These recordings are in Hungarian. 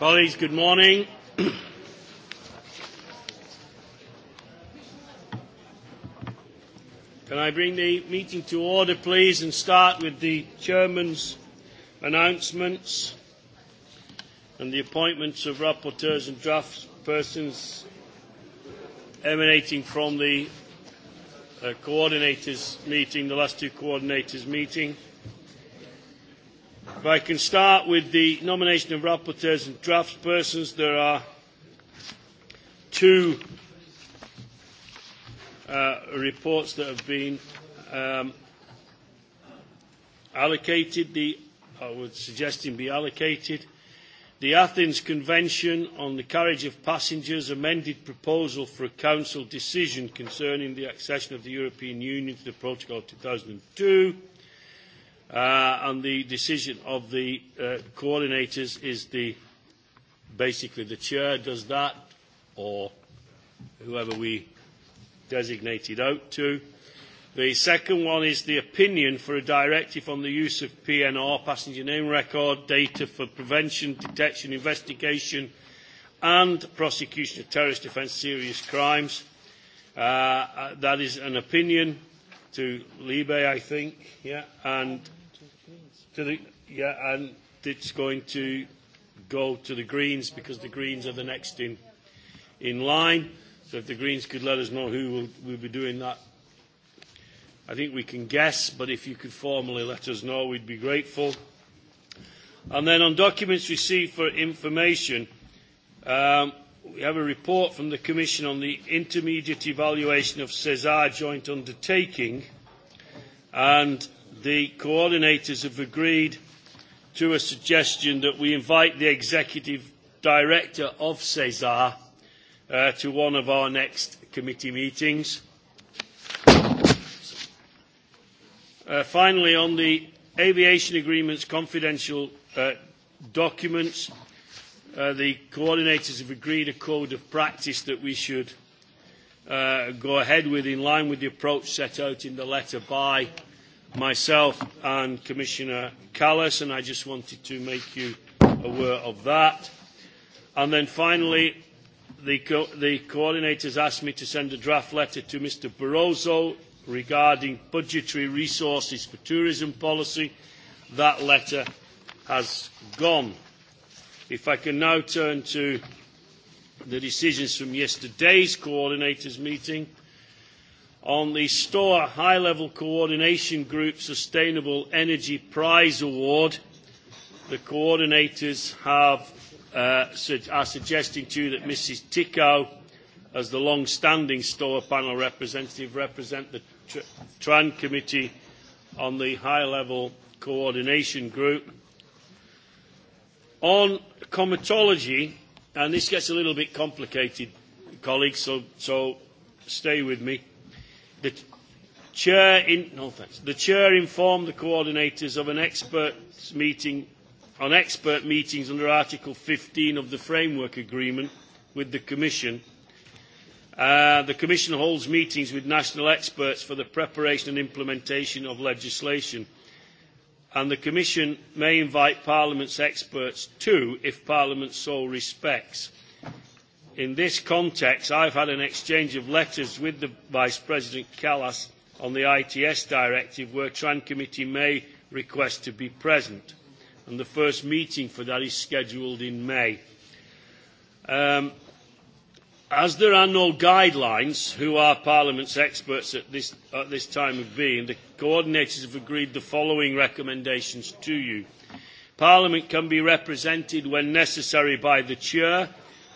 Colleagues, good morning. Can I bring the meeting to order, please, and start with the Chairman's announcements and the appointments of rapporteurs and draft persons emanating from the uh, coordinators' meeting, the last two coordinators' meeting. If I can start with the nomination of rapporteurs and draftspersons, there are two uh, reports that have been um, allocated, the, I would suggest be allocated. The Athens Convention on the Carriage of Passengers amended proposal for a Council decision concerning the accession of the European Union to the Protocol of 2002 Uh, and the decision of the uh, coordinators is the basically the chair does that or whoever we designated out to. The second one is the opinion for a directive on the use of PNR, passenger name record, data for prevention, detection, investigation and prosecution of terrorist offence, serious crimes. Uh, uh that is an opinion to Libe, I think, yeah, and to the, yeah, and it's going to go to the Greens because the Greens are the next in, in line. So if the Greens could let us know who will, will be doing that, I think we can guess, but if you could formally let us know, we'd be grateful. And then on documents received for information, um, we have a report from the Commission on the intermediate evaluation of CESAR joint undertaking. And the coordinators have agreed to a suggestion that we invite the executive director of CESAR uh, to one of our next committee meetings. Uh, finally, on the aviation agreements confidential uh, documents, uh, the coordinators have agreed a code of practice that we should uh, go ahead with in line with the approach set out in the letter by myself and Commissioner Callas, and I just wanted to make you aware of that. And then finally, the, co the coordinators asked me to send a draft letter to Mr Barroso regarding budgetary resources for tourism policy. That letter has gone. If I can now turn to the decisions from yesterday's coordinators meeting, on the STOA High Level Coordination Group Sustainable Energy Prize Award. The coordinators have, uh, are suggesting to you that Mrs. Tickow, as the long standing STOA panel representative, represent the tr- TRAN Committee on the High Level Coordination Group. On comitology, and this gets a little bit complicated, colleagues, so, so stay with me. The chair, in, no, thanks. the chair informed the coordinators of an expert meeting on expert meetings under Article 15 of the Framework Agreement with the Commission. Uh, the Commission holds meetings with national experts for the preparation and implementation of legislation. And the Commission may invite Parliament's experts too, if Parliament so respects In this context, I have had an exchange of letters with the Vice President Callas on the ITS directive where Tran Committee may request to be present. And the first meeting for that is scheduled in May. Um, as there are no guidelines, who are Parliament's experts at this, at this time of being, the coordinators have agreed the following recommendations to you. Parliament can be represented when necessary by the Chair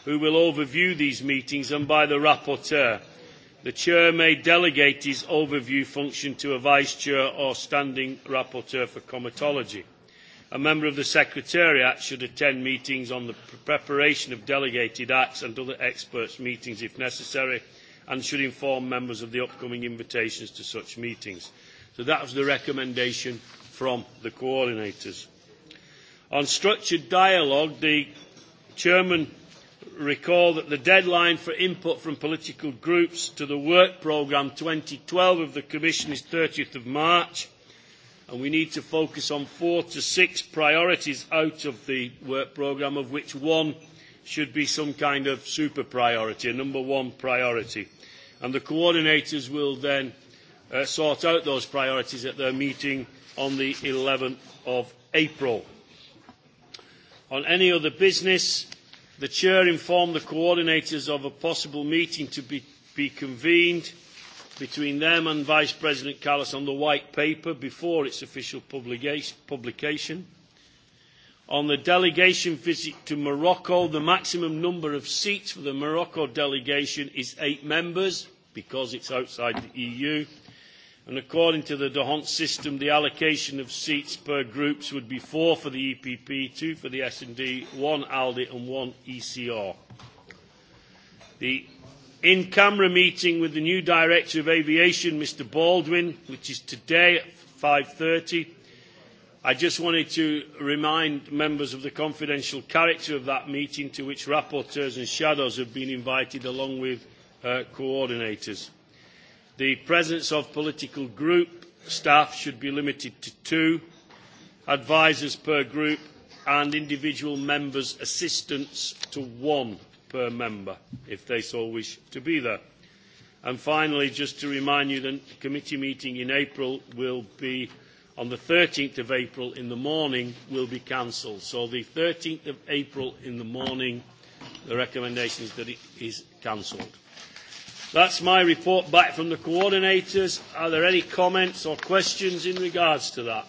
who will overview these meetings and by the rapporteur. The chair may delegate his overview function to a vice chair or standing rapporteur for comitology. A member of the Secretariat should attend meetings on the preparation of delegated acts and other experts' meetings if necessary and should inform members of the upcoming invitations to such meetings. So that was the recommendation from the coordinators. On structured dialogue, the chairman recall that the deadline for input from political groups to the work programme 2012 of the Commission is 30th of March, and we need to focus on four to six priorities out of the work programme, of which one should be some kind of super priority, a number one priority. And the coordinators will then uh, sort out those priorities at their meeting on the 11th of April. On any other business, The Chair informed the coordinators of a possible meeting to be, be convened between them and Vice President Callas on the White Paper before its official publication. On the delegation visit to Morocco, the maximum number of seats for the Morocco delegation is eight members because it's outside the EU and according to the DeHont system, the allocation of seats per groups would be four for the EPP, two for the S&D, one ALDE and one ECR. The in-camera meeting with the new Director of Aviation, Mr Baldwin, which is today at 5.30. I just wanted to remind members of the confidential character of that meeting to which rapporteurs and shadows have been invited along with uh, coordinators. The presence of political group staff should be limited to two, advisers per group and individual members' assistants to one per member, if they so wish to be there. And finally, just to remind you, the committee meeting in April will be on the 13th of April in the morning will be cancelled. So the 13th of April in the morning, the recommendation is that it is cancelled. That's my report back from the coordinators. Are there any comments or questions in regards to that?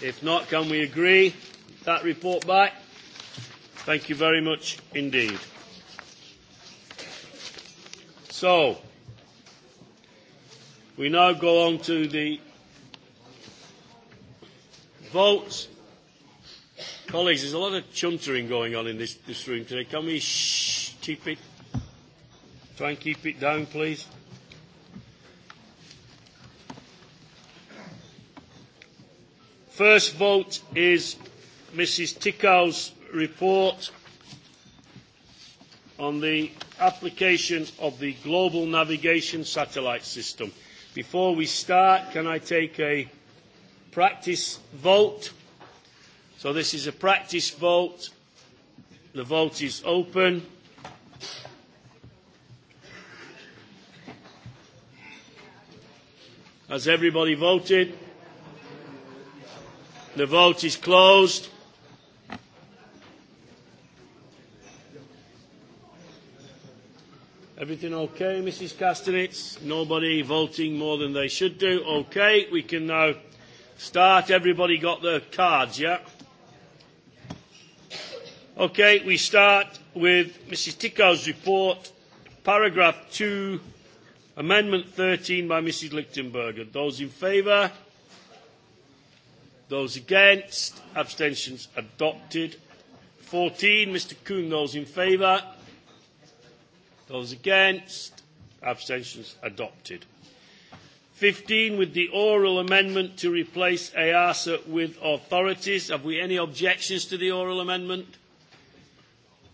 If not, can we agree that report back? Thank you very much indeed. So, we now go on to the votes. Colleagues, there's a lot of chuntering going on in this, this room today. Can we shh, keep it Try and keep it down, please. First vote is Mrs. Tickow's report on the application of the Global Navigation Satellite System. Before we start, can I take a practice vote? So this is a practice vote. The vote is open. Has everybody voted? The vote is closed. Everything okay, Mrs. Castanets? Nobody voting more than they should do. Okay, we can now start. Everybody got their cards, yeah? Okay, we start with Mrs. Tico's report, paragraph 2 Amendment 13 by Mrs. Lichtenberger. Those in favour? Those against? Abstentions adopted. 14, Mr. Kuhn. Those in favour? Those against? Abstentions adopted. 15, with the oral amendment to replace EASA with authorities. Have we any objections to the oral amendment?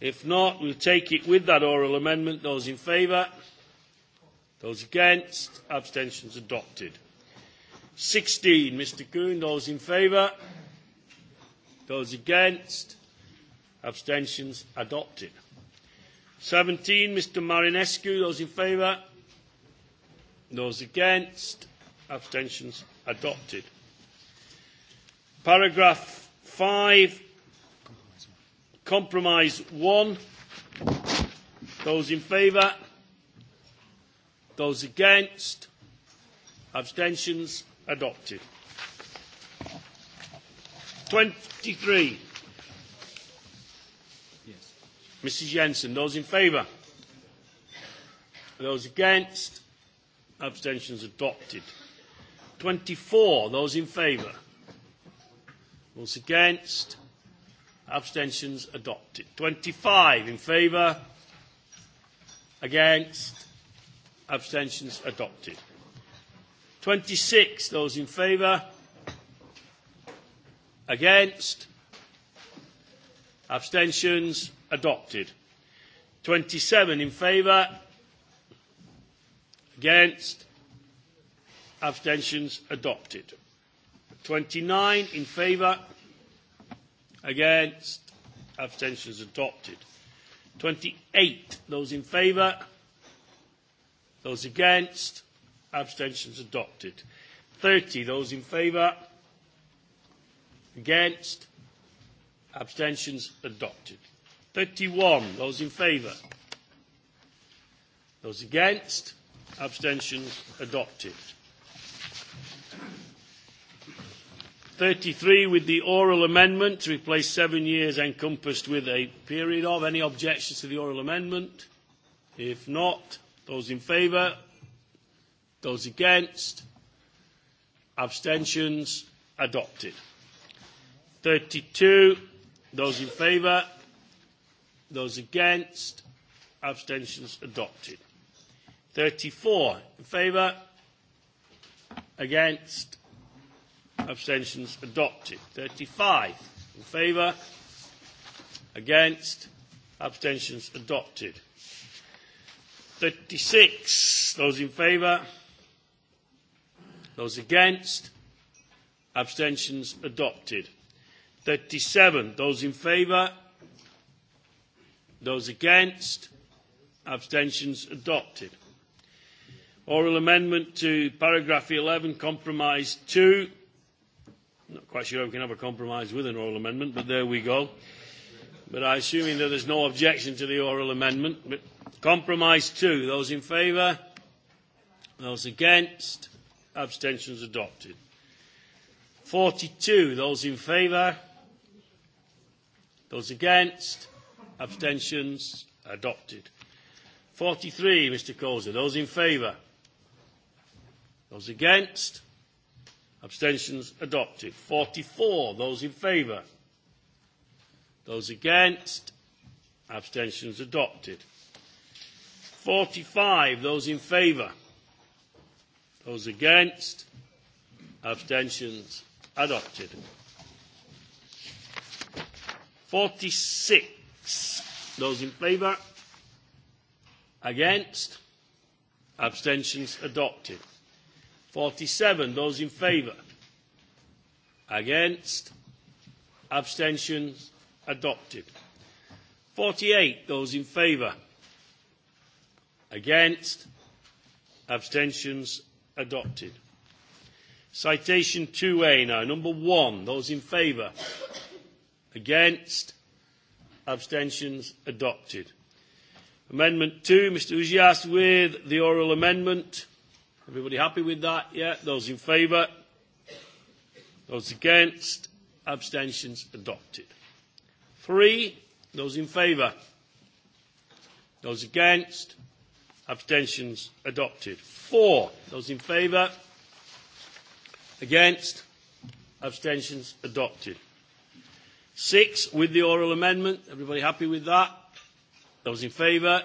If not, we'll take it with that oral amendment. Those in favour? Those against? Abstentions adopted. 16, Mr Kuhn. Those in favour? Those against? Abstentions adopted. 17, Mr Marinescu. Those in favour? Those against? Abstentions adopted. Paragraph 5, Compromise 1. Those in favour? Those against? Abstentions? Adopted. 23. Yes. Mrs Jensen, those in favour? Those against? Abstentions adopted. 24, those in favour? Those against? Abstentions adopted. 25 in favour? Against? abstentions adopted. 26, those in favour, against, abstentions adopted. 27 in favour, against, abstentions adopted. 29 in favour, against, abstentions adopted. 28, those in favour, Those against? Abstentions adopted. 30. Those in favour? Against? Abstentions adopted. 31. Those in favour? Those against? Abstentions adopted. 33 with the oral amendment to replace seven years encompassed with a period of. Any objections to the oral amendment? If not, Those in favour? Those against? Abstentions? Adopted. 32. Those in favour? Those against? Abstentions? Adopted. 34. In favour? Against? Abstentions? Adopted. 35. In favour? Against? Abstentions? Adopted. 36. Those in favour? Those against? Abstentions adopted. 37. Those in favour? Those against? Abstentions adopted. Oral amendment to paragraph 11, compromise 2. Not quite sure if we can have a compromise with an oral amendment, but there we go. But I assuming that there's no objection to the oral amendment, but Compromise 2. Those in favour? Those against? Abstentions adopted. 42. Those in favour? Those against? Abstentions adopted. 43, Mr Coulson. Those in favour? Those against? Abstentions adopted. 44, those in favour? Those against? Abstentions adopted. 45, those in favour. Those against, abstentions adopted. 46, those in favour. Against, abstentions adopted. 47, those in favour. Against, abstentions adopted. 48, those in favour Against? Abstentions? Adopted. Citation 2A now. Number 1. Those in favour? Against? Abstentions? Adopted. Amendment 2, Mr Ujias with the oral amendment. Everybody happy with that? Yeah. Those in favour? Those against? Abstentions? Adopted. 3. Those in favour? Those against? Abstentions adopted. Four. Those in favour? Against? Abstentions adopted. Six with the oral amendment. Everybody happy with that? Those in favour?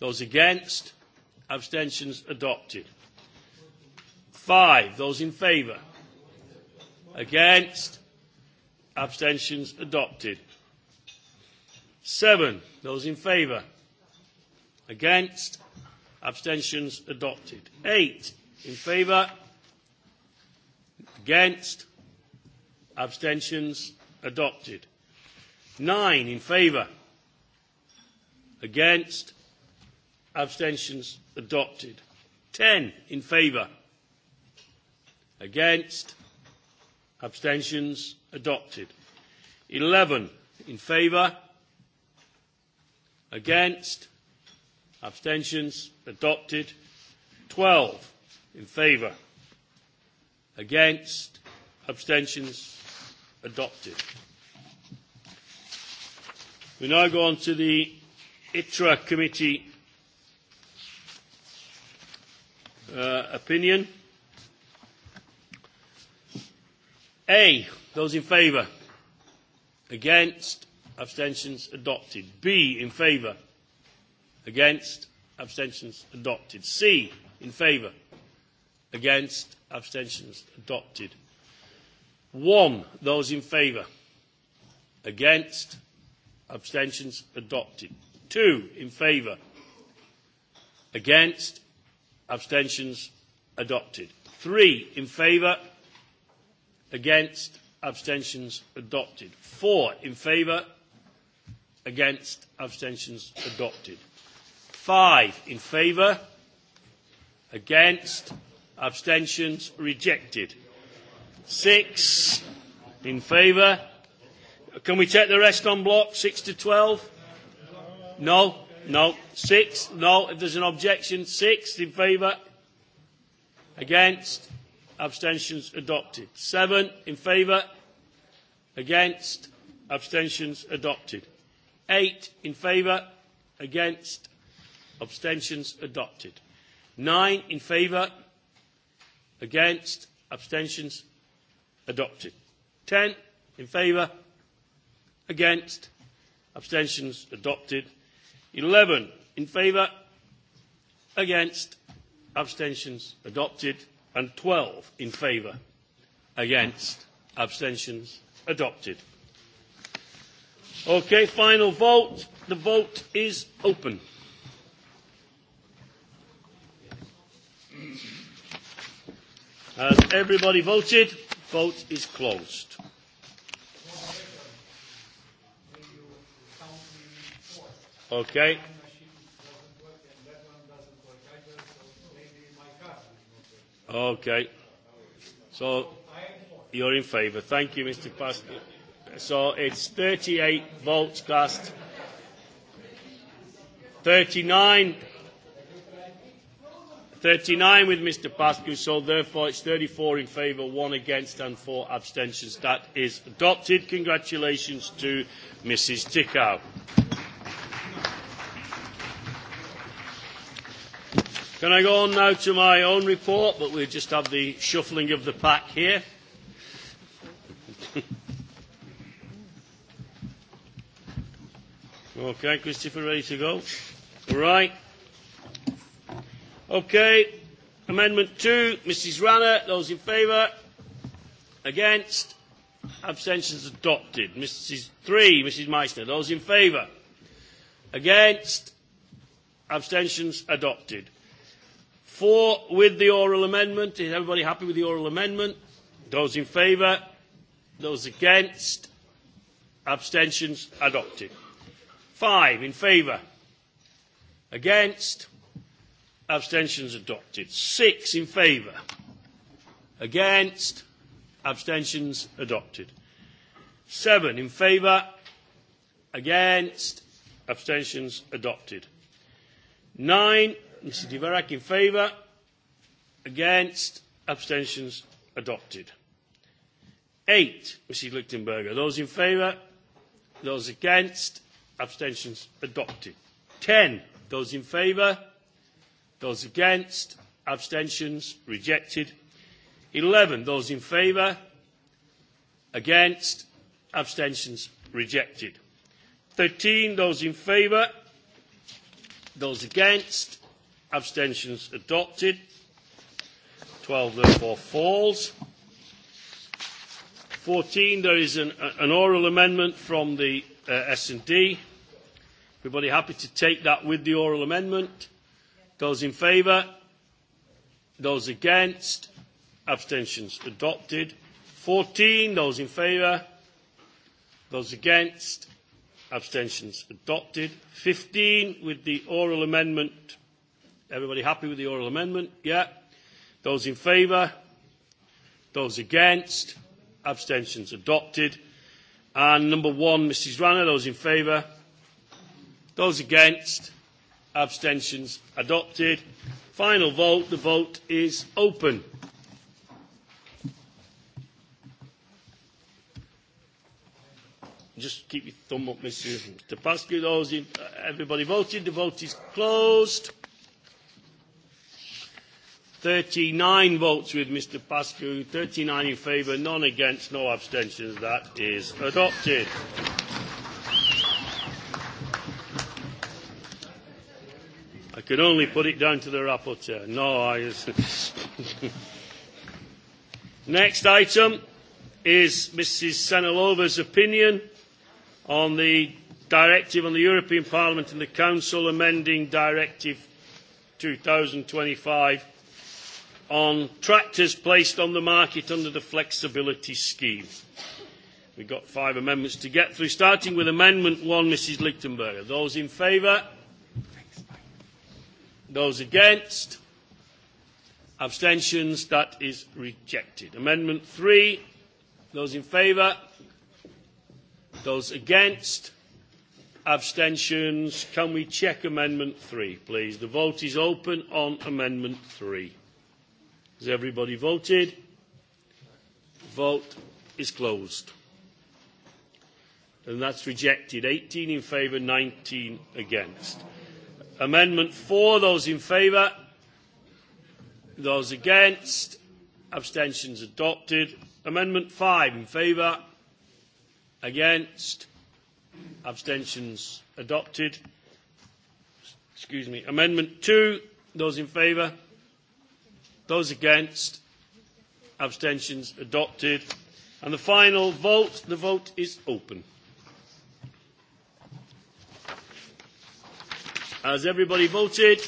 Those against? Abstentions adopted. Five. Those in favour? Against? Abstentions adopted. Seven. Those in favour? Against? Abstentions adopted. Eight. in favour? Against? Abstentions adopted. Nine. in favour? Against? Abstentions adopted. Ten. in favour? Against? Abstentions adopted. Eleven. in favour? Against? Abstentions? Adopted. 12 in favour. Against? Abstentions? Adopted. We now go on to the ITRA committee uh, opinion. A. Those in favour? Against? Abstentions? Adopted. B. In favour? Against? Abstentions adopted. C. In favour? Against? Abstentions adopted. 1. Those in favour? Against? Abstentions adopted. 2. In favour? Against? Abstentions adopted. 3. In favour? Against? Abstentions adopted. 4. In favour? Against? Abstentions adopted. 5 in favour, against, abstentions rejected. 6 in favour. Can we take the rest on block? 6 to 12? No, no. 6, no. If there's an objection, 6 in favour, against, abstentions adopted. 7 in favour, against, abstentions adopted. 8 in favour, against, abstentions adopted. Nine in favour, against, abstentions adopted. Ten in favour, against, abstentions adopted. Eleven in favour, against, abstentions adopted. And twelve in favour, against, abstentions adopted. Okay, final vote. The vote is open. Has everybody voted? Vote is closed. Okay. Okay. So you're in favour. Thank you, Mr. Pascal. So it's 38 votes cast. 39 39 with Mr. Pascu, so therefore it's 34 in favour, one against and four abstentions. That is adopted. Congratulations to Mrs. Tickow. Can I go on now to my own report? But we just have the shuffling of the pack here. okay, Christopher, ready to go? Right. Okay. Amendment 2, Mrs. Ranner. Those in favour? Against? Abstentions adopted. Mrs. 3, Mrs. Meissner. Those in favour? Against? Abstentions adopted. 4 with the oral amendment. Is everybody happy with the oral amendment? Those in favour? Those against? Abstentions adopted. 5 in favour? Against? abstentions adopted. Six in favour. Against, abstentions adopted. Seven in favour. Against, abstentions adopted. Nine, Mr. Divarak in favour. Against, abstentions adopted. Eight, Mrs. Lichtenberger. Those in favour. Those against, abstentions adopted. Ten, those in favour Those against, abstentions, rejected. 11, those in favour, against, abstentions, rejected. 13, those in favour, those against, abstentions adopted. 12 therefore falls. 14, there is an, an oral amendment from the uh, S&D. Everybody happy to take that with the oral amendment? Those in favour? Those against? Abstentions adopted. 14. Those in favour? Those against? Abstentions adopted. 15 with the oral amendment. Everybody happy with the oral amendment? Yeah. Those in favour? Those against? Abstentions adopted. And number one, Mrs. Rana. those in favour? Those against? abstentions adopted. Final vote, the vote is open. Just keep your thumb up, Mr. Tapascu. Those in, uh, everybody voted, the vote is closed. 39 votes with Mr. Pascu, 39 in favour, none against, no abstentions. That is adopted. can only put it down to the rapporteur. No, I. Next item is Mrs. Senelova's opinion on the Directive on the European Parliament and the Council amending Directive 2025 on tractors placed on the market under the flexibility scheme. We've got five amendments to get through, starting with Amendment 1, Mrs. Lichtenberger. Those in favour? Those against? Abstentions? That is rejected. Amendment 3. Those in favour? Those against? Abstentions? Can we check Amendment 3, please? The vote is open on Amendment 3. Has everybody voted? Vote is closed. And that's rejected. 18 in favour, 19 against. Amendment four. those in favour? Those against? Abstentions adopted. Amendment five in favour? Against? Abstentions adopted. Excuse me. Amendment two. those in favour? Those against? Abstentions adopted. And the final vote, the vote is open. Has everybody voted?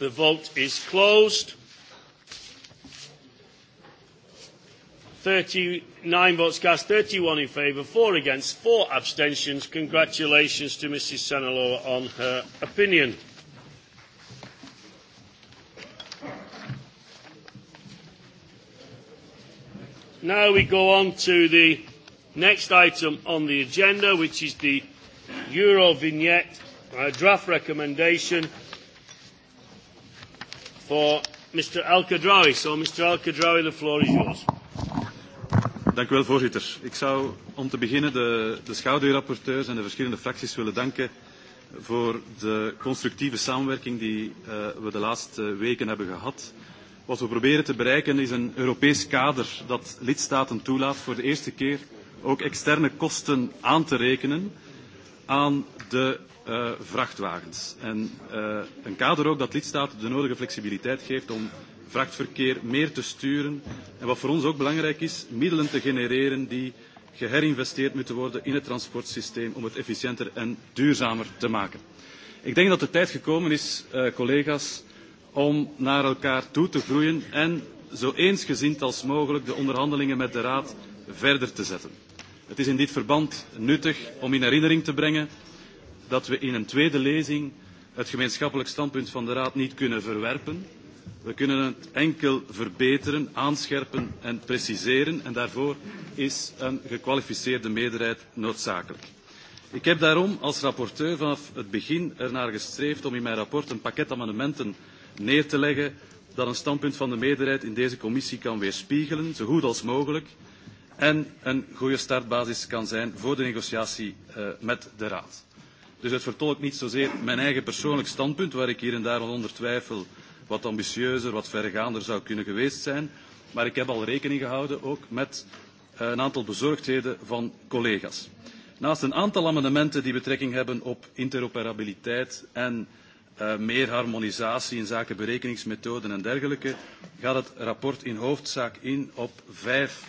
The vote is closed. 39 votes cast, 31 in favour, 4 against, 4 abstentions. Congratulations to Mrs Sanaloa on her opinion. Now we go on to the next item on the agenda, which is the Euro vignette a draft recommendation for Mr. Al-Kadrawi. So, Mr. Al-Kadrawi, the floor is yours. Dank u wel, voorzitter. Ik zou om te beginnen de, de schaduwrapporteurs en de verschillende fracties willen danken voor de constructieve samenwerking die uh, we de laatste eh, weken hebben gehad. Wat we proberen te bereiken is een Europees kader dat lidstaten toelaat voor de eerste keer ook externe kosten aan te rekenen aan de uh, vrachtwagens. En uh, een kader ook dat lidstaten de nodige flexibiliteit geeft om vrachtverkeer meer te sturen. En wat voor ons ook belangrijk is, middelen te genereren die geherinvesteerd moeten worden in het transportsysteem om het efficiënter en duurzamer te maken. Ik denk dat de tijd gekomen is, uh, collega's, om naar elkaar toe te groeien en zo eensgezind als mogelijk de onderhandelingen met de Raad verder te zetten. Het is in dit verband nuttig om in herinnering te brengen dat we in een tweede lezing het gemeenschappelijk standpunt van de Raad niet kunnen verwerpen. We kunnen het enkel verbeteren, aanscherpen en preciseren en daarvoor is een gekwalificeerde meerderheid noodzakelijk. Ik heb daarom als rapporteur vanaf het begin ernaar gestreefd om in mijn rapport een pakket amendementen neer te leggen dat een standpunt van de meerderheid in deze commissie kan weerspiegelen, zo goed als mogelijk, en een goede startbasis kan zijn voor de negotiatie uh, met de Raad. Dus het vertolkt niet zozeer mijn eigen persoonlijk standpunt, waar ik hier en daar al onder twijfel wat ambitieuzer, wat verregaander zou kunnen geweest zijn. Maar ik heb al rekening gehouden ook met uh, een aantal bezorgdheden van collega's. Naast een aantal amendementen die betrekking hebben op interoperabiliteit en uh, meer harmonisatie in zaken berekeningsmethoden en dergelijke, gaat het rapport in hoofdzaak in op vijf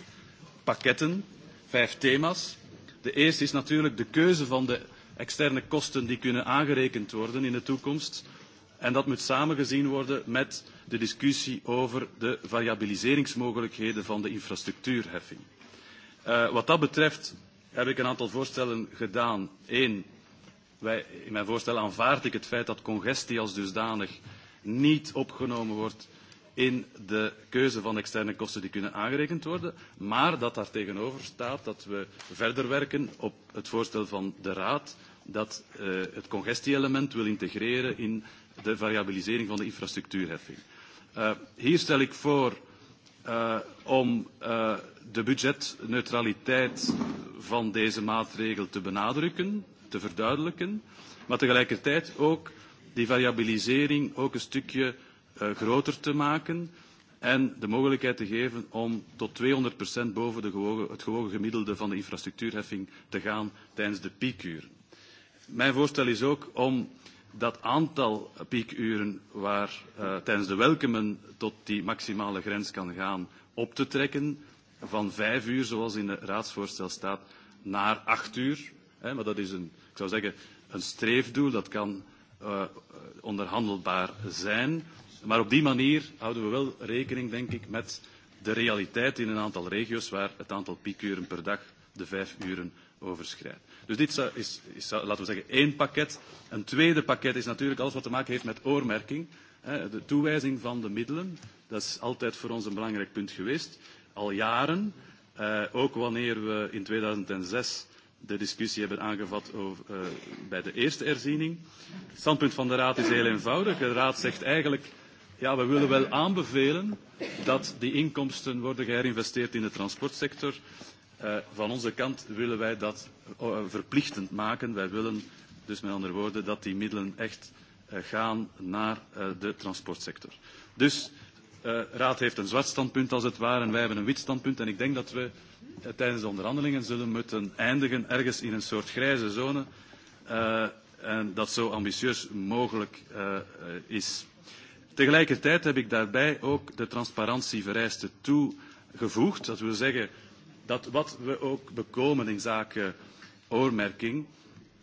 pakketten, vijf thema's. De eerste is natuurlijk de keuze van de externe kosten die kunnen aangerekend worden in de toekomst. En dat moet samengezien worden met de discussie over de variabiliseringsmogelijkheden van de infrastructuurheffing. Uh, wat dat betreft heb ik een aantal voorstellen gedaan. Eén, wij, in mijn voorstel aanvaard ik het feit dat congestie als dusdanig niet opgenomen wordt in de keuze van externe kosten die kunnen aangerekend worden, maar dat daar tegenover staat dat we verder werken op het voorstel van de Raad dat uh, het congestieelement wil integreren in de variabilisering van de infrastructuurheffing. Uh, hier stel ik voor uh, om uh, de budgetneutraliteit van deze maatregel te benadrukken, te verduidelijken, maar tegelijkertijd ook die variabilisering ook een stukje Eh, groter te maken en de mogelijkheid te geven om tot 200% boven de gewogen, het gewogen gemiddelde van de infrastructuurheffing te gaan tijdens de piekuren. Mijn voorstel is ook om dat aantal piekuren waar uh, tijdens de welke men tot die maximale grens kan gaan op te trekken van vijf uur, zoals in het raadsvoorstel staat, naar acht uur. Hè, maar dat is een, ik zou zeggen, een streefdoel, dat kan uh, onderhandelbaar zijn. Maar op die manier houden we wel rekening, denk ik, met de realiteit in een aantal regio's waar het aantal piekuren per dag de vijf uren overschrijdt. Dus dit is, is, is, laten we zeggen, één pakket. Een tweede pakket is natuurlijk alles wat te maken heeft met oormerking. De toewijzing van de middelen, dat is altijd voor ons een belangrijk punt geweest. Al jaren, eh, ook wanneer we in 2006 de discussie hebben aangevat over, eh, bij de eerste herziening. Het standpunt van de Raad is heel eenvoudig. De Raad zegt eigenlijk Ja, we willen wel aanbevelen dat die inkomsten worden geherinvesteerd in de transportsector. Uh, van onze kant willen wij dat uh, verplichtend maken. Wij willen dus met andere woorden dat die middelen echt uh, gaan naar uh, de transportsector. Dus de uh, Raad heeft een zwart standpunt als het ware en wij hebben een wit standpunt. En ik denk dat we uh, tijdens de onderhandelingen zullen moeten eindigen ergens in een soort grijze zone. Uh, en dat zo ambitieus mogelijk uh, is. Tegelijkertijd heb ik daarbij ook de transparantievereisten toegevoegd. Dat wil zeggen dat wat we ook bekomen in zaken oormerking,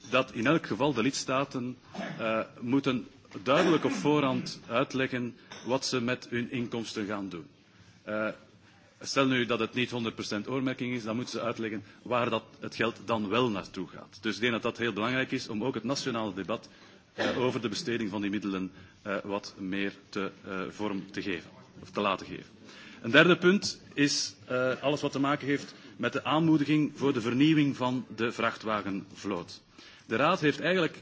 dat in elk geval de lidstaten uh, moeten duidelijk op voorhand uitleggen wat ze met hun inkomsten gaan doen. Uh, stel nu dat het niet 100% oormerking is, dan moeten ze uitleggen waar dat, het geld dan wel naartoe gaat. Dus ik denk dat dat heel belangrijk is om ook het nationale debat Eh, over de besteding van die middelen eh, wat meer te, eh, vorm te geven of te laten geven. Een derde punt is alles wat te maken heeft met de aanmoediging voor de vernieuwing van de vrachtwagenvloot. De Raad heeft eigenlijk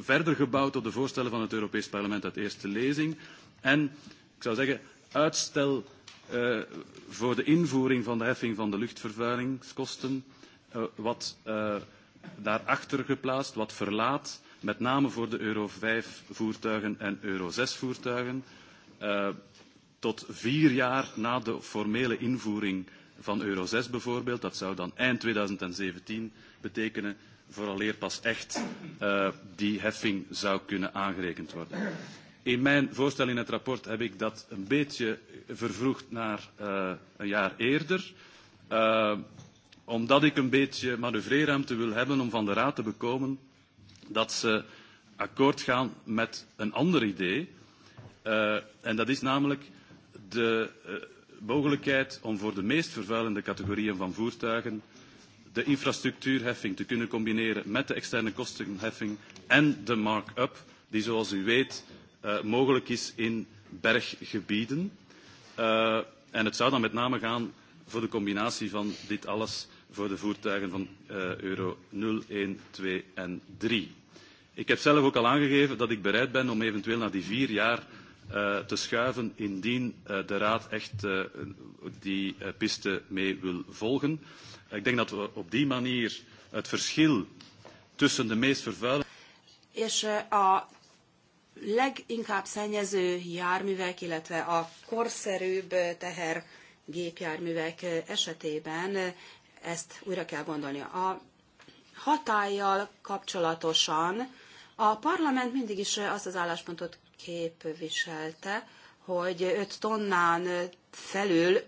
verder gebouwd op de voorstellen van het Europees Parlement uit eerste lezing en, ik zou zeggen, uitstel voor de invoering van de heffing van de luchtvervuilingskosten, wat daarachter geplaatst, wat verlaat met name voor de Euro 5 voertuigen en Euro 6 voertuigen. Uh, tot vier jaar na de formele invoering van Euro 6 bijvoorbeeld, dat zou dan eind 2017 betekenen, vooraleer pas echt uh, die heffing zou kunnen aangerekend worden. In mijn voorstel in het rapport heb ik dat een beetje vervroegd naar uh, een jaar eerder. Uh, omdat ik een beetje manoeuvreerruimte wil hebben om van de Raad te bekomen dat ze akkoord gaan met een ander idee. Uh, en dat is namelijk de uh, mogelijkheid om voor de meest vervuilende categorieën van voertuigen de infrastructuurheffing te kunnen combineren met de externe kostenheffing en de mark-up die, zoals u weet, uh, mogelijk is in berggebieden. Uh, en het zou dan met name gaan voor de combinatie van dit alles voor de voertuigen van uh, euro 0, 1, 2 en 3. Ik heb zelf ook al aangegeven dat ik bereid ben om eventueel na die vier jaar uh, te schuiven indien uh, de Raad echt uh, die uh, piste mee wil volgen. ik denk dat we op die manier het verschil tussen de meest vervuilende... És a leginkább szennyező járművek, illetve a korszerűbb tehergépjárművek esetében ezt újra kell gondolni. A hatállyal kapcsolatosan a parlament mindig is azt az álláspontot képviselte, hogy 5 tonnán felül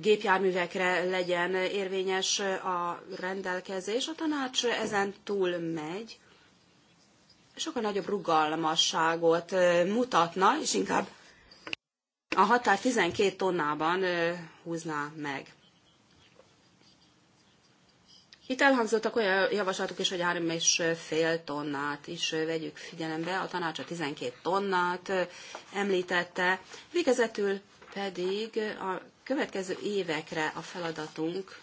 gépjárművekre legyen érvényes a rendelkezés. A tanács ezen túl megy, sokkal nagyobb rugalmasságot mutatna, és inkább a határ 12 tonnában húzná meg. Itt elhangzottak olyan javaslatok is, hogy 3,5 tonnát is vegyük figyelembe, a tanács a 12 tonnát említette, végezetül pedig a következő évekre a feladatunk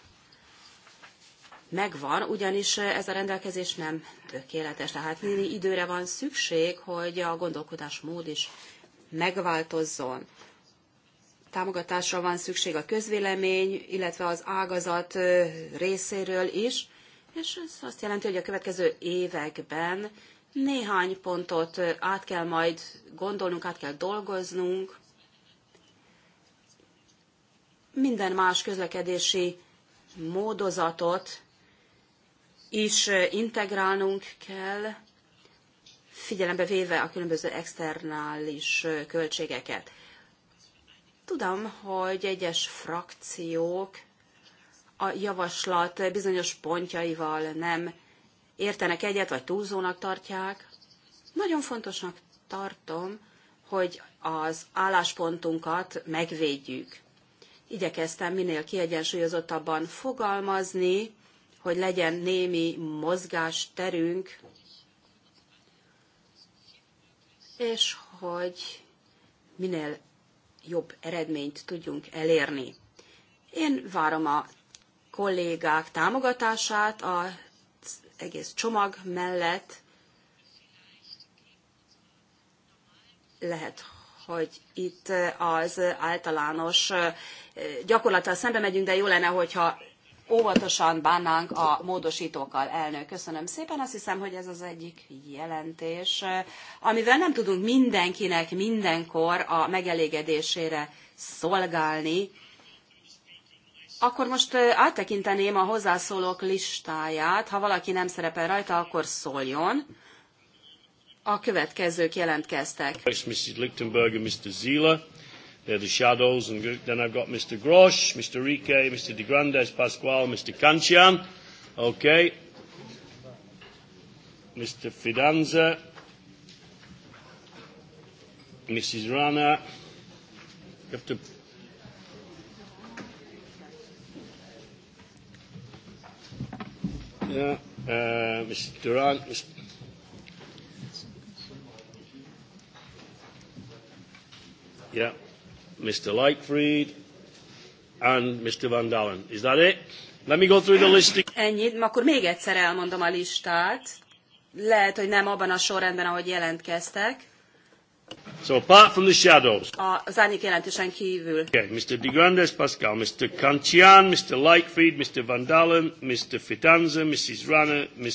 megvan, ugyanis ez a rendelkezés nem tökéletes, tehát időre van szükség, hogy a gondolkodás mód is megváltozzon támogatásra van szükség a közvélemény, illetve az ágazat részéről is, és ez azt jelenti, hogy a következő években néhány pontot át kell majd gondolnunk, át kell dolgoznunk. Minden más közlekedési módozatot is integrálnunk kell, figyelembe véve a különböző externális költségeket. Tudom, hogy egyes frakciók a javaslat bizonyos pontjaival nem értenek egyet, vagy túlzónak tartják. Nagyon fontosnak tartom, hogy az álláspontunkat megvédjük. Igyekeztem minél kiegyensúlyozottabban fogalmazni, hogy legyen némi mozgásterünk, és hogy minél jobb eredményt tudjunk elérni. Én várom a kollégák támogatását az egész csomag mellett. Lehet, hogy itt az általános gyakorlattal szembe megyünk, de jó lenne, hogyha óvatosan bánnánk a módosítókkal. Elnök, köszönöm szépen. Azt hiszem, hogy ez az egyik jelentés, amivel nem tudunk mindenkinek mindenkor a megelégedésére szolgálni. Akkor most áttekinteném a hozzászólók listáját. Ha valaki nem szerepel rajta, akkor szóljon. A következők jelentkeztek. Mrs. Lichtenberger, Mr. Zila, They're the shadows. And then I've got Mr. Grosch, Mr. Rique, Mr. De Grandes Pasquale, Mr. Kanchian. Okay. Mr. Fidanza. Mrs. Rana. You have to Yeah, uh, Mr. Durant. Mr. Yeah. Mr. Lightfried, and Mr. Van Dalen. Is that it? Let me go through the list. Ennyit, akkor még egyszer elmondom a listát. Lehet, hogy nem abban a sorrendben, ahogy jelentkeztek. So apart from the shadows. A, az árnyék jelentősen kívül. Okay, Mr. De Grandes Pascal, Mr. Kanchian, Mr. Lightfried, Mr. Van Dalen, Mr. Fitanza, Mrs. Rana, Mr.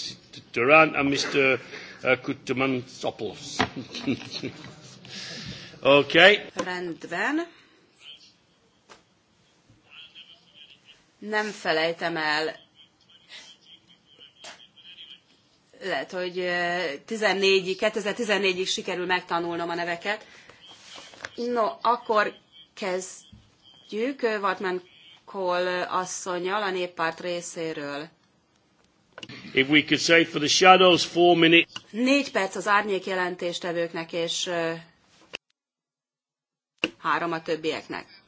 Duran, and Mr. Uh, Kutumansopoulos. Okay. Rendben. Nem felejtem el. Lehet, hogy 14 2014-ig sikerül megtanulnom a neveket. No, akkor kezdjük Vartman Kohl asszonyjal a néppárt részéről. If we could say for the shadows four minutes. Négy perc az árnyék jelentéstevőknek, és Három a többieknek.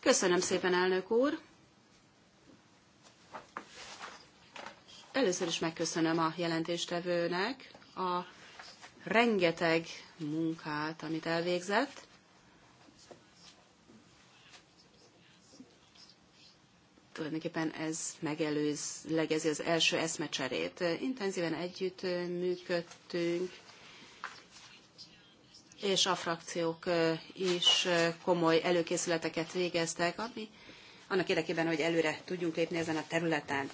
Köszönöm szépen, elnök úr. Először is megköszönöm a jelentéstevőnek a rengeteg munkát, amit elvégzett. tulajdonképpen ez megelőz, az első eszmecserét. Intenzíven együtt működtünk, és a frakciók is komoly előkészületeket végeztek, ami annak érdekében, hogy előre tudjunk lépni ezen a területen.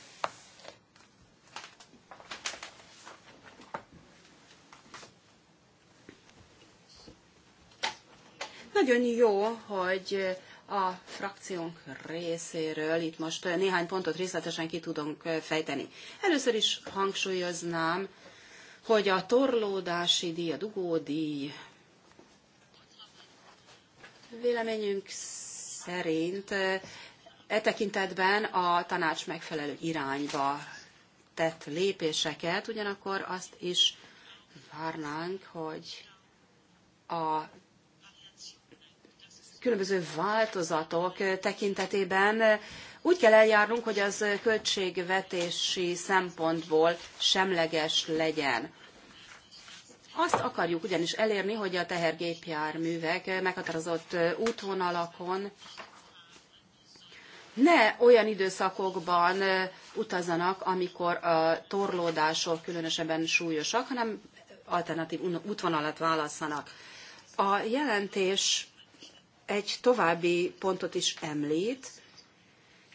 Nagyon jó, hogy a frakciónk részéről itt most néhány pontot részletesen ki tudunk fejteni. Először is hangsúlyoznám, hogy a torlódási díj, a dugódíj Véleményünk szerint e tekintetben a tanács megfelelő irányba tett lépéseket, ugyanakkor azt is várnánk, hogy a különböző változatok tekintetében úgy kell eljárnunk, hogy az költségvetési szempontból semleges legyen. Azt akarjuk ugyanis elérni, hogy a tehergépjárművek meghatározott útvonalakon ne olyan időszakokban utazzanak, amikor a torlódások különösebben súlyosak, hanem alternatív útvonalat válasszanak. A jelentés egy további pontot is említ.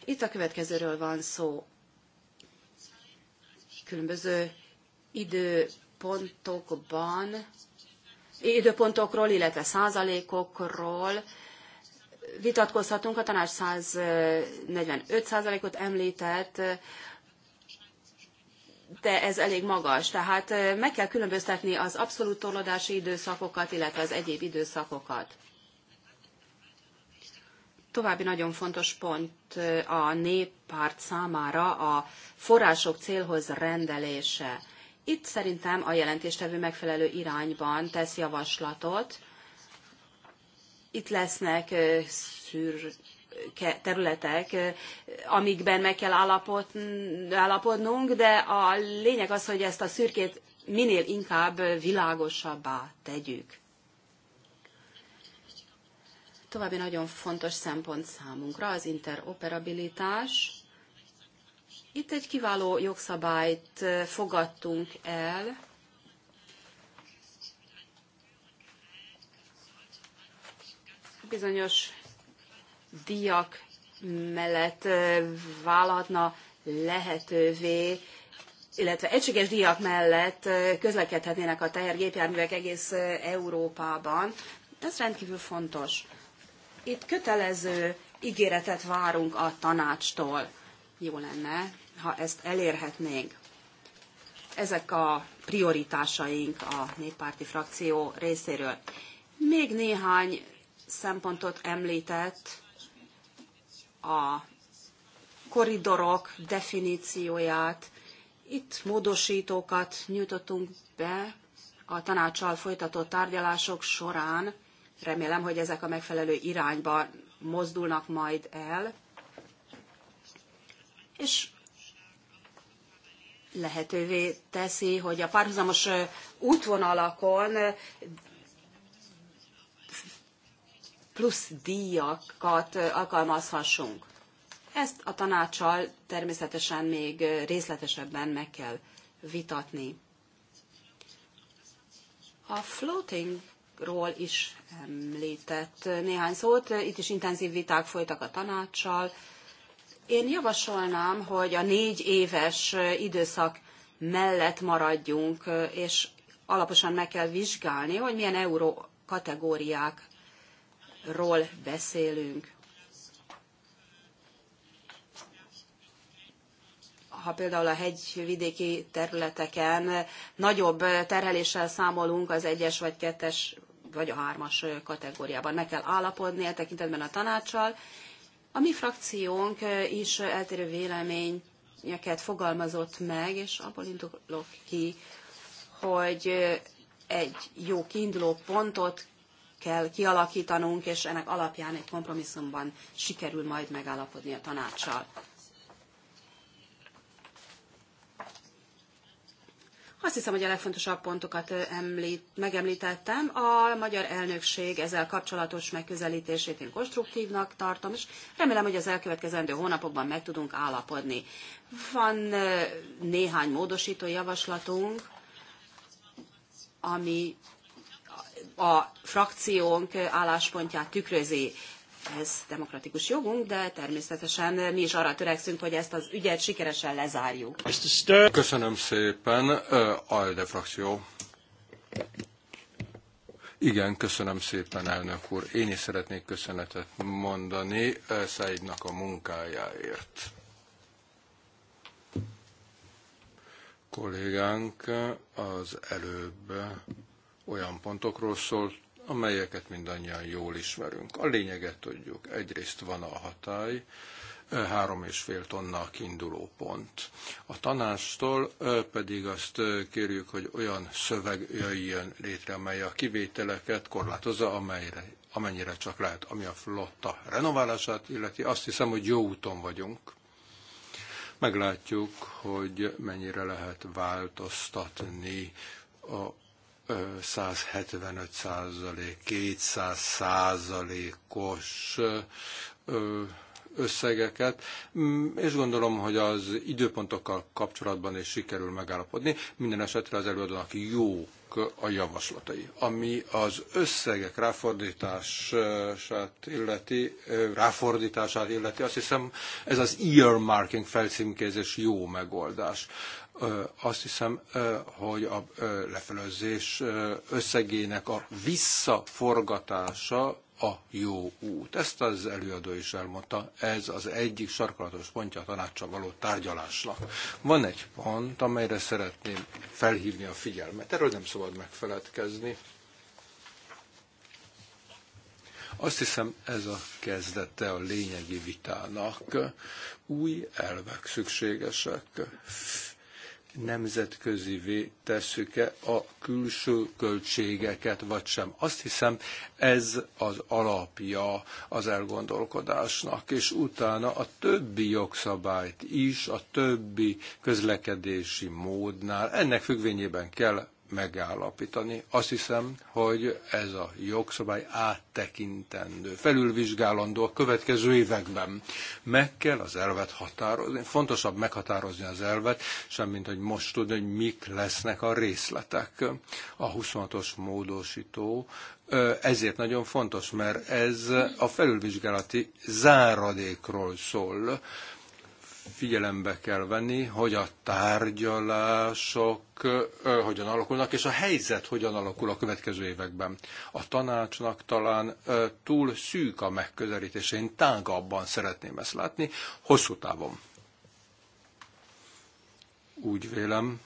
Itt a következőről van szó. Különböző idő pontokban, időpontokról, illetve százalékokról vitatkozhatunk. A tanács 145 százalékot említett, de ez elég magas. Tehát meg kell különböztetni az abszolút torlódási időszakokat, illetve az egyéb időszakokat. További nagyon fontos pont a néppárt számára a források célhoz rendelése. Itt szerintem a jelentéstevő megfelelő irányban tesz javaslatot. Itt lesznek szűr területek, amikben meg kell állapodnunk, de a lényeg az, hogy ezt a szürkét minél inkább világosabbá tegyük. További nagyon fontos szempont számunkra az interoperabilitás. Itt egy kiváló jogszabályt fogadtunk el, bizonyos diak mellett válhatna lehetővé, illetve egységes diak mellett közlekedhetnének a tehergépjárművek egész Európában. Ez rendkívül fontos. Itt kötelező ígéretet várunk a tanácstól. Jó lenne, ha ezt elérhetnénk. Ezek a prioritásaink a néppárti frakció részéről. Még néhány szempontot említett a koridorok definícióját. Itt módosítókat nyújtottunk be a tanácssal folytatott tárgyalások során. Remélem, hogy ezek a megfelelő irányba mozdulnak majd el. És lehetővé teszi, hogy a párhuzamos útvonalakon plusz díjakat alkalmazhassunk. Ezt a tanácssal természetesen még részletesebben meg kell vitatni. A floatingról is említett néhány szót, itt is intenzív viták folytak a tanácssal, én javasolnám, hogy a négy éves időszak mellett maradjunk, és alaposan meg kell vizsgálni, hogy milyen euró kategóriákról beszélünk. ha például a hegyvidéki területeken nagyobb terheléssel számolunk az egyes vagy kettes vagy a hármas kategóriában. Meg kell állapodni e tekintetben a tanácssal, a mi frakciónk is eltérő véleményeket fogalmazott meg, és abból indulok ki, hogy egy jó kiinduló pontot kell kialakítanunk, és ennek alapján egy kompromisszumban sikerül majd megállapodni a tanácssal. Azt hiszem, hogy a legfontosabb pontokat említ, megemlítettem. A magyar elnökség ezzel kapcsolatos megközelítését én konstruktívnak tartom, és remélem, hogy az elkövetkezendő hónapokban meg tudunk állapodni. Van néhány módosító javaslatunk, ami a frakciónk álláspontját tükrözi ez demokratikus jogunk, de természetesen mi is arra törekszünk, hogy ezt az ügyet sikeresen lezárjuk. Köszönöm szépen, ALDE frakció. Igen, köszönöm szépen, elnök úr. Én is szeretnék köszönetet mondani Szeidnak a munkájáért. Kollégánk az előbb olyan pontokról szólt, amelyeket mindannyian jól ismerünk. A lényeget tudjuk. Egyrészt van a hatály, három és fél tonna a kiinduló pont. A tanástól pedig azt kérjük, hogy olyan szöveg jöjjön létre, amely a kivételeket korlátozza, amelyre, amennyire csak lehet, ami a flotta renoválását illeti. Azt hiszem, hogy jó úton vagyunk. Meglátjuk, hogy mennyire lehet változtatni a 175 százalék, 200 százalékos összegeket, mm, és gondolom, hogy az időpontokkal kapcsolatban is sikerül megállapodni. Minden esetre az előadónak jók a javaslatai. Ami az összegek ráfordítását illeti, ráfordítását illeti, azt hiszem ez az earmarking felcímkézés jó megoldás azt hiszem, hogy a lefelőzés összegének a visszaforgatása a jó út. Ezt az előadó is elmondta, ez az egyik sarkalatos pontja a tanácsa való tárgyalásnak. Van egy pont, amelyre szeretném felhívni a figyelmet. Erről nem szabad megfeledkezni. Azt hiszem, ez a kezdete a lényegi vitának. Új elvek szükségesek nemzetközivé tesszük-e a külső költségeket, vagy sem. Azt hiszem, ez az alapja az elgondolkodásnak, és utána a többi jogszabályt is, a többi közlekedési módnál, ennek függvényében kell megállapítani. Azt hiszem, hogy ez a jogszabály áttekintendő, felülvizsgálandó a következő években. Meg kell az elvet határozni, fontosabb meghatározni az elvet, semmint hogy most tudni, hogy mik lesznek a részletek. A 26-os módosító ezért nagyon fontos, mert ez a felülvizsgálati záradékról szól figyelembe kell venni, hogy a tárgyalások hogyan alakulnak, és a helyzet hogyan alakul a következő években. A tanácsnak talán túl szűk a megközelítés, én tágabban szeretném ezt látni, hosszú távon. Úgy vélem,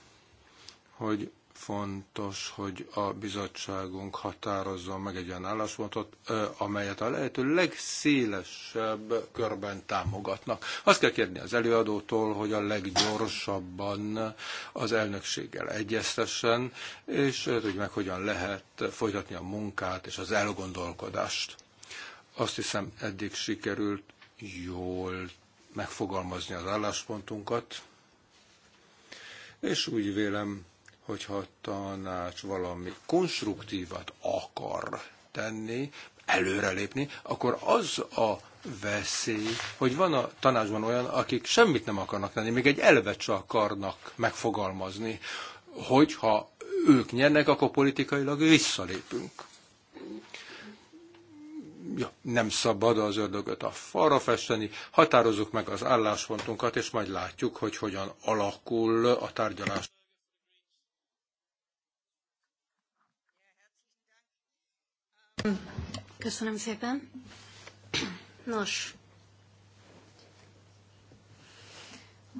hogy fontos, hogy a bizottságunk határozzon meg egy olyan álláspontot, amelyet a lehető legszélesebb körben támogatnak. Azt kell kérni az előadótól, hogy a leggyorsabban az elnökséggel egyeztessen, és hogy meg, hogyan lehet folytatni a munkát és az elgondolkodást. Azt hiszem, eddig sikerült jól megfogalmazni az álláspontunkat, és úgy vélem, hogyha a tanács valami konstruktívat akar tenni, előrelépni, akkor az a veszély, hogy van a tanácsban olyan, akik semmit nem akarnak tenni, még egy elvet se akarnak megfogalmazni, hogyha ők nyernek, akkor politikailag visszalépünk. Ja, nem szabad az ördögöt a falra festeni, határozzuk meg az álláspontunkat, és majd látjuk, hogy hogyan alakul a tárgyalás. Köszönöm szépen. Nos,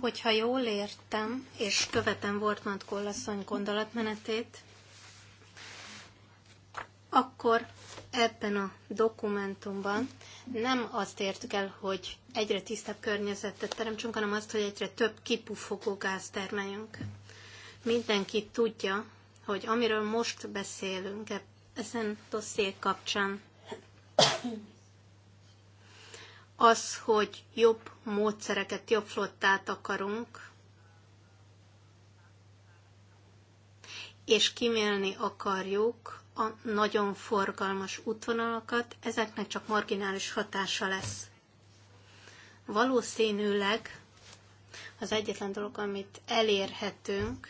hogyha jól értem, és követem Wortmann Kollasszony gondolatmenetét, akkor ebben a dokumentumban nem azt értük el, hogy egyre tisztább környezetet teremtsünk, hanem azt, hogy egyre több kipufogó gáz termeljünk. Mindenki tudja, hogy amiről most beszélünk ebben ezen dosszié kapcsán. Az, hogy jobb módszereket, jobb flottát akarunk, és kimélni akarjuk a nagyon forgalmas útvonalakat, ezeknek csak marginális hatása lesz. Valószínűleg az egyetlen dolog, amit elérhetünk,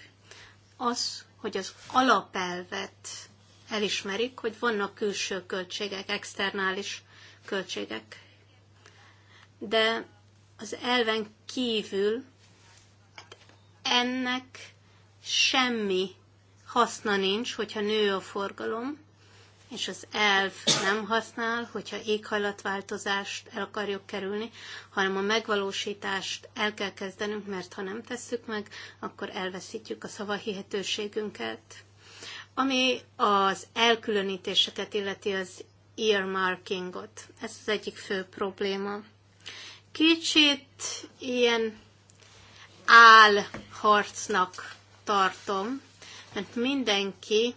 az, hogy az alapelvet elismerik, hogy vannak külső költségek, externális költségek. De az elven kívül hát ennek semmi haszna nincs, hogyha nő a forgalom, és az elv nem használ, hogyha éghajlatváltozást el akarjuk kerülni, hanem a megvalósítást el kell kezdenünk, mert ha nem tesszük meg, akkor elveszítjük a szavahihetőségünket. Ami az elkülönítéseket illeti az earmarkingot. Ez az egyik fő probléma. Kicsit ilyen álharcnak tartom, mert mindenki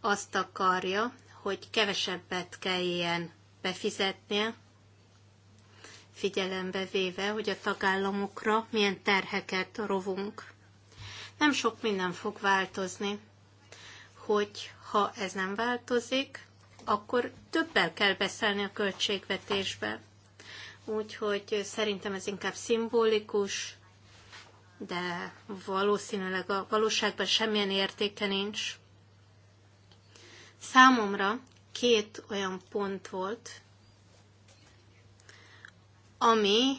azt akarja, hogy kevesebbet kelljen befizetnie, figyelembe véve, hogy a tagállamokra milyen terheket rovunk. Nem sok minden fog változni hogy ha ez nem változik, akkor többel kell beszélni a költségvetésbe. Úgyhogy szerintem ez inkább szimbolikus, de valószínűleg a valóságban semmilyen értéke nincs. Számomra két olyan pont volt, ami,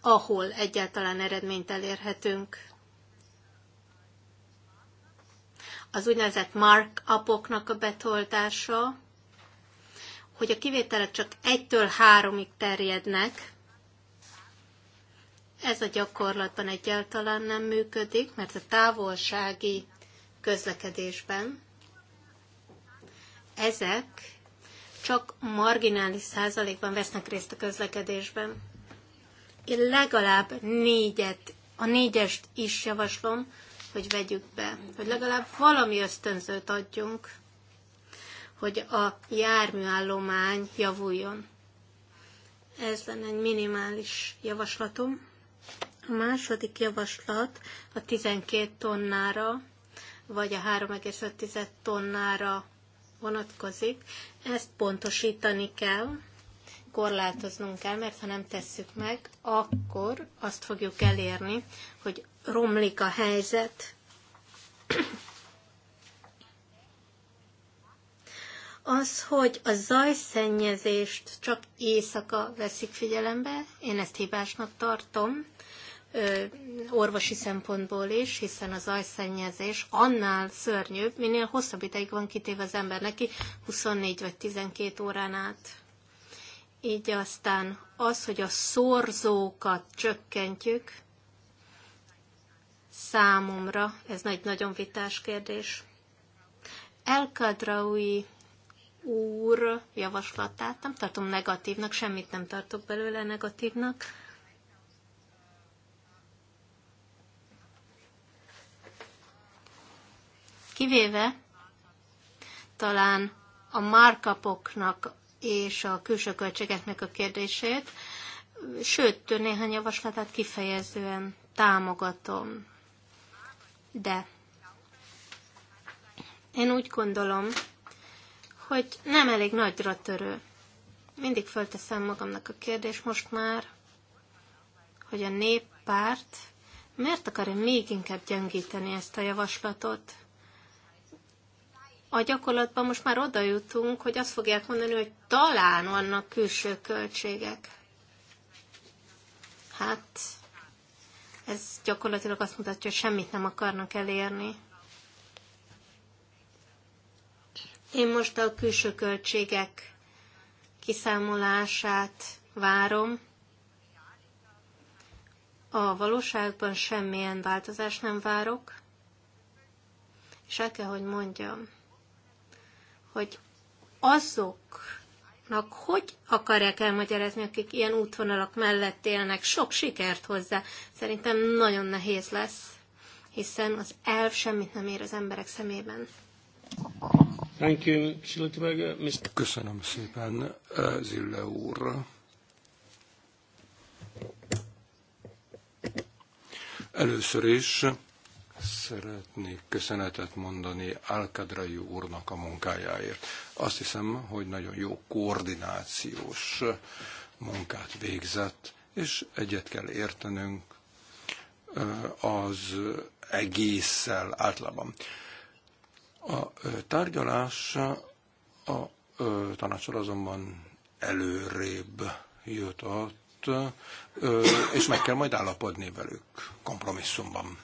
ahol egyáltalán eredményt elérhetünk. az úgynevezett apoknak a betoltása, hogy a kivételek csak egytől háromig terjednek, ez a gyakorlatban egyáltalán nem működik, mert a távolsági közlekedésben ezek csak marginális százalékban vesznek részt a közlekedésben. Én legalább négyet, a négyest is javaslom, hogy vegyük be, hogy legalább valami ösztönzőt adjunk, hogy a járműállomány javuljon. Ez lenne egy minimális javaslatom. A második javaslat a 12 tonnára, vagy a 3,5 tonnára vonatkozik. Ezt pontosítani kell, korlátoznunk kell, mert ha nem tesszük meg, akkor azt fogjuk elérni, hogy romlik a helyzet, az, hogy a zajszennyezést csak éjszaka veszik figyelembe, én ezt hibásnak tartom, ö, orvosi szempontból is, hiszen a zajszennyezés annál szörnyűbb, minél hosszabb ideig van kitéve az ember neki, 24 vagy 12 órán át. Így aztán az, hogy a szorzókat csökkentjük, Számomra ez nagy, nagyon vitás kérdés. Elkadraui úr javaslatát nem tartom negatívnak, semmit nem tartok belőle negatívnak. Kivéve talán a márkapoknak és a külső költségeknek a kérdését, sőt, néhány javaslatát kifejezően támogatom de én úgy gondolom, hogy nem elég nagyra törő. Mindig fölteszem magamnak a kérdést most már, hogy a néppárt miért akarja -e még inkább gyengíteni ezt a javaslatot? A gyakorlatban most már oda jutunk, hogy azt fogják mondani, hogy talán vannak külső költségek. Hát ez gyakorlatilag azt mutatja, hogy semmit nem akarnak elérni. Én most a külső költségek kiszámolását várom. A valóságban semmilyen változást nem várok, és el kell, hogy mondjam, hogy azok polgároknak hogy akarják elmagyarázni, akik ilyen útvonalak mellett élnek. Sok sikert hozzá. Szerintem nagyon nehéz lesz, hiszen az elv semmit nem ér az emberek szemében. Thank you, Köszönöm szépen, eh, Zille úr. Először is Szeretnék köszönetet mondani Alkadrai úrnak a munkájáért. Azt hiszem, hogy nagyon jó koordinációs munkát végzett, és egyet kell értenünk az egésszel általában. A tárgyalás a tanácsal azonban előrébb jutott, és meg kell majd állapodni velük kompromisszumban.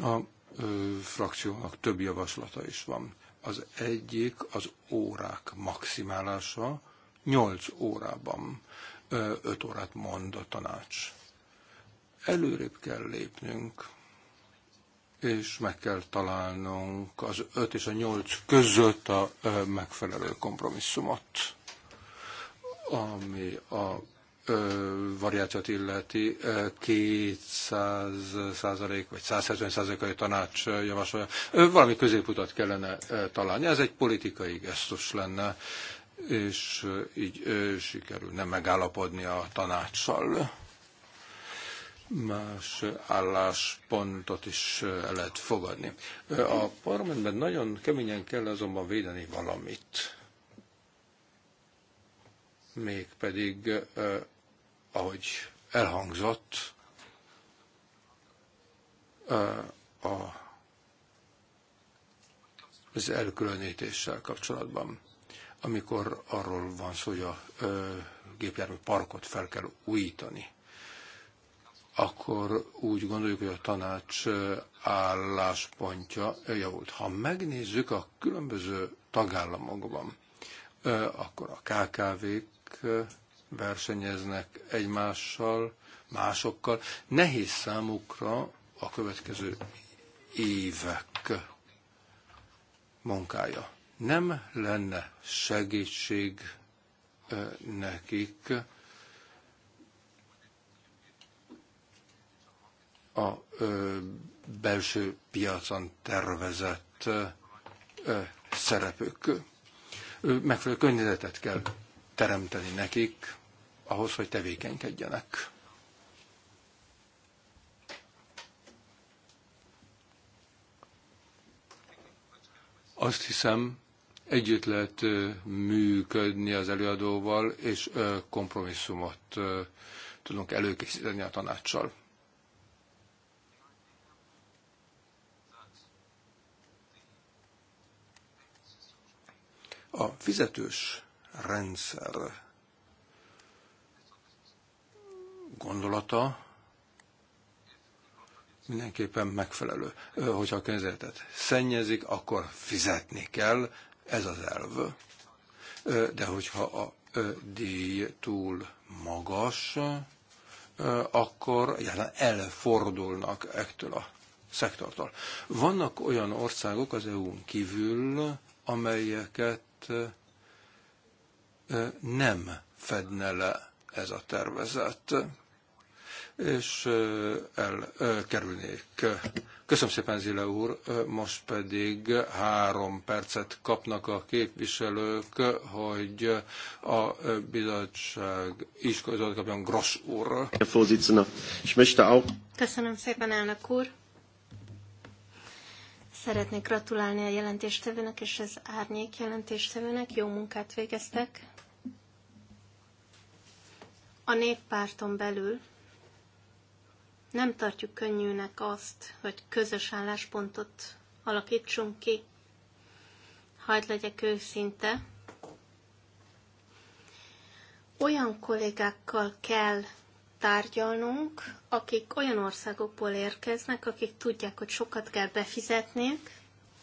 A ö, frakciónak több javaslata is van. Az egyik az órák maximálása, 8 órában 5 órát mond a tanács. Előrébb kell lépnünk, és meg kell találnunk az 5 és a 8 között a megfelelő kompromisszumot, ami a variációt illeti 200 százalék vagy 170 százalékai tanács javasolja. Valami középutat kellene találni. Ez egy politikai gesztus lenne, és így sikerül nem megállapodni a tanácssal. Más álláspontot is el lehet fogadni. A parlamentben nagyon keményen kell azonban védeni valamit mégpedig ahogy elhangzott, a, az elkülönítéssel kapcsolatban, amikor arról van szó, hogy a gépjármű parkot fel kell újítani, akkor úgy gondoljuk, hogy a tanács álláspontja javult. Ha megnézzük a különböző tagállamokban, akkor a KKV-k versenyeznek egymással, másokkal. Nehéz számukra a következő évek munkája. Nem lenne segítség nekik a belső piacon tervezett szerepük. Megfelelő környezetet kell teremteni nekik ahhoz, hogy tevékenykedjenek. Azt hiszem, együtt lehet működni az előadóval, és kompromisszumot tudunk előkészíteni a tanácssal. A fizetős rendszer gondolata mindenképpen megfelelő. Hogyha a környezetet szennyezik, akkor fizetni kell, ez az elv. De hogyha a díj túl magas, akkor elfordulnak ettől a szektortól. Vannak olyan országok az EU-n kívül, amelyeket nem fedne le ez a tervezet, és elkerülnék. Köszönöm szépen, Zile úr, most pedig három percet kapnak a képviselők, hogy a bizottság is között kapjon Gross úr. Köszönöm szépen, elnök úr. Szeretnék gratulálni a jelentéstevőnek és az árnyék jelentéstevőnek. Jó munkát végeztek. A néppárton belül nem tartjuk könnyűnek azt, hogy közös álláspontot alakítsunk ki. Hagyd legyek őszinte. Olyan kollégákkal kell tárgyalnunk, akik olyan országokból érkeznek, akik tudják, hogy sokat kell befizetniük,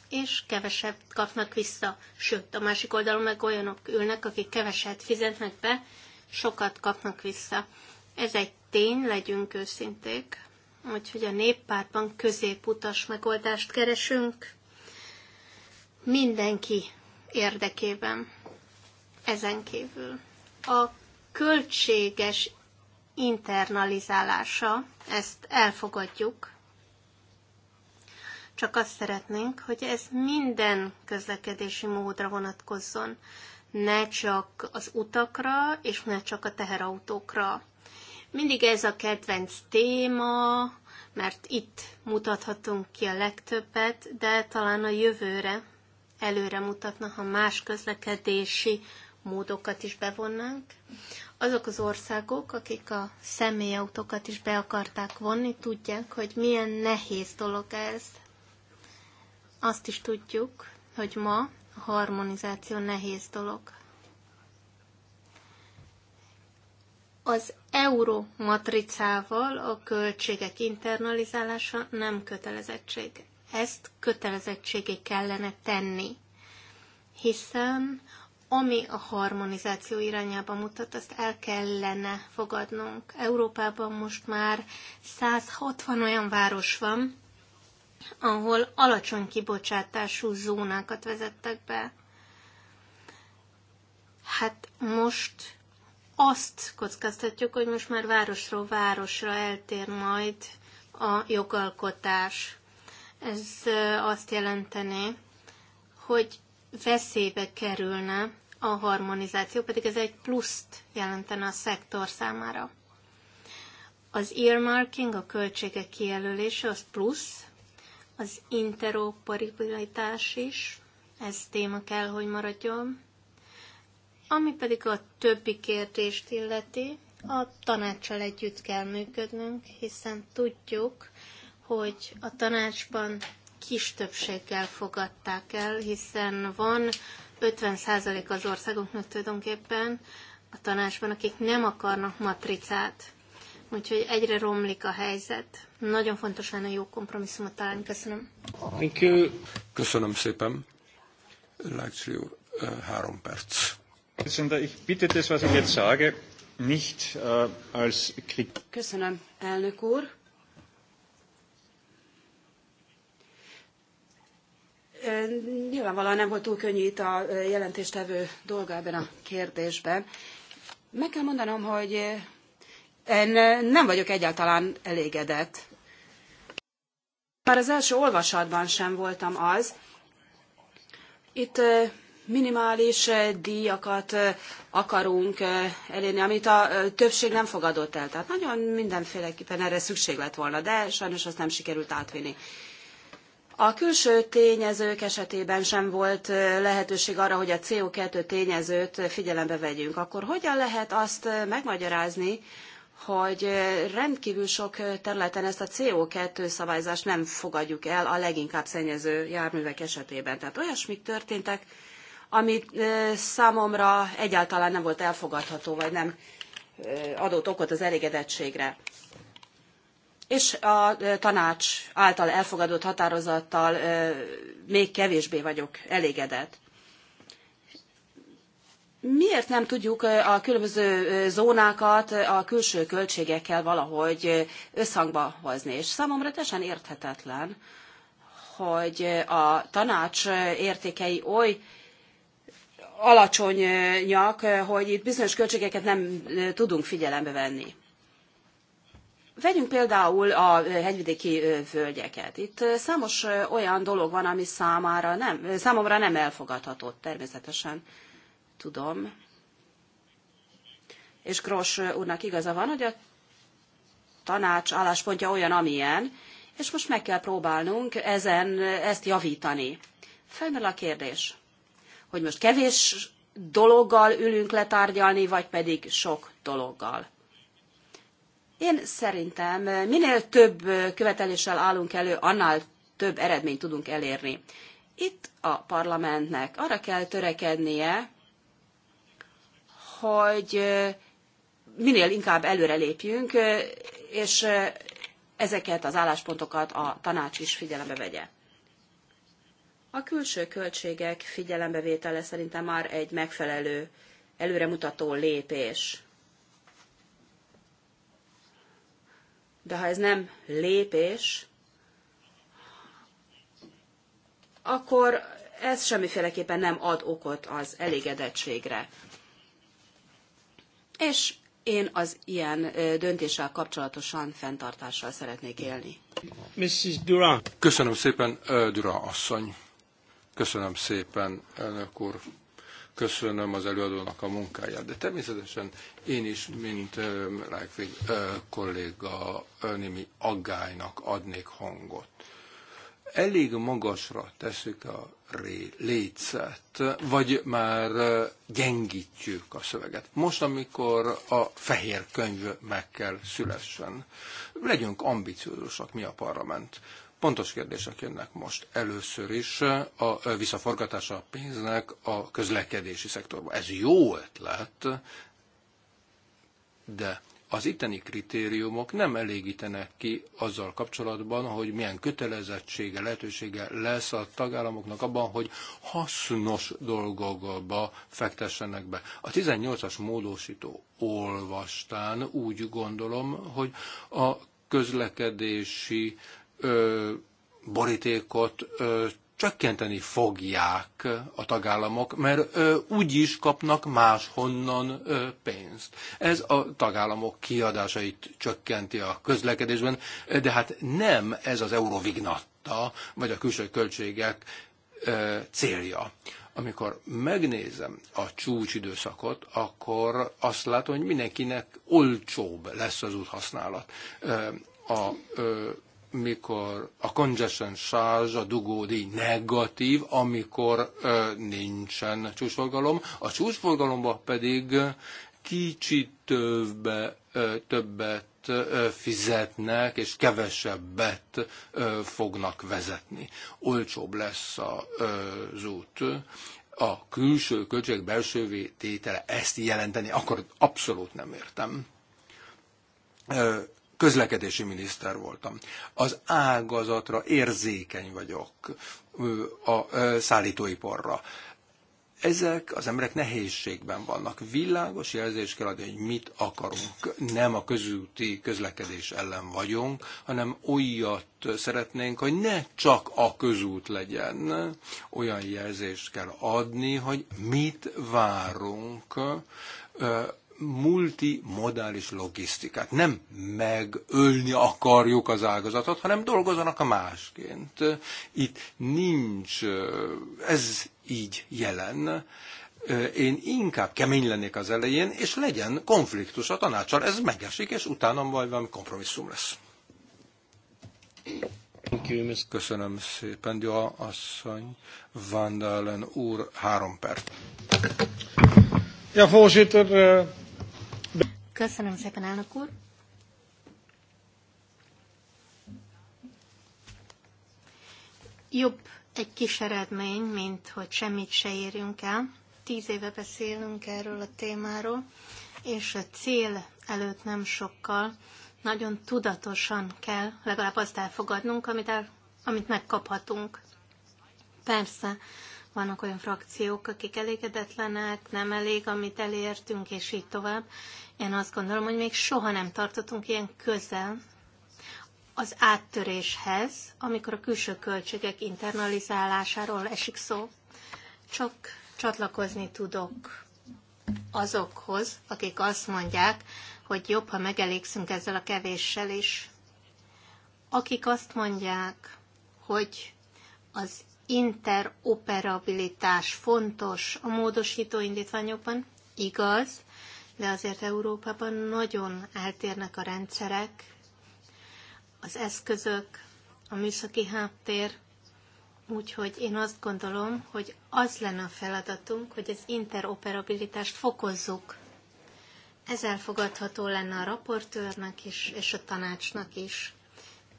és kevesebbet kapnak vissza. Sőt, a másik oldalon meg olyanok ülnek, akik keveset fizetnek be, sokat kapnak vissza. Ez egy tény, legyünk őszinték. Úgyhogy a néppártban középutas megoldást keresünk mindenki érdekében. Ezen kívül a költséges internalizálása, ezt elfogadjuk, csak azt szeretnénk, hogy ez minden közlekedési módra vonatkozzon ne csak az utakra, és ne csak a teherautókra. Mindig ez a kedvenc téma, mert itt mutathatunk ki a legtöbbet, de talán a jövőre előre mutatna, ha más közlekedési módokat is bevonnánk. Azok az országok, akik a személyautókat is be akarták vonni, tudják, hogy milyen nehéz dolog ez. Azt is tudjuk, hogy ma harmonizáció nehéz dolog. Az euró matricával a költségek internalizálása nem kötelezettség. Ezt kötelezettségé kellene tenni, hiszen ami a harmonizáció irányába mutat, azt el kellene fogadnunk. Európában most már 160 olyan város van, ahol alacsony kibocsátású zónákat vezettek be. Hát most azt kockáztatjuk, hogy most már városról városra eltér majd a jogalkotás. Ez azt jelenteni, hogy veszélybe kerülne a harmonizáció, pedig ez egy pluszt jelentene a szektor számára. Az earmarking, a költségek kijelölése, az plusz, az interoperabilitás is, ez téma kell, hogy maradjon. Ami pedig a többi kérdést illeti, a tanácssal együtt kell működnünk, hiszen tudjuk, hogy a tanácsban kis többséggel fogadták el, hiszen van 50% az országoknak tulajdonképpen a tanácsban, akik nem akarnak matricát. Úgyhogy egyre romlik a helyzet. Nagyon fontos lenne jó kompromisszumot találni. Köszönöm. Thank you. Köszönöm szépen. Leitri úr, három perc. Ich bitte was ich jetzt sage, nicht uh, als Köszönöm, elnök úr. Nyilvánvalóan nem volt túl könnyű itt a jelentéstevő dolga ebben a kérdésben. Meg kell mondanom, hogy én nem vagyok egyáltalán elégedett. Már az első olvasatban sem voltam az. Itt minimális díjakat akarunk elérni, amit a többség nem fogadott el. Tehát nagyon mindenféleképpen erre szükség lett volna, de sajnos azt nem sikerült átvinni. A külső tényezők esetében sem volt lehetőség arra, hogy a CO2 tényezőt figyelembe vegyünk. Akkor hogyan lehet azt megmagyarázni, hogy rendkívül sok területen ezt a CO2 szabályzást nem fogadjuk el a leginkább szennyező járművek esetében. Tehát olyasmik történtek, ami számomra egyáltalán nem volt elfogadható, vagy nem adott okot az elégedettségre. És a tanács által elfogadott határozattal még kevésbé vagyok elégedett. Miért nem tudjuk a különböző zónákat a külső költségekkel valahogy összhangba hozni? És számomra teljesen érthetetlen, hogy a tanács értékei oly alacsonyak, hogy itt bizonyos költségeket nem tudunk figyelembe venni. Vegyünk például a hegyvidéki völgyeket. Itt számos olyan dolog van, ami számára nem, számomra nem elfogadható természetesen tudom, és Gross úrnak igaza van, hogy a tanács álláspontja olyan, amilyen, és most meg kell próbálnunk ezen ezt javítani. Felmerül a kérdés, hogy most kevés dologgal ülünk letárgyalni, vagy pedig sok dologgal. Én szerintem minél több követeléssel állunk elő, annál több eredményt tudunk elérni. Itt a parlamentnek arra kell törekednie, hogy minél inkább előrelépjünk, és ezeket az álláspontokat a tanács is figyelembe vegye. A külső költségek figyelembevétele szerintem már egy megfelelő, előremutató lépés. De ha ez nem lépés, akkor ez semmiféleképpen nem ad okot az elégedettségre és én az ilyen döntéssel kapcsolatosan fenntartással szeretnék élni. Mrs. Durán. Köszönöm szépen, Durán asszony. Köszönöm szépen, elnök úr. Köszönöm az előadónak a munkáját, de természetesen én is, mint Rákvég kolléga, némi aggálynak adnék hangot elég magasra teszük a létszet, vagy már gyengítjük a szöveget. Most, amikor a fehér könyv meg kell szülessen, legyünk ambiciózusak, mi a parlament. Pontos kérdések jönnek most. Először is a visszaforgatása a pénznek a közlekedési szektorba. Ez jó ötlet, de az itteni kritériumok nem elégítenek ki azzal kapcsolatban, hogy milyen kötelezettsége, lehetősége lesz a tagállamoknak abban, hogy hasznos dolgokba fektessenek be. A 18-as módosító olvastán úgy gondolom, hogy a közlekedési ö, borítékot ö, csökkenteni fogják a tagállamok, mert úgy is kapnak máshonnan pénzt. Ez a tagállamok kiadásait csökkenti a közlekedésben, de hát nem ez az euróvignatta, vagy a külső költségek célja. Amikor megnézem a csúcsidőszakot, akkor azt látom, hogy mindenkinek olcsóbb lesz az úthasználat. A amikor a congestion charge, a dugódi negatív, amikor ö, nincsen csúcsforgalom, a csúcsforgalomba pedig kicsit többe, ö, többet ö, fizetnek, és kevesebbet ö, fognak vezetni. Olcsóbb lesz a, ö, az út. A külső költség belső tétele ezt jelenteni, akkor abszolút nem értem közlekedési miniszter voltam. Az ágazatra érzékeny vagyok, a szállítóiparra. Ezek az emberek nehézségben vannak. Világos jelzést kell adni, hogy mit akarunk. Nem a közúti közlekedés ellen vagyunk, hanem olyat szeretnénk, hogy ne csak a közút legyen. Olyan jelzést kell adni, hogy mit várunk multimodális logisztikát. Nem megölni akarjuk az ágazatot, hanem dolgozzanak a másként. Itt nincs, ez így jelen. Én inkább kemény lennék az elején, és legyen konfliktus a tanácsal. Ez megesik, és utána majd valami kompromisszum lesz. Köszönöm szépen, Dia asszony, Vandalen úr, három perc. Ja, voorzitter, eh, Köszönöm szépen, elnök úr. Jobb egy kis eredmény, mint hogy semmit se érjünk el. Tíz éve beszélünk erről a témáról, és a cél előtt nem sokkal nagyon tudatosan kell legalább azt elfogadnunk, amit, el, amit megkaphatunk. Persze, vannak olyan frakciók, akik elégedetlenek, nem elég, amit elértünk, és így tovább. Én azt gondolom, hogy még soha nem tartottunk ilyen közel az áttöréshez, amikor a külső költségek internalizálásáról esik szó. Csak csatlakozni tudok azokhoz, akik azt mondják, hogy jobb, ha megelégszünk ezzel a kevéssel is. Akik azt mondják, hogy az interoperabilitás fontos a módosító indítványokban, igaz, de azért Európában nagyon eltérnek a rendszerek, az eszközök, a műszaki háttér, úgyhogy én azt gondolom, hogy az lenne a feladatunk, hogy az interoperabilitást fokozzuk. Ez elfogadható lenne a raportőrnek is, és a tanácsnak is.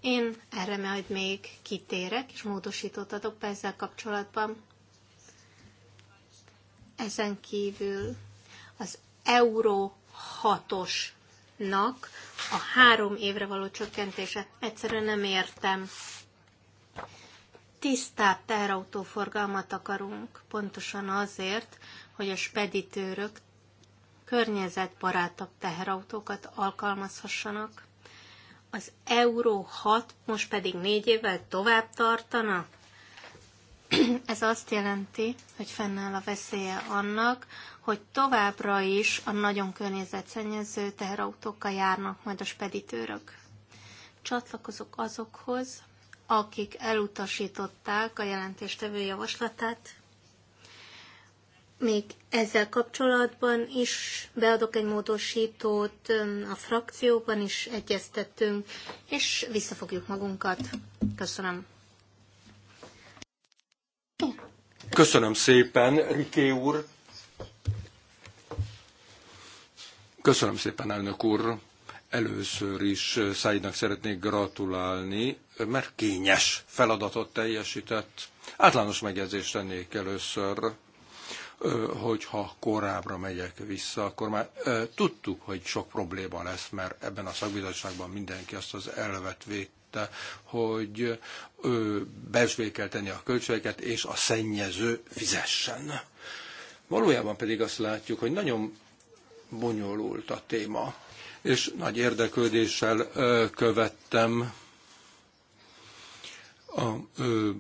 Én erre majd még kitérek, és módosítót adok be ezzel kapcsolatban. Ezen kívül az euró 6-osnak a három évre való csökkentése. Egyszerűen nem értem. Tisztább terautóforgalmat akarunk, pontosan azért, hogy a speditőrök környezetbarátabb teherautókat alkalmazhassanak az Euró 6 most pedig négy évvel tovább tartana? Ez azt jelenti, hogy fennáll a veszélye annak, hogy továbbra is a nagyon környezetszennyező teherautókkal járnak majd a speditőrök. Csatlakozok azokhoz, akik elutasították a jelentéstevő javaslatát, még ezzel kapcsolatban is beadok egy módosítót, a frakcióban is egyeztettünk, és visszafogjuk magunkat. Köszönöm. Köszönöm szépen, Riké úr. Köszönöm szépen, elnök úr. Először is Száidnak szeretnék gratulálni, mert kényes feladatot teljesített. Általános megjegyzést tennék először hogyha korábbra megyek vissza, akkor már tudtuk, hogy sok probléma lesz, mert ebben a szakbizottságban mindenki azt az elvet védte, hogy bezsvé kell tenni a költségeket, és a szennyező fizessen. Valójában pedig azt látjuk, hogy nagyon bonyolult a téma, és nagy érdeklődéssel követtem a ö,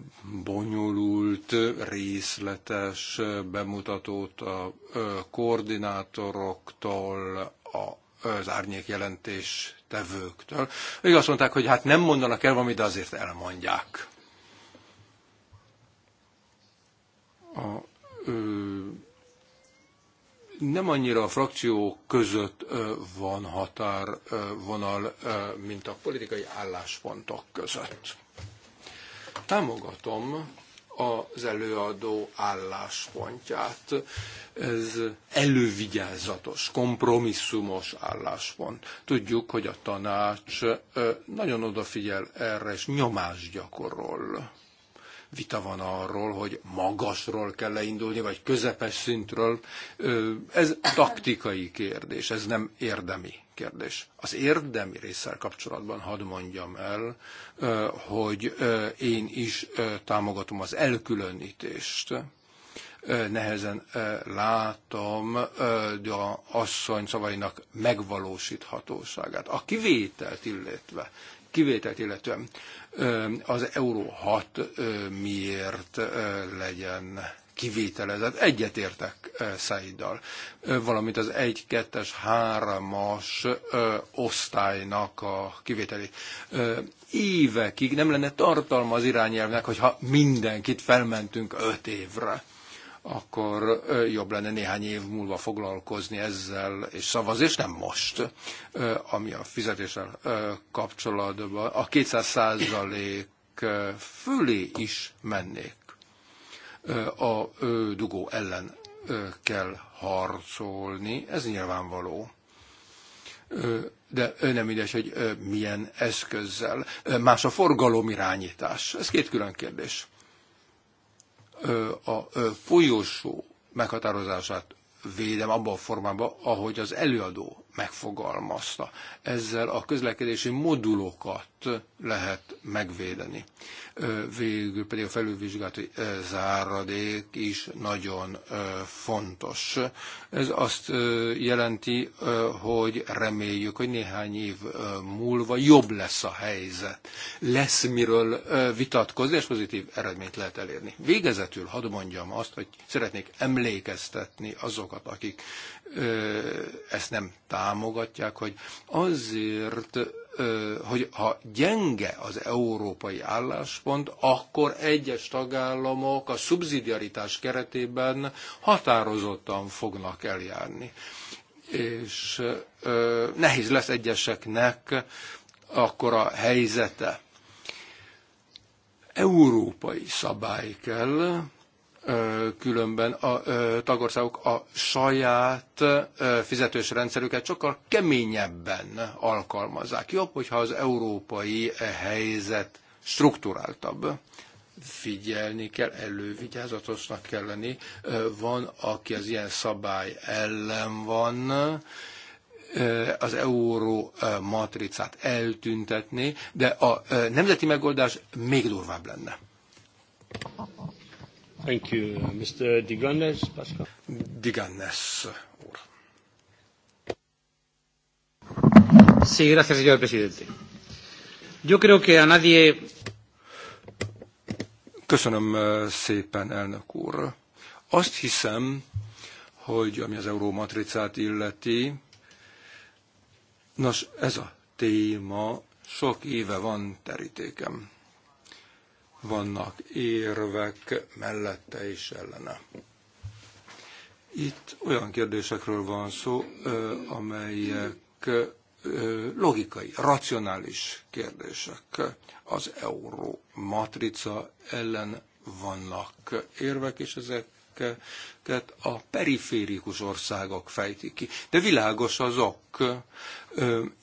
bonyolult, részletes bemutatót a ö, koordinátoroktól, a, az árnyék jelentés tevőktől. Ők azt mondták, hogy hát nem mondanak el valamit, de azért elmondják. A, ö, nem annyira a frakciók között van határvonal, mint a politikai álláspontok között Támogatom az előadó álláspontját. Ez elővigyázatos, kompromisszumos álláspont. Tudjuk, hogy a tanács nagyon odafigyel erre, és nyomást gyakorol. Vita van arról, hogy magasról kell leindulni, vagy közepes szintről. Ez taktikai kérdés, ez nem érdemi kérdés. Az érdemi részsel kapcsolatban hadd mondjam el, hogy én is támogatom az elkülönítést. Nehezen látom de a asszony szavainak megvalósíthatóságát. A kivételt illetve, kivételt illetően az euró 6 miért legyen kivételezett. Egyetértek Szaiddal, valamint az 1, 2-es, 3-as osztálynak a kivételi Évekig nem lenne tartalma az irányelvnek, hogyha mindenkit felmentünk 5 évre akkor jobb lenne néhány év múlva foglalkozni ezzel, és szavazni, és nem most, ami a fizetéssel kapcsolatban. A 200 százalék fölé is mennék a dugó ellen kell harcolni, ez nyilvánvaló. De nem mindegy, hogy milyen eszközzel. Más a forgalomirányítás. Ez két külön kérdés. A folyosó meghatározását védem abban a formában, ahogy az előadó megfogalmazta. Ezzel a közlekedési modulokat lehet megvédeni. Végül pedig a felülvizsgálati záradék is nagyon fontos. Ez azt jelenti, hogy reméljük, hogy néhány év múlva jobb lesz a helyzet. Lesz miről vitatkozni, és pozitív eredményt lehet elérni. Végezetül hadd mondjam azt, hogy szeretnék emlékeztetni azokat, akik ezt nem támogatják, hogy azért, hogy ha gyenge az európai álláspont, akkor egyes tagállamok a szubszidiaritás keretében határozottan fognak eljárni. És nehéz lesz egyeseknek akkor a helyzete. Európai szabály kell, különben a tagországok a saját fizetős rendszerüket sokkal keményebben alkalmazzák. Jobb, hogyha az európai e, helyzet strukturáltabb. Figyelni kell, elővigyázatosnak kell lenni. Van, aki az ilyen szabály ellen van, az euró matricát eltüntetni, de a nemzeti megoldás még durvább lenne. Thank you, Mr. Pascal. Sí, gracias, señor presidente. Yo creo que a nadie... Köszönöm eh, szépen, elnök úr. Azt hiszem, hogy ami az eurómatricát illeti, nos, ez a téma sok éve van terítékem vannak érvek mellette és ellene. Itt olyan kérdésekről van szó, amelyek logikai, racionális kérdések. Az euró matrica ellen vannak érvek, és ezeket a periférikus országok fejtik ki. De világos azok.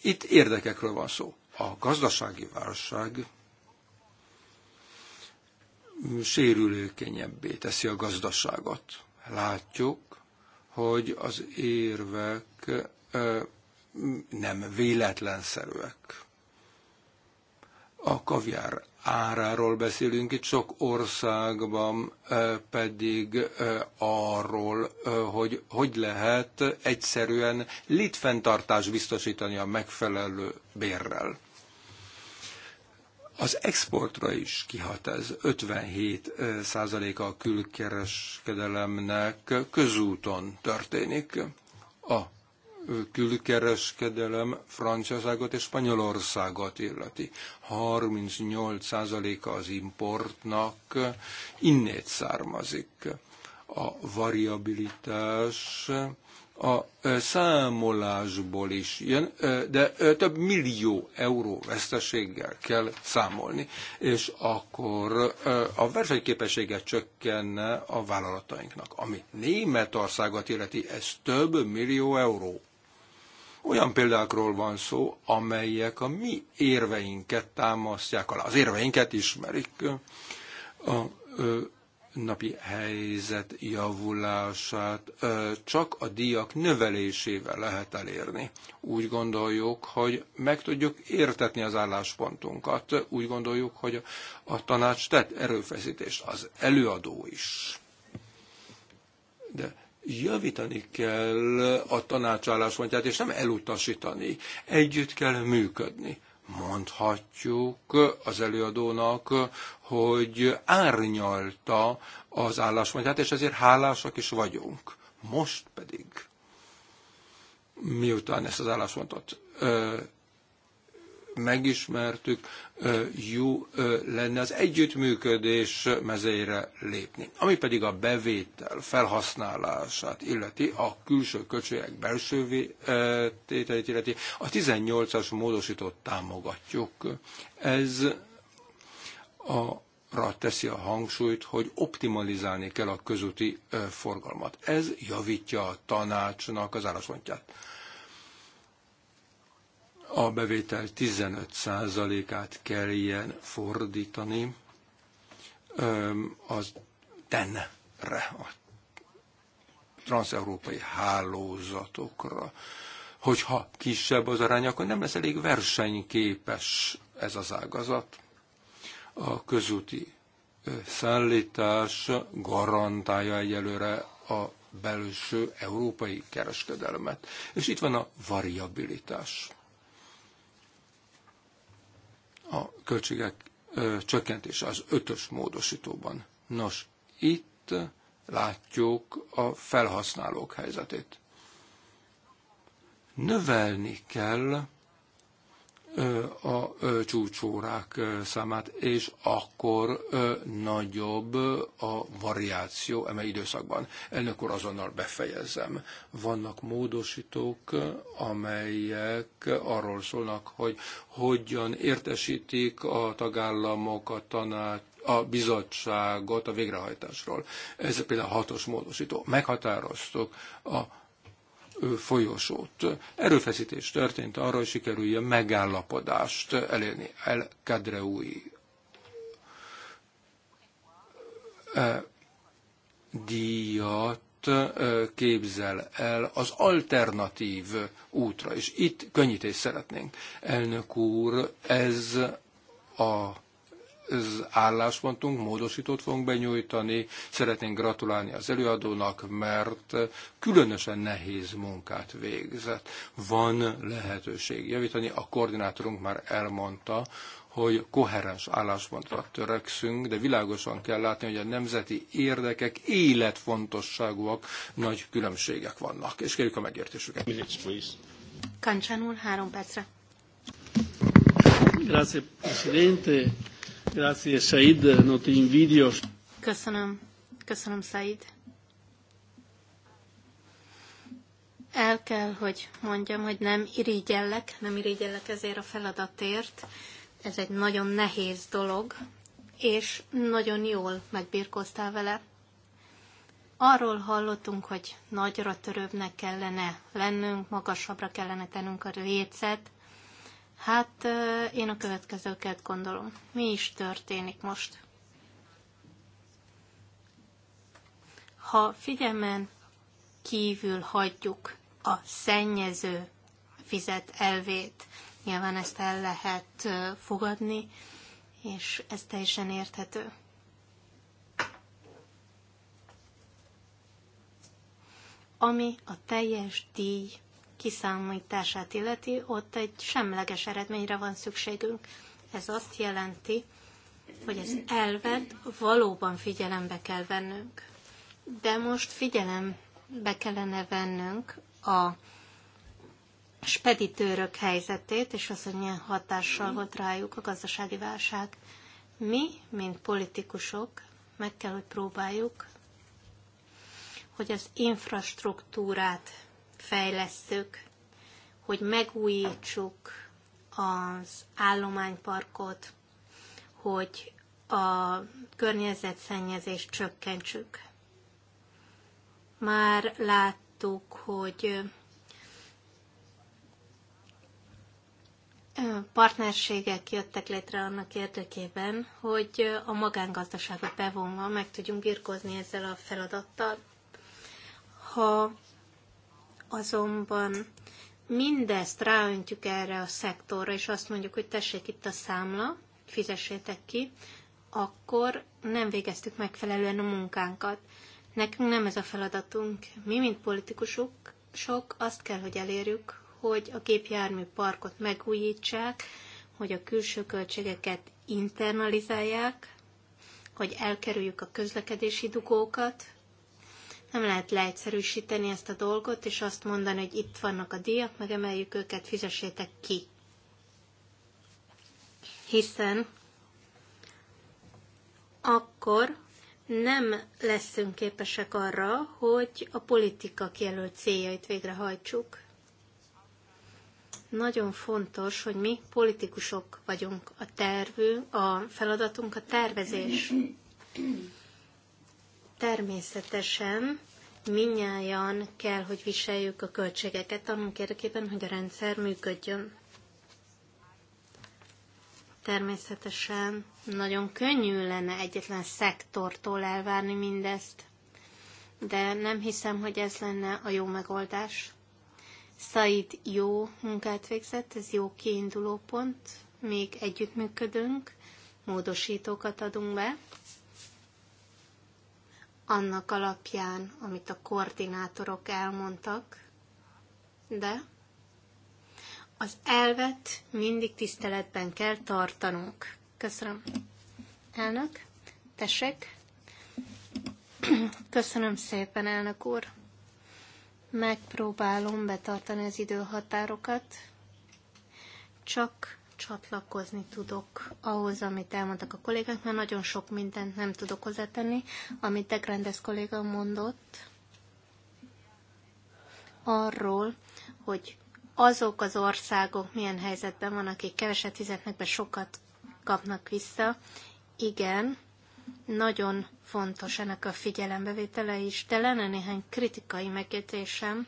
Itt érdekekről van szó. A gazdasági válság sérülékenyebbé teszi a gazdaságot. Látjuk, hogy az érvek nem véletlenszerűek. A kaviár áráról beszélünk itt, sok országban pedig arról, hogy hogy lehet egyszerűen létfenntartást biztosítani a megfelelő bérrel. Az exportra is kihat ez. 57 százaléka a külkereskedelemnek közúton történik. A külkereskedelem Franciaországot és Spanyolországot illeti. 38 százaléka az importnak innét származik. A variabilitás a számolásból is jön, de több millió euró veszteséggel kell számolni, és akkor a versenyképessége csökkenne a vállalatainknak. Ami Németországot illeti, ez több millió euró. Olyan példákról van szó, amelyek a mi érveinket támasztják alá. Az érveinket ismerik. A, napi helyzet javulását csak a díjak növelésével lehet elérni. Úgy gondoljuk, hogy meg tudjuk értetni az álláspontunkat. Úgy gondoljuk, hogy a tanács tett erőfeszítést, az előadó is. De javítani kell a tanács álláspontját, és nem elutasítani. Együtt kell működni mondhatjuk az előadónak, hogy árnyalta az álláspontját, és ezért hálásak is vagyunk. Most pedig, miután ezt az álláspontot megismertük, jó lenne az együttműködés mezére lépni. Ami pedig a bevétel felhasználását illeti, a külső költségek belső tételét illeti, a 18-as módosítót támogatjuk. Ez a rá teszi a hangsúlyt, hogy optimalizálni kell a közúti forgalmat. Ez javítja a tanácsnak az álláspontját a bevétel 15%-át kelljen fordítani az tenre, a transeurópai hálózatokra. Hogyha kisebb az arány, akkor nem lesz elég versenyképes ez az ágazat. A közúti szállítás garantálja egyelőre a belső európai kereskedelmet. És itt van a variabilitás a költségek ö, csökkentése az ötös módosítóban. Nos, itt látjuk a felhasználók helyzetét. Növelni kell a csúcsórák számát, és akkor nagyobb a variáció eme időszakban. Ennek akkor azonnal befejezem. Vannak módosítók, amelyek arról szólnak, hogy hogyan értesítik a tagállamok, a tanács, a bizottságot a végrehajtásról. Ez például a hatos módosító. Meghatároztuk a folyosót. Erőfeszítés történt arra, hogy sikerüljön megállapodást elérni El Kadreui e, díjat e, képzel el az alternatív útra, és itt könnyítést szeretnénk. Elnök úr, ez a az álláspontunk, módosítót fogunk benyújtani. Szeretnénk gratulálni az előadónak, mert különösen nehéz munkát végzett. Van lehetőség javítani. A koordinátorunk már elmondta, hogy koherens álláspontra törekszünk, de világosan kell látni, hogy a nemzeti érdekek életfontosságúak, nagy különbségek vannak. És kérjük a megértésüket. Minutes, Kancsán úr, három percre. Grazie, Presidente. Grazie, Said. invidio. Köszönöm. Köszönöm, Said. El kell, hogy mondjam, hogy nem irigyellek, nem irigyellek ezért a feladatért. Ez egy nagyon nehéz dolog, és nagyon jól megbírkoztál vele. Arról hallottunk, hogy nagyra törőbbnek kellene lennünk, magasabbra kellene tennünk a lécet, Hát én a következőket gondolom. Mi is történik most? Ha figyelmen kívül hagyjuk a szennyező fizet elvét, nyilván ezt el lehet fogadni, és ez teljesen érthető. Ami a teljes díj kiszámítását illeti, ott egy semleges eredményre van szükségünk. Ez azt jelenti, hogy az elvet valóban figyelembe kell vennünk. De most figyelembe kellene vennünk a speditőrök helyzetét, és az, hogy milyen hatással volt rájuk a gazdasági válság. Mi, mint politikusok, meg kell, hogy próbáljuk, hogy az infrastruktúrát fejlesztük, hogy megújítsuk az állományparkot, hogy a környezetszennyezést csökkentsük. Már láttuk, hogy partnerségek jöttek létre annak érdekében, hogy a magángazdaságot bevonva meg tudjunk birkozni ezzel a feladattal. Ha azonban mindezt ráöntjük erre a szektorra, és azt mondjuk, hogy tessék itt a számla, fizessétek ki, akkor nem végeztük megfelelően a munkánkat. Nekünk nem ez a feladatunk. Mi, mint politikusok, sok azt kell, hogy elérjük, hogy a gépjármű parkot megújítsák, hogy a külső költségeket internalizálják, hogy elkerüljük a közlekedési dugókat, nem lehet leegyszerűsíteni ezt a dolgot, és azt mondani, hogy itt vannak a díjak, megemeljük őket, fizessétek ki. Hiszen akkor nem leszünk képesek arra, hogy a politika kijelölt céljait végrehajtsuk. Nagyon fontos, hogy mi politikusok vagyunk. A tervű, a feladatunk a tervezés. Természetesen minnyáján kell, hogy viseljük a költségeket annak érdekében, hogy a rendszer működjön. Természetesen nagyon könnyű lenne egyetlen szektortól elvárni mindezt, de nem hiszem, hogy ez lenne a jó megoldás. Said jó munkát végzett, ez jó kiinduló pont, még együttműködünk, módosítókat adunk be, annak alapján, amit a koordinátorok elmondtak, de az elvet mindig tiszteletben kell tartanunk. Köszönöm. Elnök, tessék. Köszönöm szépen, elnök úr. Megpróbálom betartani az időhatárokat, csak csatlakozni tudok ahhoz, amit elmondtak a kollégák, mert nagyon sok mindent nem tudok hozzátenni, amit de Grandes kolléga mondott arról, hogy azok az országok milyen helyzetben vannak, akik keveset fizetnek be, sokat kapnak vissza. Igen, nagyon fontos ennek a figyelembevétele is, de lenne néhány kritikai megjegyzésem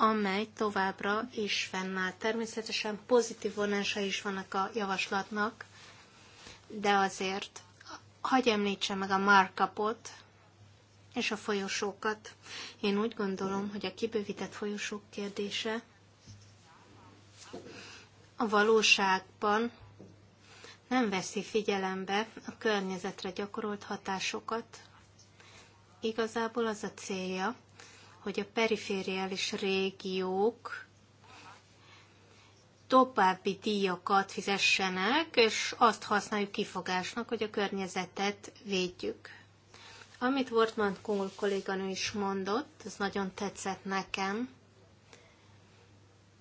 amely továbbra is fennáll. Természetesen pozitív vonása is vannak a javaslatnak, de azért hagyj említse meg a markupot és a folyosókat. Én úgy gondolom, hogy a kibővített folyosók kérdése a valóságban nem veszi figyelembe a környezetre gyakorolt hatásokat. Igazából az a célja, hogy a perifériális régiók további díjakat fizessenek, és azt használjuk kifogásnak, hogy a környezetet védjük. Amit Wortmann Kohl kolléganő is mondott, ez nagyon tetszett nekem,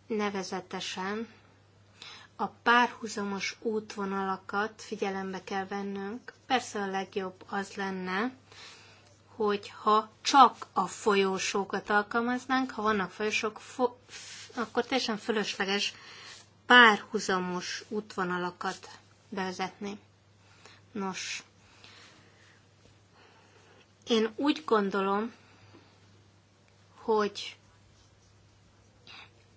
nevezetesen a párhuzamos útvonalakat figyelembe kell vennünk. Persze a legjobb az lenne, hogyha csak a folyósókat alkalmaznánk, ha vannak folyósók, fo- akkor teljesen fölösleges párhuzamos útvonalakat bevezetni. Nos, én úgy gondolom, hogy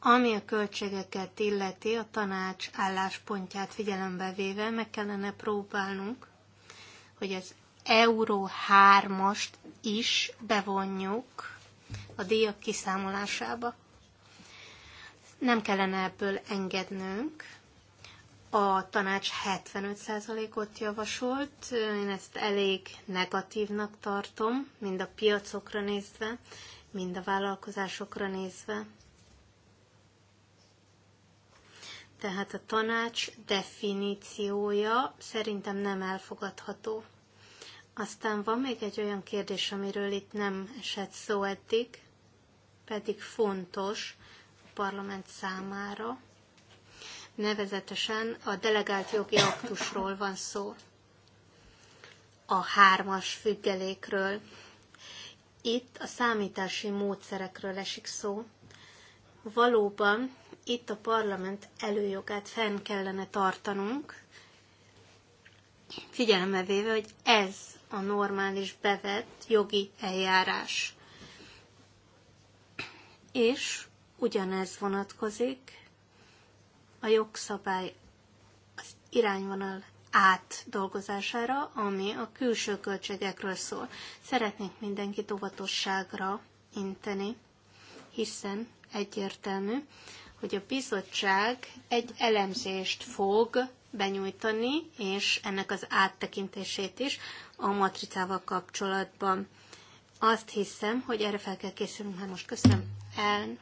ami a költségeket illeti, a tanács álláspontját figyelembe véve meg kellene próbálnunk, hogy az Euró 3-ast is bevonjuk a díjak kiszámolásába. Nem kellene ebből engednünk. A tanács 75%-ot javasolt, én ezt elég negatívnak tartom, mind a piacokra nézve, mind a vállalkozásokra nézve. Tehát a tanács definíciója szerintem nem elfogadható. Aztán van még egy olyan kérdés, amiről itt nem esett szó eddig, pedig fontos a parlament számára. Nevezetesen a delegált jogi aktusról van szó, a hármas függelékről. Itt a számítási módszerekről esik szó. Valóban itt a parlament előjogát fenn kellene tartanunk, figyelembe véve, hogy ez a normális bevett jogi eljárás. És ugyanez vonatkozik a jogszabály az irányvonal átdolgozására, ami a külső költségekről szól. Szeretnék mindenkit óvatosságra inteni, hiszen egyértelmű, hogy a bizottság egy elemzést fog benyújtani, és ennek az áttekintését is a matricával kapcsolatban. Azt hiszem, hogy erre fel kell készülnünk már most. Köszönöm, el.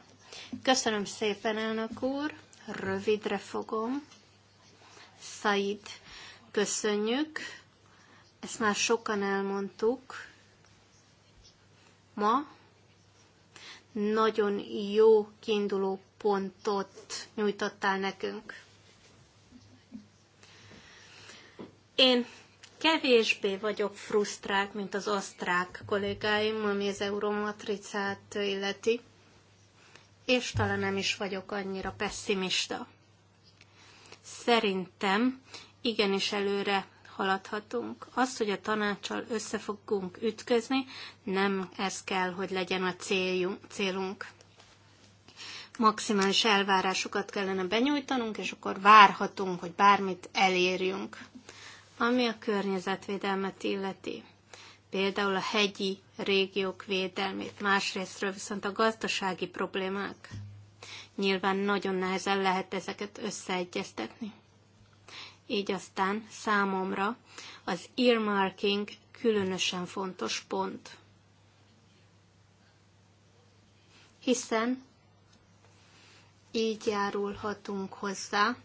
Köszönöm szépen, elnök úr. Rövidre fogom. Said, köszönjük. Ezt már sokan elmondtuk. Ma nagyon jó kiinduló pontot nyújtottál nekünk. Én kevésbé vagyok frusztrált, mint az osztrák kollégáim, ami az euromatricát illeti, és talán nem is vagyok annyira pessimista. Szerintem igenis előre haladhatunk. Az, hogy a tanácsal össze fogunk ütközni, nem ez kell, hogy legyen a céljunk, célunk. Maximális elvárásokat kellene benyújtanunk, és akkor várhatunk, hogy bármit elérjünk. Ami a környezetvédelmet illeti, például a hegyi régiók védelmét, másrésztről viszont a gazdasági problémák. Nyilván nagyon nehezen lehet ezeket összeegyeztetni. Így aztán számomra az earmarking különösen fontos pont. Hiszen így járulhatunk hozzá,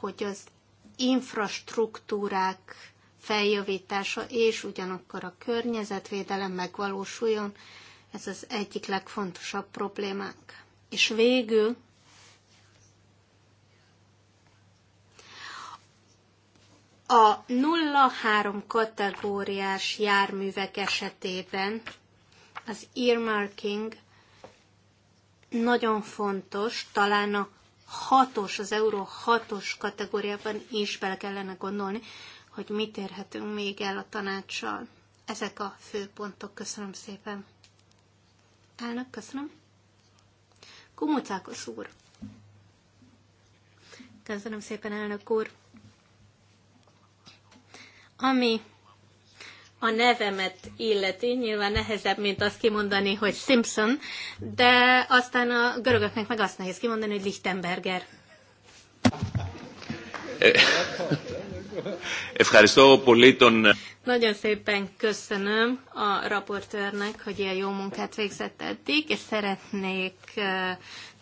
hogy az infrastruktúrák feljavítása, és ugyanakkor a környezetvédelem megvalósuljon, ez az egyik legfontosabb problémánk. És végül a 0-3 kategóriás járművek esetében az earmarking nagyon fontos, talán a hatos, az euró hatos kategóriában is bele kellene gondolni, hogy mit érhetünk még el a tanácssal. Ezek a fő pontok. Köszönöm szépen. Elnök, köszönöm. Kumucákos úr. Köszönöm szépen, elnök úr. Ami a nevemet illeti, nyilván nehezebb, mint azt kimondani, hogy Simpson, de aztán a görögöknek meg azt nehéz kimondani, hogy Lichtenberger. Eh, eh, eh. Nagyon szépen köszönöm a raportőrnek, hogy ilyen jó munkát végzett eddig, és szeretnék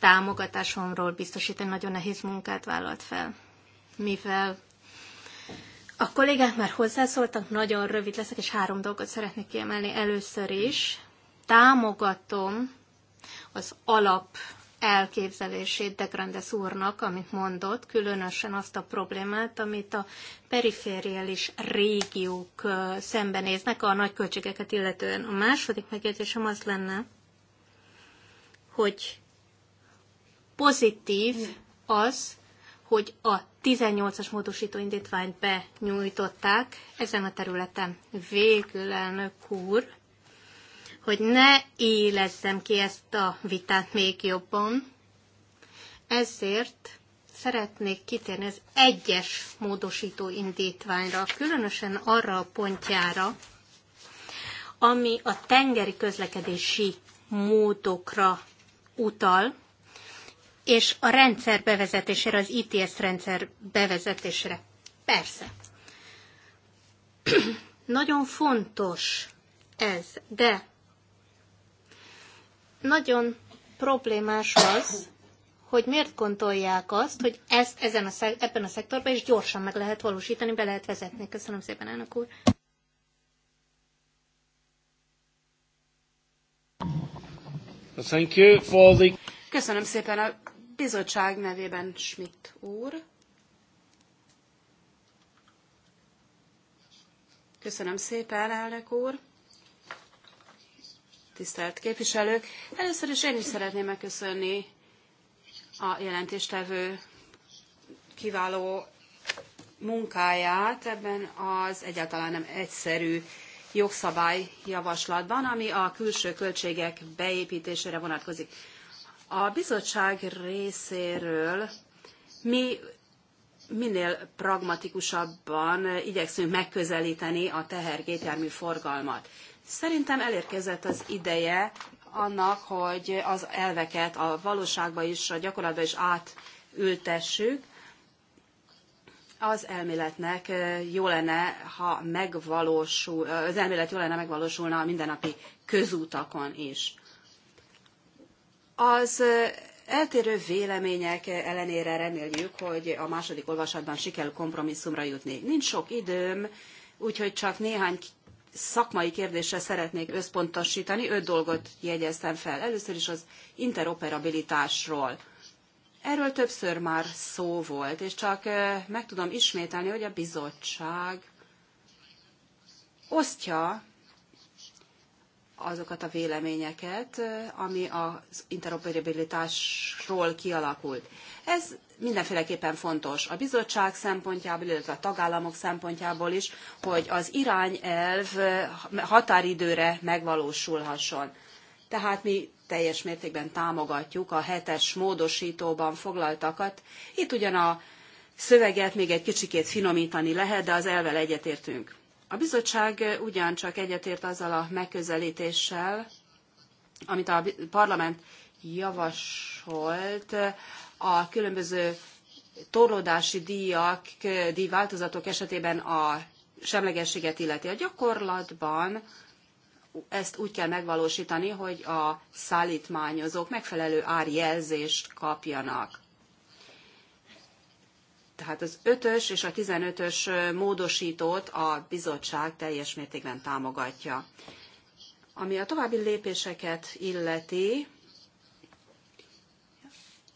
támogatásomról biztosítani, nagyon nehéz munkát vállalt fel, mivel a kollégák már hozzászóltak, nagyon rövid leszek, és három dolgot szeretnék kiemelni először is. Támogatom az alap elképzelését de Grandes úrnak, amit mondott, különösen azt a problémát, amit a perifériális régiók szembenéznek a nagy költségeket illetően. A második megjegyzésem az lenne, hogy pozitív az, hogy a 18-as módosító indítványt benyújtották ezen a területen. Végül, elnök úr, hogy ne élezzem ki ezt a vitát még jobban, ezért szeretnék kitérni az egyes módosító indítványra, különösen arra a pontjára, ami a tengeri közlekedési módokra utal, és a rendszer bevezetésére, az ITS rendszer bevezetésére. Persze. Nagyon fontos ez, de nagyon problémás az, hogy miért gondolják azt, hogy ezt ezen a, ebben a szektorban is gyorsan meg lehet valósítani, be lehet vezetni. Köszönöm szépen, elnök úr. Thank you for the... Köszönöm szépen a bizottság nevében Schmidt úr. Köszönöm szépen, elnök úr. Tisztelt képviselők! Először is én is szeretném megköszönni a jelentéstevő kiváló munkáját ebben az egyáltalán nem egyszerű jogszabályjavaslatban, ami a külső költségek beépítésére vonatkozik. A bizottság részéről mi minél pragmatikusabban igyekszünk megközelíteni a tehergépjármű forgalmat. Szerintem elérkezett az ideje annak, hogy az elveket a valóságba is, a gyakorlatba is átültessük. Az elméletnek jó lenne, ha megvalósul, az elmélet jó lenne megvalósulna a mindennapi közútakon is. Az eltérő vélemények ellenére reméljük, hogy a második olvasatban sikerül kompromisszumra jutni. Nincs sok időm, úgyhogy csak néhány szakmai kérdésre szeretnék összpontosítani. Öt dolgot jegyeztem fel. Először is az interoperabilitásról. Erről többször már szó volt, és csak meg tudom ismételni, hogy a bizottság osztja azokat a véleményeket, ami az interoperabilitásról kialakult. Ez mindenféleképpen fontos a bizottság szempontjából, illetve a tagállamok szempontjából is, hogy az irányelv határidőre megvalósulhasson. Tehát mi teljes mértékben támogatjuk a hetes módosítóban foglaltakat. Itt ugyan a szöveget még egy kicsikét finomítani lehet, de az elvel egyetértünk. A bizottság ugyancsak egyetért azzal a megközelítéssel, amit a parlament javasolt a különböző torlódási díjak, díjváltozatok esetében a semlegességet illeti. A gyakorlatban ezt úgy kell megvalósítani, hogy a szállítmányozók megfelelő árjelzést kapjanak. Tehát az ötös és a 15-ös módosítót a bizottság teljes mértékben támogatja. Ami a további lépéseket illeti,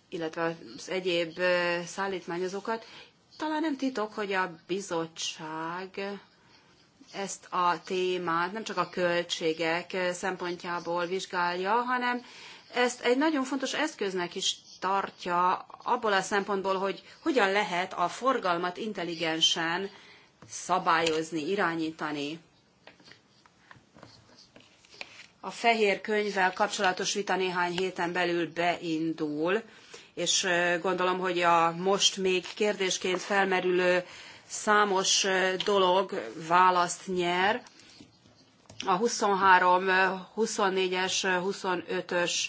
illetve az egyéb szállítmányozókat, talán nem titok, hogy a bizottság ezt a témát nem csak a költségek szempontjából vizsgálja, hanem ezt egy nagyon fontos eszköznek is tartja abból a szempontból, hogy hogyan lehet a forgalmat intelligensen szabályozni, irányítani. A fehér könyvvel kapcsolatos vita néhány héten belül beindul, és gondolom, hogy a most még kérdésként felmerülő számos dolog választ nyer. A 23, 24-es, 25-ös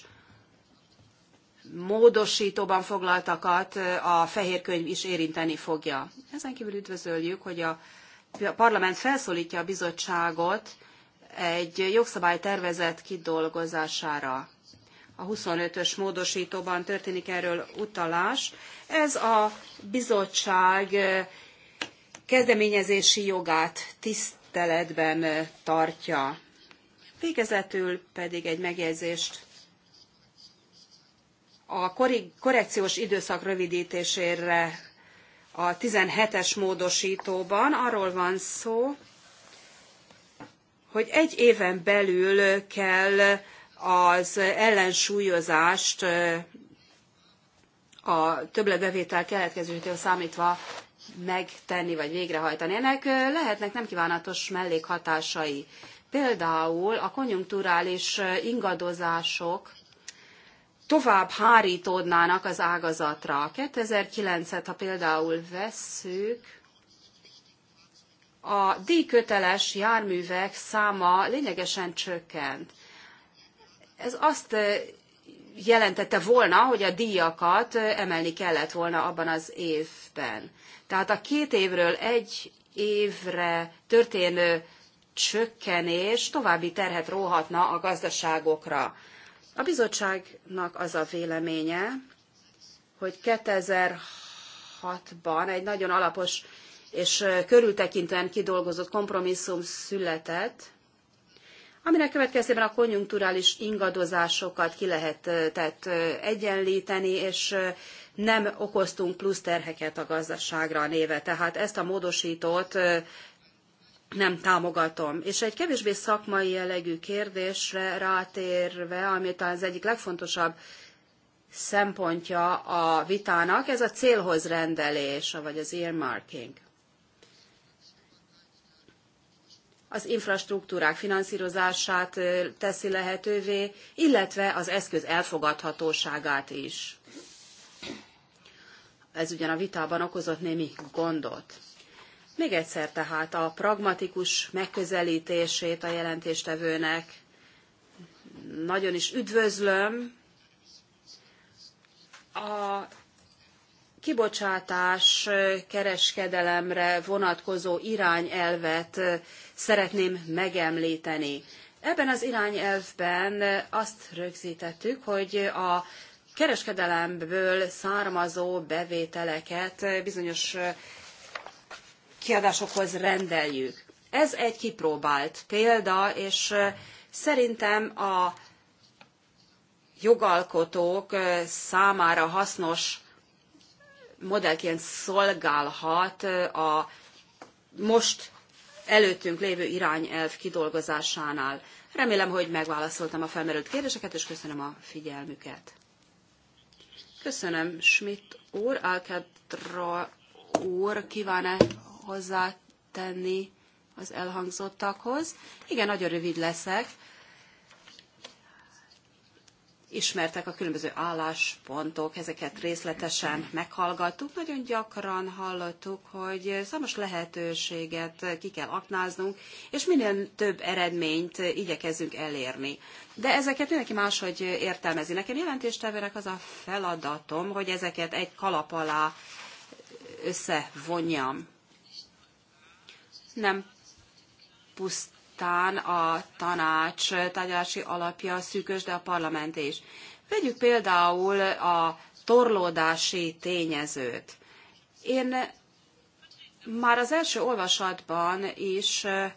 módosítóban foglaltakat a fehér könyv is érinteni fogja. Ezen kívül üdvözöljük, hogy a parlament felszólítja a bizottságot egy jogszabálytervezet kidolgozására. A 25-ös módosítóban történik erről utalás. Ez a bizottság kezdeményezési jogát tiszteletben tartja. Végezetül pedig egy megjegyzést a korrekciós időszak rövidítésére a 17-es módosítóban arról van szó, hogy egy éven belül kell az ellensúlyozást a többletbevétel keletkezőtől számítva megtenni vagy végrehajtani. Ennek lehetnek nem kívánatos mellékhatásai. Például a konjunkturális ingadozások tovább hárítódnának az ágazatra. 2009-et, ha például vesszük, a díjköteles járművek száma lényegesen csökkent. Ez azt jelentette volna, hogy a díjakat emelni kellett volna abban az évben. Tehát a két évről egy évre történő csökkenés további terhet róhatna a gazdaságokra. A bizottságnak az a véleménye, hogy 2006-ban egy nagyon alapos és körültekintően kidolgozott kompromisszum született, aminek következtében a konjunkturális ingadozásokat ki lehetett egyenlíteni, és nem okoztunk plusz terheket a gazdaságra néve. Tehát ezt a módosítót nem támogatom. És egy kevésbé szakmai jellegű kérdésre rátérve, ami talán az egyik legfontosabb szempontja a vitának, ez a célhoz rendelés, vagy az earmarking. Az infrastruktúrák finanszírozását teszi lehetővé, illetve az eszköz elfogadhatóságát is. Ez ugyan a vitában okozott némi gondot. Még egyszer tehát a pragmatikus megközelítését a jelentéstevőnek nagyon is üdvözlöm. A kibocsátás kereskedelemre vonatkozó irányelvet szeretném megemlíteni. Ebben az irányelvben azt rögzítettük, hogy a kereskedelemből származó bevételeket bizonyos kiadásokhoz rendeljük. Ez egy kipróbált példa, és szerintem a jogalkotók számára hasznos modellként szolgálhat a most előttünk lévő irányelv kidolgozásánál. Remélem, hogy megválaszoltam a felmerült kérdéseket, és köszönöm a figyelmüket. Köszönöm, Schmidt úr, Alcatra úr, kíván-e hozzátenni az elhangzottakhoz. Igen, nagyon rövid leszek. Ismertek a különböző álláspontok, ezeket részletesen meghallgattuk. Nagyon gyakran hallottuk, hogy számos lehetőséget ki kell aknáznunk, és minél több eredményt igyekezzünk elérni. De ezeket mindenki máshogy értelmezi. Nekem jelentéstevőnek az a feladatom, hogy ezeket egy kalap alá összevonjam nem pusztán a tanács tárgyalási alapja szűkös, de a parlament is. Vegyük például a torlódási tényezőt. Én már az első olvasatban is eh,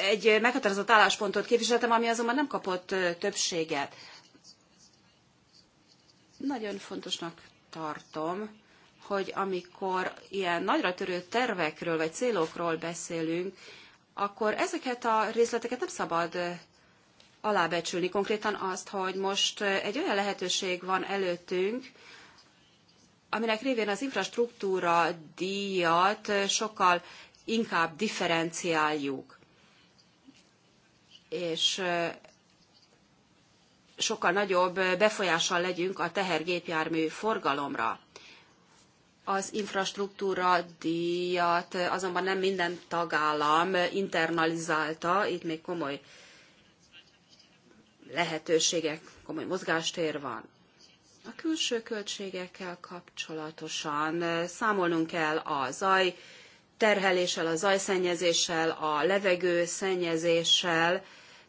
egy meghatározott álláspontot képviseltem, ami azonban nem kapott eh, többséget. Nagyon fontosnak tartom, hogy amikor ilyen nagyra törő tervekről vagy célokról beszélünk, akkor ezeket a részleteket nem szabad alábecsülni. Konkrétan azt, hogy most egy olyan lehetőség van előttünk, aminek révén az infrastruktúra díjat sokkal inkább differenciáljuk. És sokkal nagyobb befolyással legyünk a tehergépjármű forgalomra. Az infrastruktúra díjat azonban nem minden tagállam internalizálta, itt még komoly lehetőségek, komoly mozgástér van. A külső költségekkel kapcsolatosan számolnunk kell a zaj terheléssel, a zajszennyezéssel, a levegő szennyezéssel,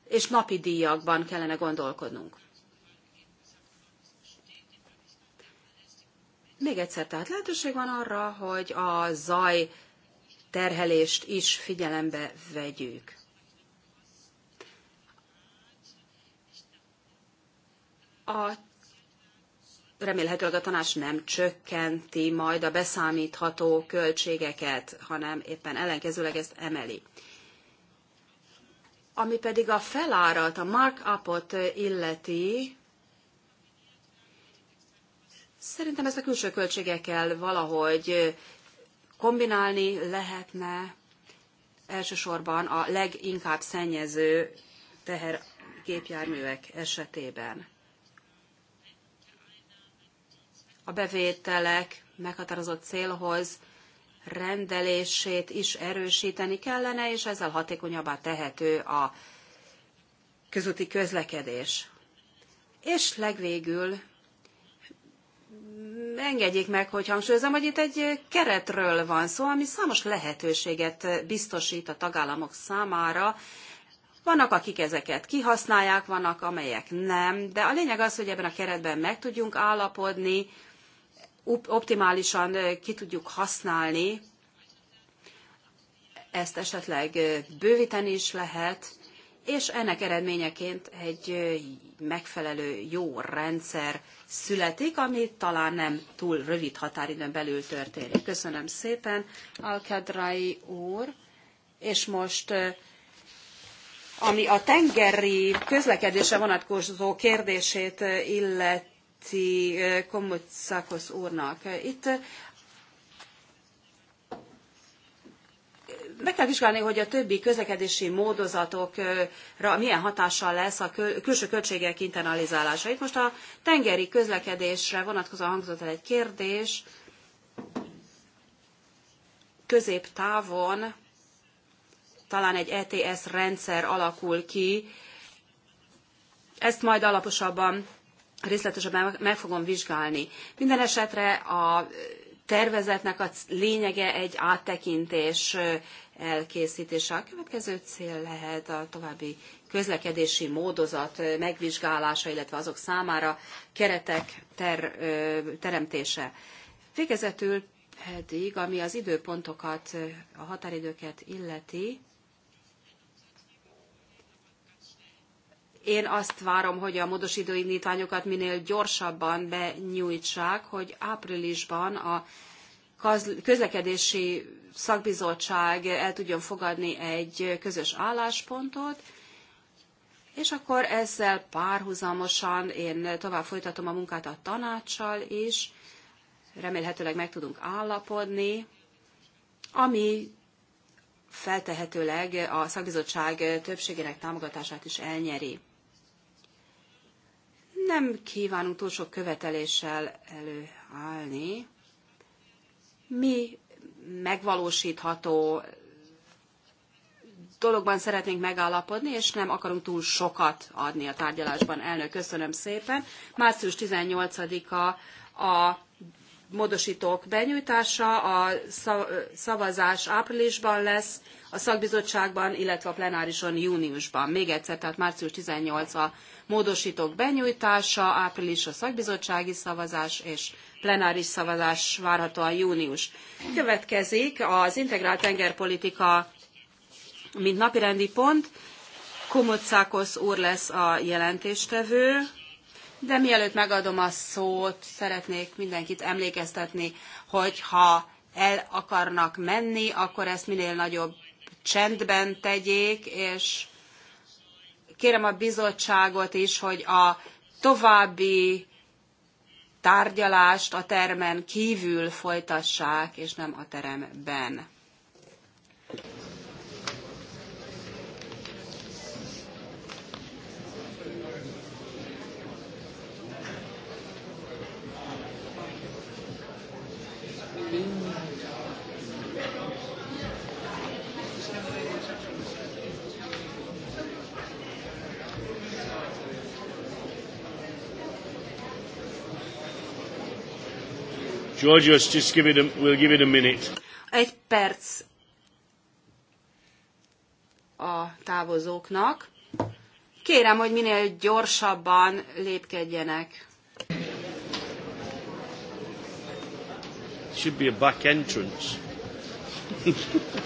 és napi díjakban kellene gondolkodnunk. Még egyszer, tehát lehetőség van arra, hogy a zaj terhelést is figyelembe vegyük. A remélhetőleg a tanács nem csökkenti majd a beszámítható költségeket, hanem éppen ellenkezőleg ezt emeli. Ami pedig a felárat, a markupot illeti, Szerintem ezt a külső költségekkel valahogy kombinálni lehetne elsősorban a leginkább szennyező tehergépjárművek esetében. A bevételek meghatározott célhoz rendelését is erősíteni kellene, és ezzel hatékonyabbá tehető a közúti közlekedés. És legvégül engedjék meg, hogy hangsúlyozom, hogy itt egy keretről van szó, ami számos lehetőséget biztosít a tagállamok számára. Vannak, akik ezeket kihasználják, vannak, amelyek nem, de a lényeg az, hogy ebben a keretben meg tudjunk állapodni, optimálisan ki tudjuk használni, ezt esetleg bővíteni is lehet, és ennek eredményeként egy megfelelő jó rendszer születik, ami talán nem túl rövid határidőn belül történik. Köszönöm szépen, Alkadrai úr, és most ami a tengeri közlekedésre vonatkozó kérdését illeti Komocakos úrnak. Itt meg kell vizsgálni, hogy a többi közlekedési módozatokra milyen hatással lesz a külső költségek internalizálása. Itt most a tengeri közlekedésre vonatkozóan hangzott el egy kérdés. Középtávon talán egy ETS rendszer alakul ki. Ezt majd alaposabban, részletesebben meg fogom vizsgálni. Minden esetre a tervezetnek a lényege egy áttekintés elkészítése. A következő cél lehet a további közlekedési módozat megvizsgálása, illetve azok számára keretek ter, teremtése. Végezetül pedig, ami az időpontokat, a határidőket illeti, én azt várom, hogy a módosítóindítványokat minél gyorsabban benyújtsák, hogy áprilisban a közlekedési szakbizottság el tudjon fogadni egy közös álláspontot, és akkor ezzel párhuzamosan én tovább folytatom a munkát a tanácssal is, remélhetőleg meg tudunk állapodni, ami feltehetőleg a szakbizottság többségének támogatását is elnyeri. Nem kívánunk túl sok követeléssel előállni, mi megvalósítható dologban szeretnénk megállapodni, és nem akarunk túl sokat adni a tárgyalásban. Elnök, köszönöm szépen. Március 18-a a módosítók benyújtása, a szavazás áprilisban lesz, a szakbizottságban, illetve a plenárison júniusban. Még egyszer, tehát március 18 a módosítók benyújtása, április a szakbizottsági szavazás, és plenáris szavazás várható a június. Következik az integrált tengerpolitika, mint napirendi pont. Komocákos úr lesz a jelentéstevő, de mielőtt megadom a szót, szeretnék mindenkit emlékeztetni, hogy ha el akarnak menni, akkor ezt minél nagyobb csendben tegyék, és Kérem a bizottságot is, hogy a további tárgyalást a termen kívül folytassák, és nem a teremben. Georgios, just give it a, we'll give it a minute. Egy perc a távozóknak. Kérem, hogy minél gyorsabban lépkedjenek. Should be a back entrance.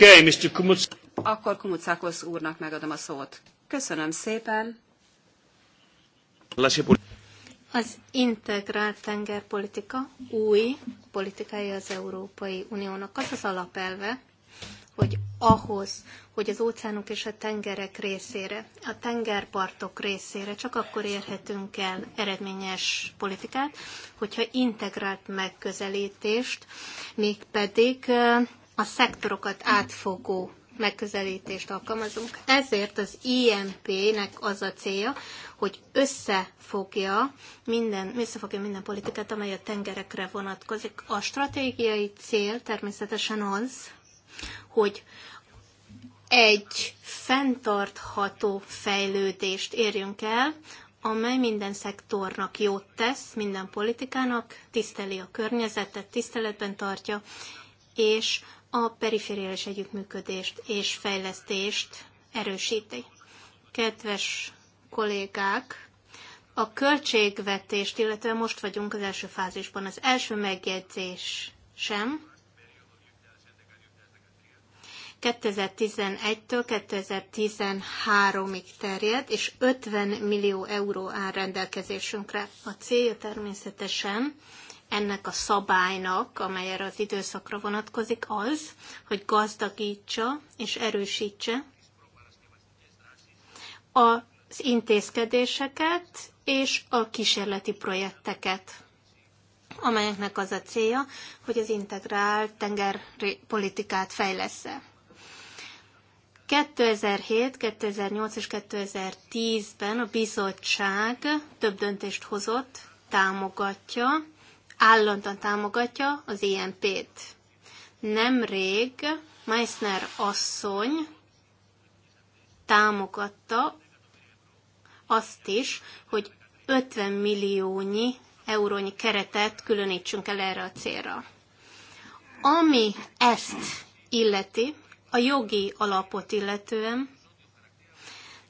Okay, Mr. Akkor Kumucákos úrnak megadom a szót. Köszönöm szépen. Az integrált tengerpolitika új politikája az Európai Uniónak. Az az alapelve, hogy ahhoz, hogy az óceánok és a tengerek részére, a tengerpartok részére csak akkor érhetünk el eredményes politikát, hogyha integrált megközelítést, mégpedig a szektorokat átfogó megközelítést alkalmazunk. Ezért az IMP-nek az a célja, hogy összefogja minden, összefogja minden politikát, amely a tengerekre vonatkozik. A stratégiai cél természetesen az, hogy egy fenntartható fejlődést érjünk el, amely minden szektornak jót tesz, minden politikának, tiszteli a környezetet, tiszteletben tartja, és a perifériális együttműködést és fejlesztést erősíti. Kedves kollégák, a költségvetést, illetve most vagyunk az első fázisban, az első megjegyzés sem. 2011-től 2013-ig terjed, és 50 millió euró áll rendelkezésünkre. A cél természetesen, ennek a szabálynak, amely erre az időszakra vonatkozik, az, hogy gazdagítsa és erősítse az intézkedéseket és a kísérleti projekteket, amelyeknek az a célja, hogy az integrált tengerpolitikát fejlesz-e. 2007, 2008 és 2010-ben a bizottság több döntést hozott, támogatja állandóan támogatja az INP-t. Nemrég Meissner asszony támogatta azt is, hogy 50 milliónyi eurónyi keretet különítsünk el erre a célra. Ami ezt illeti, a jogi alapot illetően,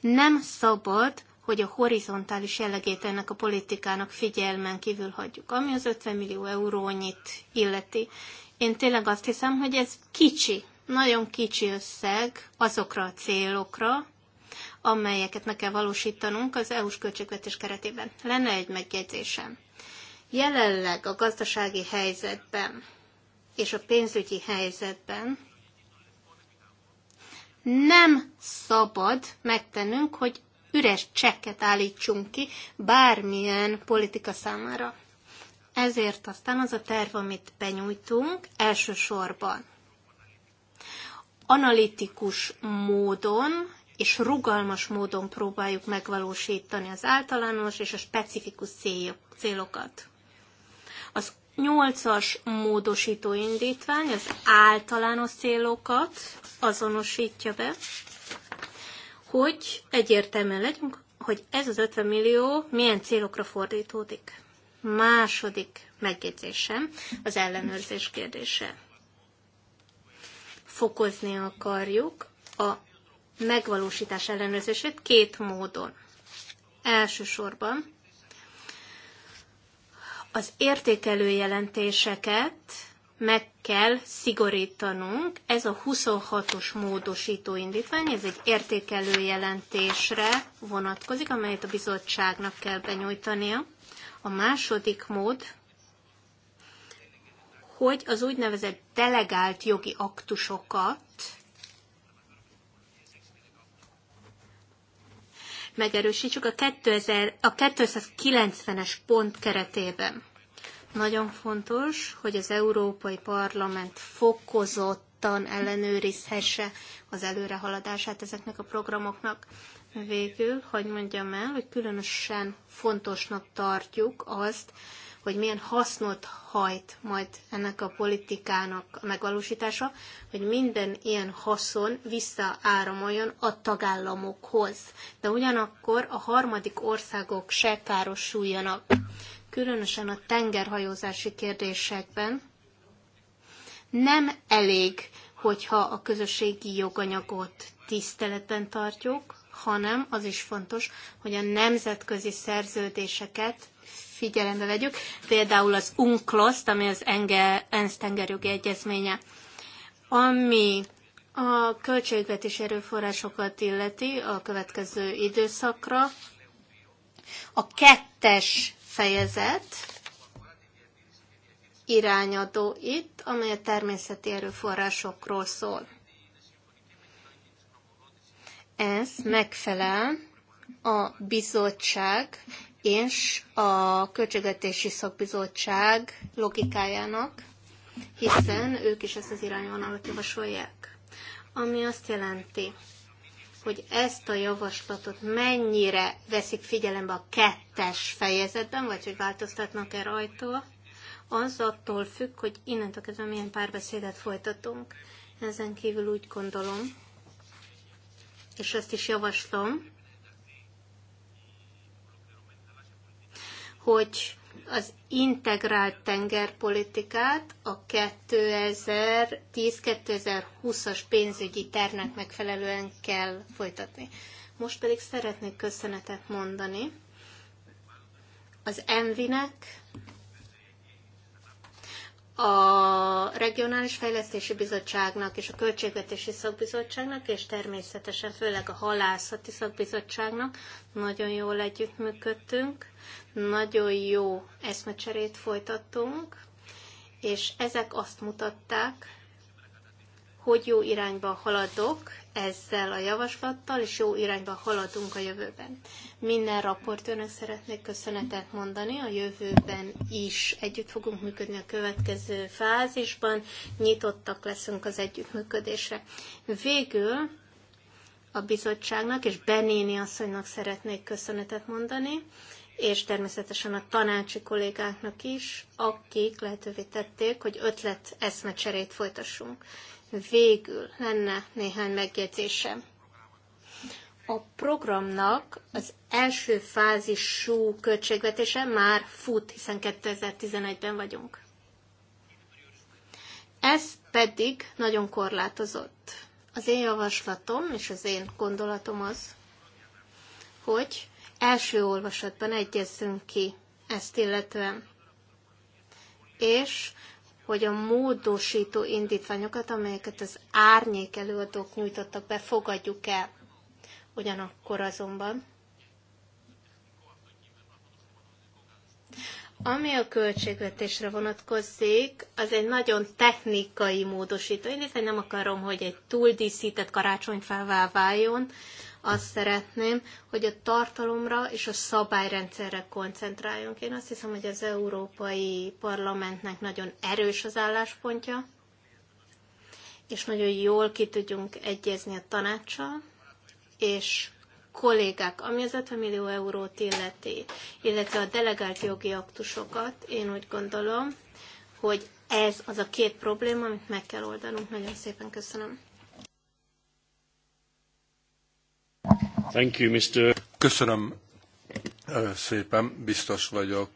nem szabad hogy a horizontális jellegét ennek a politikának figyelmen kívül hagyjuk, ami az 50 millió eurónyit illeti. Én tényleg azt hiszem, hogy ez kicsi, nagyon kicsi összeg azokra a célokra, amelyeket meg kell valósítanunk az EU-s költségvetés keretében. Lenne egy megjegyzésem. Jelenleg a gazdasági helyzetben és a pénzügyi helyzetben nem szabad megtennünk, hogy üres csekket állítsunk ki bármilyen politika számára. Ezért aztán az a terv, amit benyújtunk, elsősorban analitikus módon és rugalmas módon próbáljuk megvalósítani az általános és a specifikus célokat. Az nyolcas módosító indítvány az általános célokat azonosítja be, hogy egyértelműen legyünk, hogy ez az 50 millió milyen célokra fordítódik. Második megjegyzésem az ellenőrzés kérdése. Fokozni akarjuk a megvalósítás ellenőrzését két módon. Elsősorban az értékelő jelentéseket meg kell szigorítanunk. Ez a 26-os módosító indítvány, ez egy értékelő jelentésre vonatkozik, amelyet a bizottságnak kell benyújtania. A második mód, hogy az úgynevezett delegált jogi aktusokat megerősítsük a, 2000, a 290-es pont keretében. Nagyon fontos, hogy az Európai Parlament fokozottan ellenőrizhesse az előrehaladását ezeknek a programoknak. Végül, hogy mondjam el, hogy különösen fontosnak tartjuk azt, hogy milyen hasznot hajt majd ennek a politikának a megvalósítása, hogy minden ilyen haszon visszaáramoljon a tagállamokhoz. De ugyanakkor a harmadik országok se károsuljanak különösen a tengerhajózási kérdésekben nem elég, hogyha a közösségi joganyagot tiszteletben tartjuk, hanem az is fontos, hogy a nemzetközi szerződéseket figyelembe vegyük, például az unclos t ami az ENSZ tengerjogi egyezménye, ami a költségvetési erőforrásokat illeti a következő időszakra, a kettes fejezet irányadó itt, amely a természeti erőforrásokról szól. Ez megfelel a bizottság és a Költségvetési Szakbizottság logikájának, hiszen ők is ezt az irányvonalat javasolják. Ami azt jelenti, hogy ezt a javaslatot mennyire veszik figyelembe a kettes fejezetben, vagy hogy változtatnak-e rajta, az attól függ, hogy innentől kezdve milyen párbeszédet folytatunk. Ezen kívül úgy gondolom, és ezt is javaslom, hogy az integrált tengerpolitikát a 2010-2020-as pénzügyi tervnek megfelelően kell folytatni. Most pedig szeretnék köszönetet mondani az Envinek, a Regionális Fejlesztési Bizottságnak és a Költségvetési Szakbizottságnak, és természetesen főleg a Halászati Szakbizottságnak nagyon jól együttműködtünk. Nagyon jó eszmecserét folytattunk, és ezek azt mutatták, hogy jó irányba haladok ezzel a javaslattal, és jó irányba haladunk a jövőben. Minden raportőrnek szeretnék köszönetet mondani, a jövőben is együtt fogunk működni a következő fázisban, nyitottak leszünk az együttműködésre. Végül a bizottságnak és Benéni asszonynak szeretnék köszönetet mondani, és természetesen a tanácsi kollégáknak is, akik lehetővé tették, hogy ötlet eszmecserét folytassunk. Végül lenne néhány megjegyzésem. A programnak az első fázisú költségvetése már fut, hiszen 2011-ben vagyunk. Ez pedig nagyon korlátozott. Az én javaslatom és az én gondolatom az, hogy első olvasatban egyezzünk ki ezt illetően. És hogy a módosító indítványokat, amelyeket az árnyék előadók nyújtottak be, fogadjuk el. Ugyanakkor azonban, ami a költségvetésre vonatkozik, az egy nagyon technikai módosító. Én nem akarom, hogy egy túldíszített karácsonyfává váljon, azt szeretném, hogy a tartalomra és a szabályrendszerre koncentráljunk. Én azt hiszem, hogy az Európai Parlamentnek nagyon erős az álláspontja, és nagyon jól ki tudjunk egyezni a tanácssal, és kollégák, ami az 50 millió eurót illeti, illetve a delegált jogi aktusokat, én úgy gondolom, hogy ez az a két probléma, amit meg kell oldanunk. Nagyon szépen köszönöm. Köszönöm szépen, biztos vagyok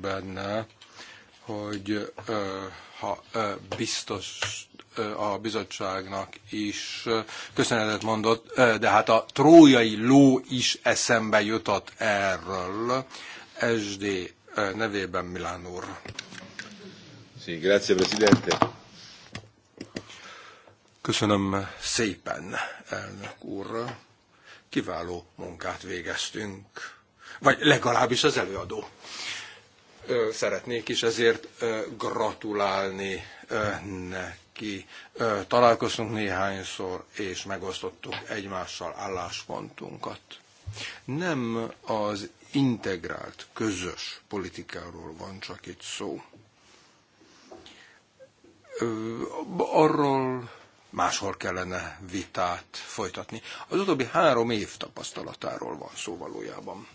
benne, hogy ha biztos a bizottságnak is köszönetet mondott, de hát a trójai ló is eszembe jutott erről. SD nevében Milán úr. Sí, grazie, Presidente. Köszönöm szépen, elnök úr. Kiváló munkát végeztünk, vagy legalábbis az előadó. Szeretnék is ezért gratulálni neki. Találkoztunk néhányszor, és megosztottuk egymással álláspontunkat. Nem az integrált, közös politikáról van csak itt szó. Arról máshol kellene vitát folytatni. Az utóbbi három év tapasztalatáról van szó valójában.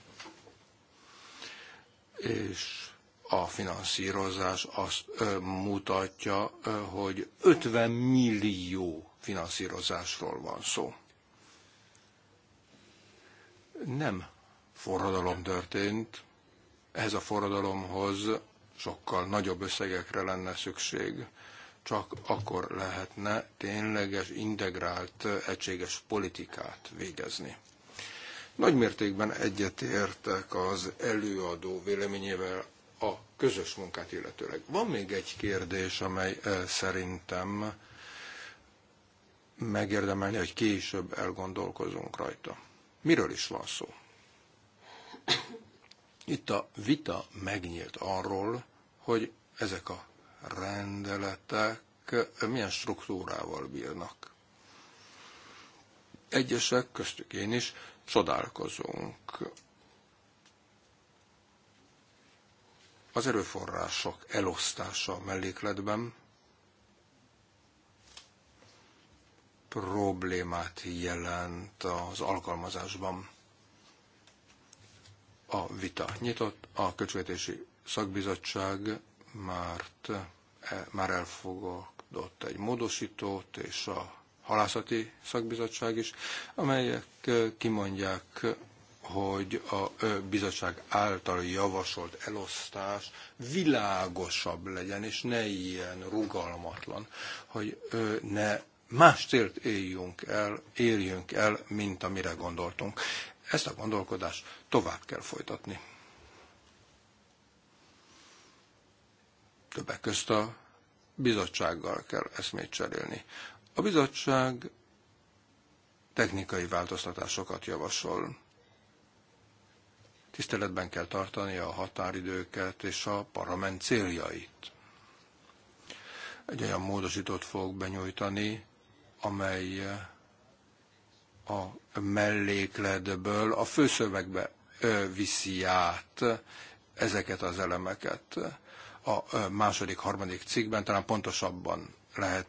És a finanszírozás azt mutatja, hogy 50 millió finanszírozásról van szó. Nem forradalom történt, ehhez a forradalomhoz sokkal nagyobb összegekre lenne szükség csak akkor lehetne tényleges, integrált, egységes politikát végezni. Nagy mértékben egyetértek az előadó véleményével a közös munkát illetőleg. Van még egy kérdés, amely eh, szerintem megérdemelni, hogy később elgondolkozunk rajta. Miről is van szó? Itt a vita megnyílt arról, hogy ezek a rendeletek milyen struktúrával bírnak. Egyesek, köztük én is, csodálkozunk az erőforrások elosztása a mellékletben problémát jelent az alkalmazásban. A vita nyitott, a Köcsvetési Szakbizottság Márt, e, már elfogadott egy módosítót, és a halászati szakbizottság is, amelyek e, kimondják, hogy a e, bizottság által javasolt elosztás világosabb legyen, és ne ilyen rugalmatlan, hogy ne más célt éljünk el, érjünk el, mint amire gondoltunk. Ezt a gondolkodást tovább kell folytatni. Többek közt a bizottsággal kell eszmét cserélni. A bizottság technikai változtatásokat javasol. Tiszteletben kell tartani a határidőket és a parlament céljait. Egy olyan módosítót fog benyújtani, amely a mellékledből a főszövegbe viszi át ezeket az elemeket a második, harmadik cikkben, talán pontosabban lehet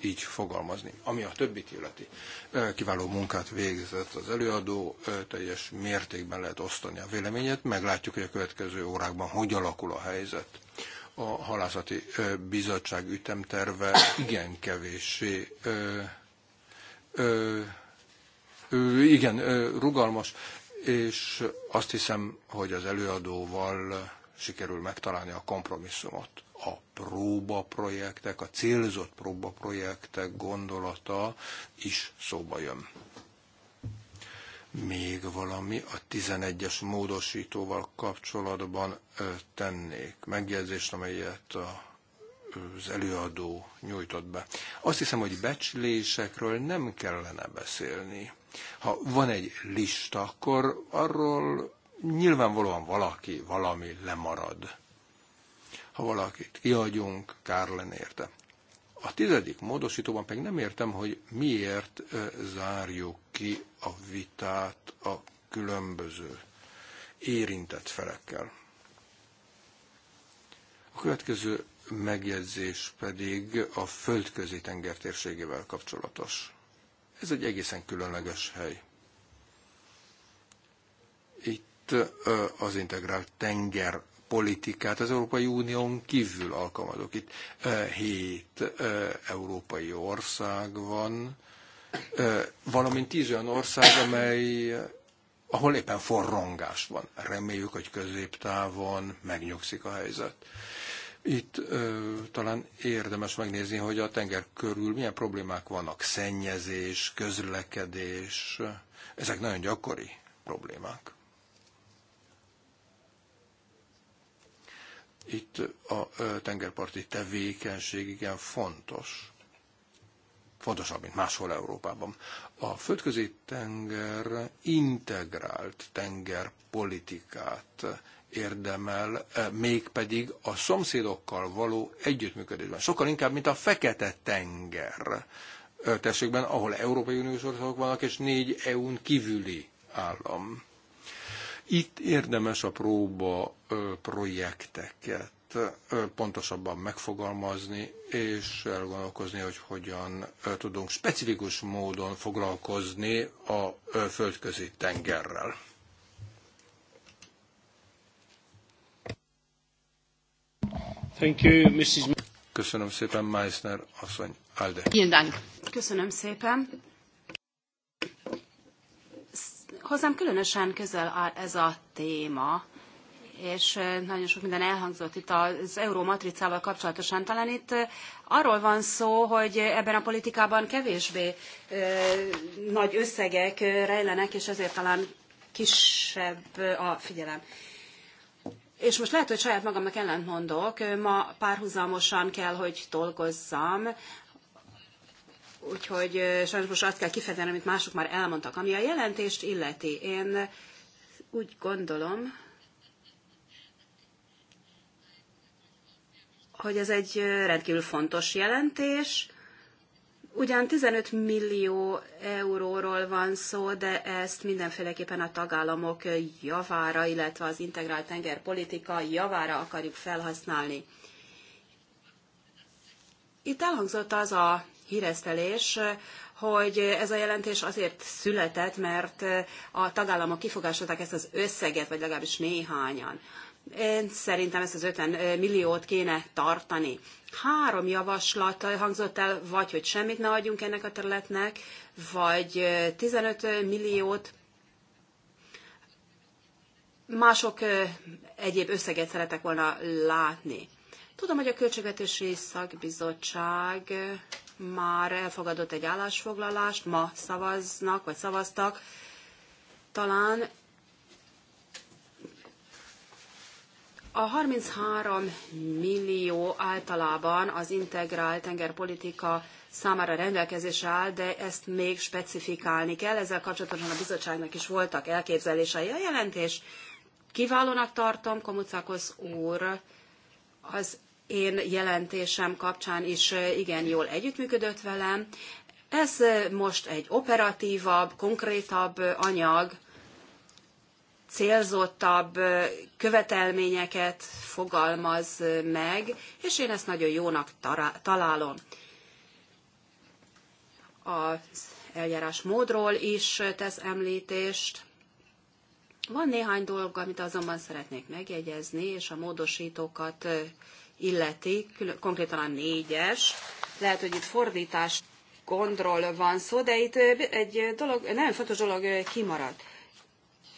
így fogalmazni. Ami a többit illeti, kiváló munkát végzett az előadó, teljes mértékben lehet osztani a véleményet, meglátjuk, hogy a következő órákban hogy alakul a helyzet. A halászati bizottság ütemterve igen kevéssé igen, rugalmas, és azt hiszem, hogy az előadóval sikerül megtalálni a kompromisszumot. A próbaprojektek, a célzott próbaprojektek gondolata is szóba jön. Még valami a 11-es módosítóval kapcsolatban tennék megjegyzést, amelyet a az előadó nyújtott be. Azt hiszem, hogy becslésekről nem kellene beszélni. Ha van egy lista, akkor arról nyilvánvalóan valaki, valami lemarad. Ha valakit kiadjunk, kár lenne érte. A tizedik módosítóban pedig nem értem, hogy miért zárjuk ki a vitát a különböző érintett felekkel. A következő megjegyzés pedig a földközi tenger térségével kapcsolatos. Ez egy egészen különleges hely. Itt az integrált tenger politikát az Európai Unión kívül alkalmazok. Itt hét európai ország van, valamint tíz olyan ország, amely, ahol éppen forrongás van. Reméljük, hogy középtávon megnyugszik a helyzet. Itt ö, talán érdemes megnézni, hogy a tenger körül milyen problémák vannak. Szennyezés, közlekedés, ezek nagyon gyakori problémák. Itt a tengerparti tevékenység igen fontos. Fontosabb, mint máshol Európában. A földközi tenger integrált tengerpolitikát érdemel, mégpedig a szomszédokkal való együttműködésben. Sokkal inkább, mint a Fekete tenger tességben, ahol Európai Uniós országok vannak, és négy EU-n kívüli állam. Itt érdemes a próba projekteket pontosabban megfogalmazni, és elgondolkozni, hogy hogyan tudunk specifikus módon foglalkozni a földközi tengerrel. Thank you, Mrs. Köszönöm szépen, Meissner asszony. Alde. Köszönöm szépen. Hozzám különösen közel áll ez a téma, és nagyon sok minden elhangzott itt az eurómatricával kapcsolatosan. Talán itt arról van szó, hogy ebben a politikában kevésbé nagy összegek rejlenek, és ezért talán kisebb a figyelem. És most lehet, hogy saját magamnak ellent mondok, ma párhuzamosan kell, hogy dolgozzam Úgyhogy sajnos most azt kell kifejezni, amit mások már elmondtak. Ami a jelentést illeti, én úgy gondolom, hogy ez egy rendkívül fontos jelentés. Ugyan 15 millió euróról van szó, de ezt mindenféleképpen a tagállamok javára, illetve az integrált tengerpolitika javára akarjuk felhasználni. Itt elhangzott az a híresztelés, hogy ez a jelentés azért született, mert a tagállamok kifogásolták ezt az összeget, vagy legalábbis néhányan. Én szerintem ezt az 50 milliót kéne tartani. Három javaslat hangzott el, vagy hogy semmit ne adjunk ennek a területnek, vagy 15 milliót. Mások egyéb összeget szeretek volna látni. Tudom, hogy a Költségvetési Szakbizottság már elfogadott egy állásfoglalást, ma szavaznak, vagy szavaztak. Talán a 33 millió általában az integrált tengerpolitika számára rendelkezésre áll, de ezt még specifikálni kell. Ezzel kapcsolatosan a bizottságnak is voltak elképzelései. A jelentés kiválónak tartom, Komucakos úr az én jelentésem kapcsán is igen jól együttműködött velem. Ez most egy operatívabb, konkrétabb anyag, célzottabb követelményeket fogalmaz meg, és én ezt nagyon jónak találom. Az eljárás módról is tesz említést. Van néhány dolog, amit azonban szeretnék megjegyezni, és a módosítókat illeti, konkrétan a négyes. Lehet, hogy itt fordítás gondról van szó, de itt egy dolog, nagyon fontos dolog kimaradt.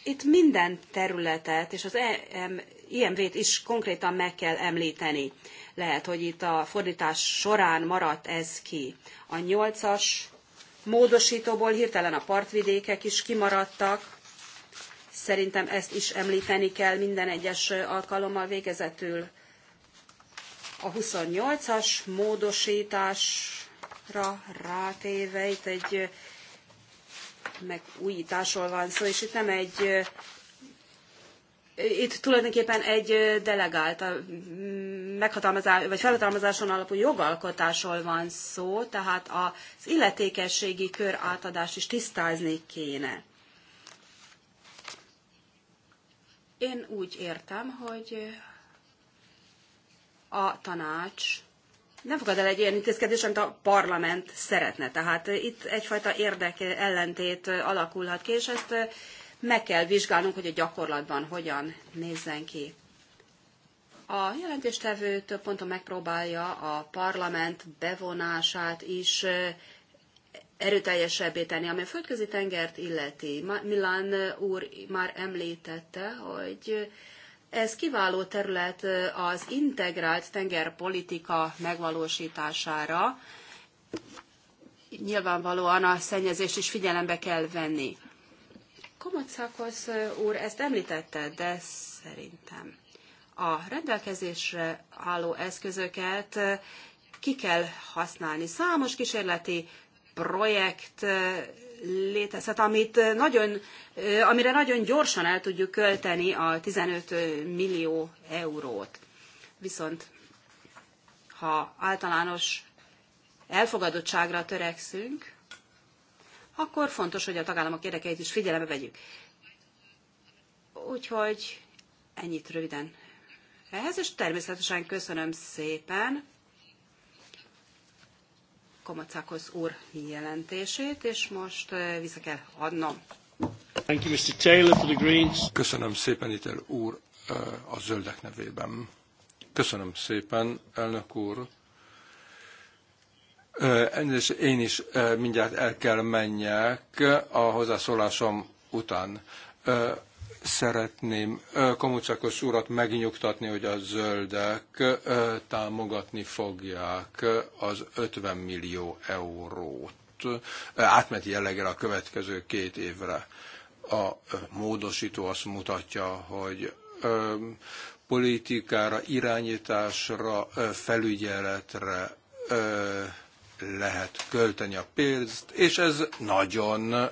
Itt minden területet, és az EM, IMV-t is konkrétan meg kell említeni. Lehet, hogy itt a fordítás során maradt ez ki. A nyolcas módosítóból hirtelen a partvidékek is kimaradtak. Szerintem ezt is említeni kell minden egyes alkalommal végezetül. A 28-as módosításra rátéve itt egy megújításról van szó, és itt nem egy itt tulajdonképpen egy delegált meghatalmazás, vagy felhatalmazáson alapú jogalkotásról van szó, tehát az illetékességi kör átadás is tisztázni kéne. Én úgy értem, hogy a tanács nem fogad el egy olyan intézkedést, amit a parlament szeretne. Tehát eh, itt egyfajta érdek ellentét eh, alakulhat ki, és ezt eh, meg kell vizsgálnunk, hogy a gyakorlatban hogyan nézzen ki. A jelentéstevő több ponton megpróbálja a parlament bevonását is erőteljesebbé tenni, ami a földközi tengert illeti. Milán úr már említette, hogy ez kiváló terület az integrált tengerpolitika megvalósítására. Nyilvánvalóan a szennyezést is figyelembe kell venni. Komocákos úr ezt említette, de szerintem a rendelkezésre álló eszközöket ki kell használni. Számos kísérleti projekt létezhet, amit nagyon, amire nagyon gyorsan el tudjuk költeni a 15 millió eurót. Viszont ha általános elfogadottságra törekszünk, akkor fontos, hogy a tagállamok érdekeit is figyelembe vegyük. Úgyhogy ennyit röviden ehhez, és természetesen köszönöm szépen Komacakos úr jelentését, és most eh, vissza kell adnom. Thank you, Mr. Taylor, for the Greens. Köszönöm szépen, Iter úr, eh, a zöldek nevében. Köszönöm szépen, elnök úr. Eh, én is mindjárt el kell menjek a hozzászólásom után szeretném Kamucakos urat megnyugtatni, hogy a zöldek támogatni fogják az 50 millió eurót átmeti jellegre a következő két évre. A módosító azt mutatja, hogy politikára, irányításra, felügyeletre lehet költeni a pénzt, és ez nagyon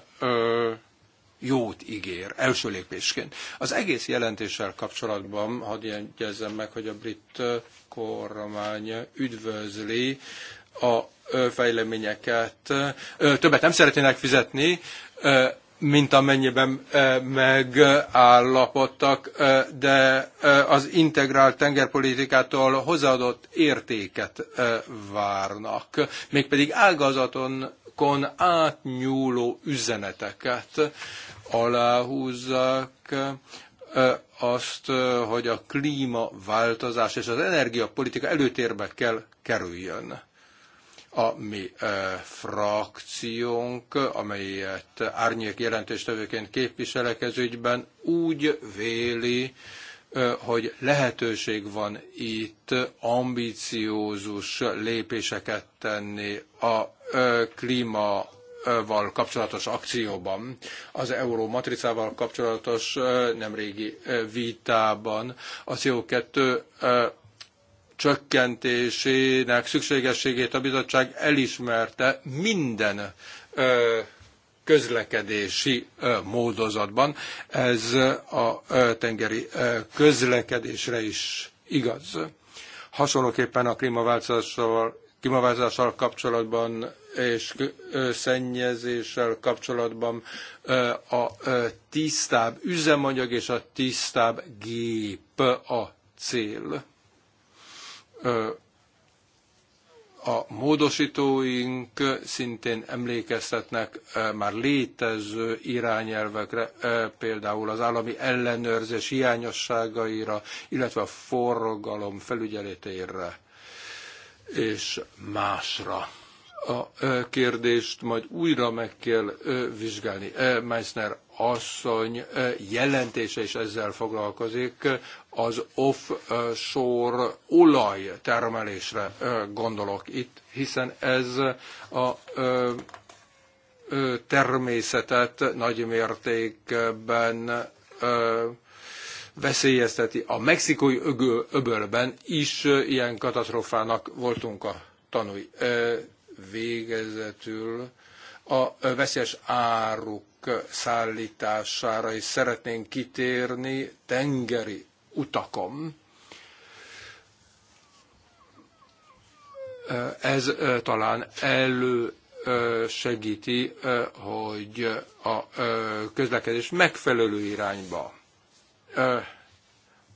jót ígér első lépésként. Az egész jelentéssel kapcsolatban hadd jegyezzem meg, hogy a brit kormány üdvözli a fejleményeket. Többet nem szeretnének fizetni, mint amennyiben megállapodtak, de az integrált tengerpolitikától hozzáadott értéket várnak, mégpedig ágazaton határokon átnyúló üzeneteket aláhúzzák azt, hogy a klímaváltozás és az energiapolitika előtérbe kell kerüljön a mi frakciónk, amelyet árnyék jelentéstevőként képviselek ez ügyben, úgy véli, hogy lehetőség van itt ambiciózus lépéseket tenni a klíma val kapcsolatos akcióban, az euró matricával kapcsolatos nemrégi vitában a CO2 csökkentésének szükségességét a bizottság elismerte minden közlekedési módozatban. Ez a tengeri közlekedésre is igaz. Hasonlóképpen a klímaváltozással, klímaváltozással kapcsolatban és szennyezéssel kapcsolatban a tisztább üzemanyag és a tisztább gép a cél a módosítóink szintén emlékeztetnek már létező irányelvekre, például az állami ellenőrzés hiányosságaira, illetve a forgalom felügyeletére és másra a kérdést majd újra meg kell vizsgálni. Meissner asszony jelentése is ezzel foglalkozik, az offshore olajtermelésre gondolok itt, hiszen ez a természetet nagy mértékben veszélyezteti. A mexikói öbölben is ilyen katasztrófának voltunk a tanúi végezetül a veszélyes áruk szállítására is szeretnénk kitérni tengeri utakon. Ez talán elő segíti, hogy a közlekedés megfelelő irányba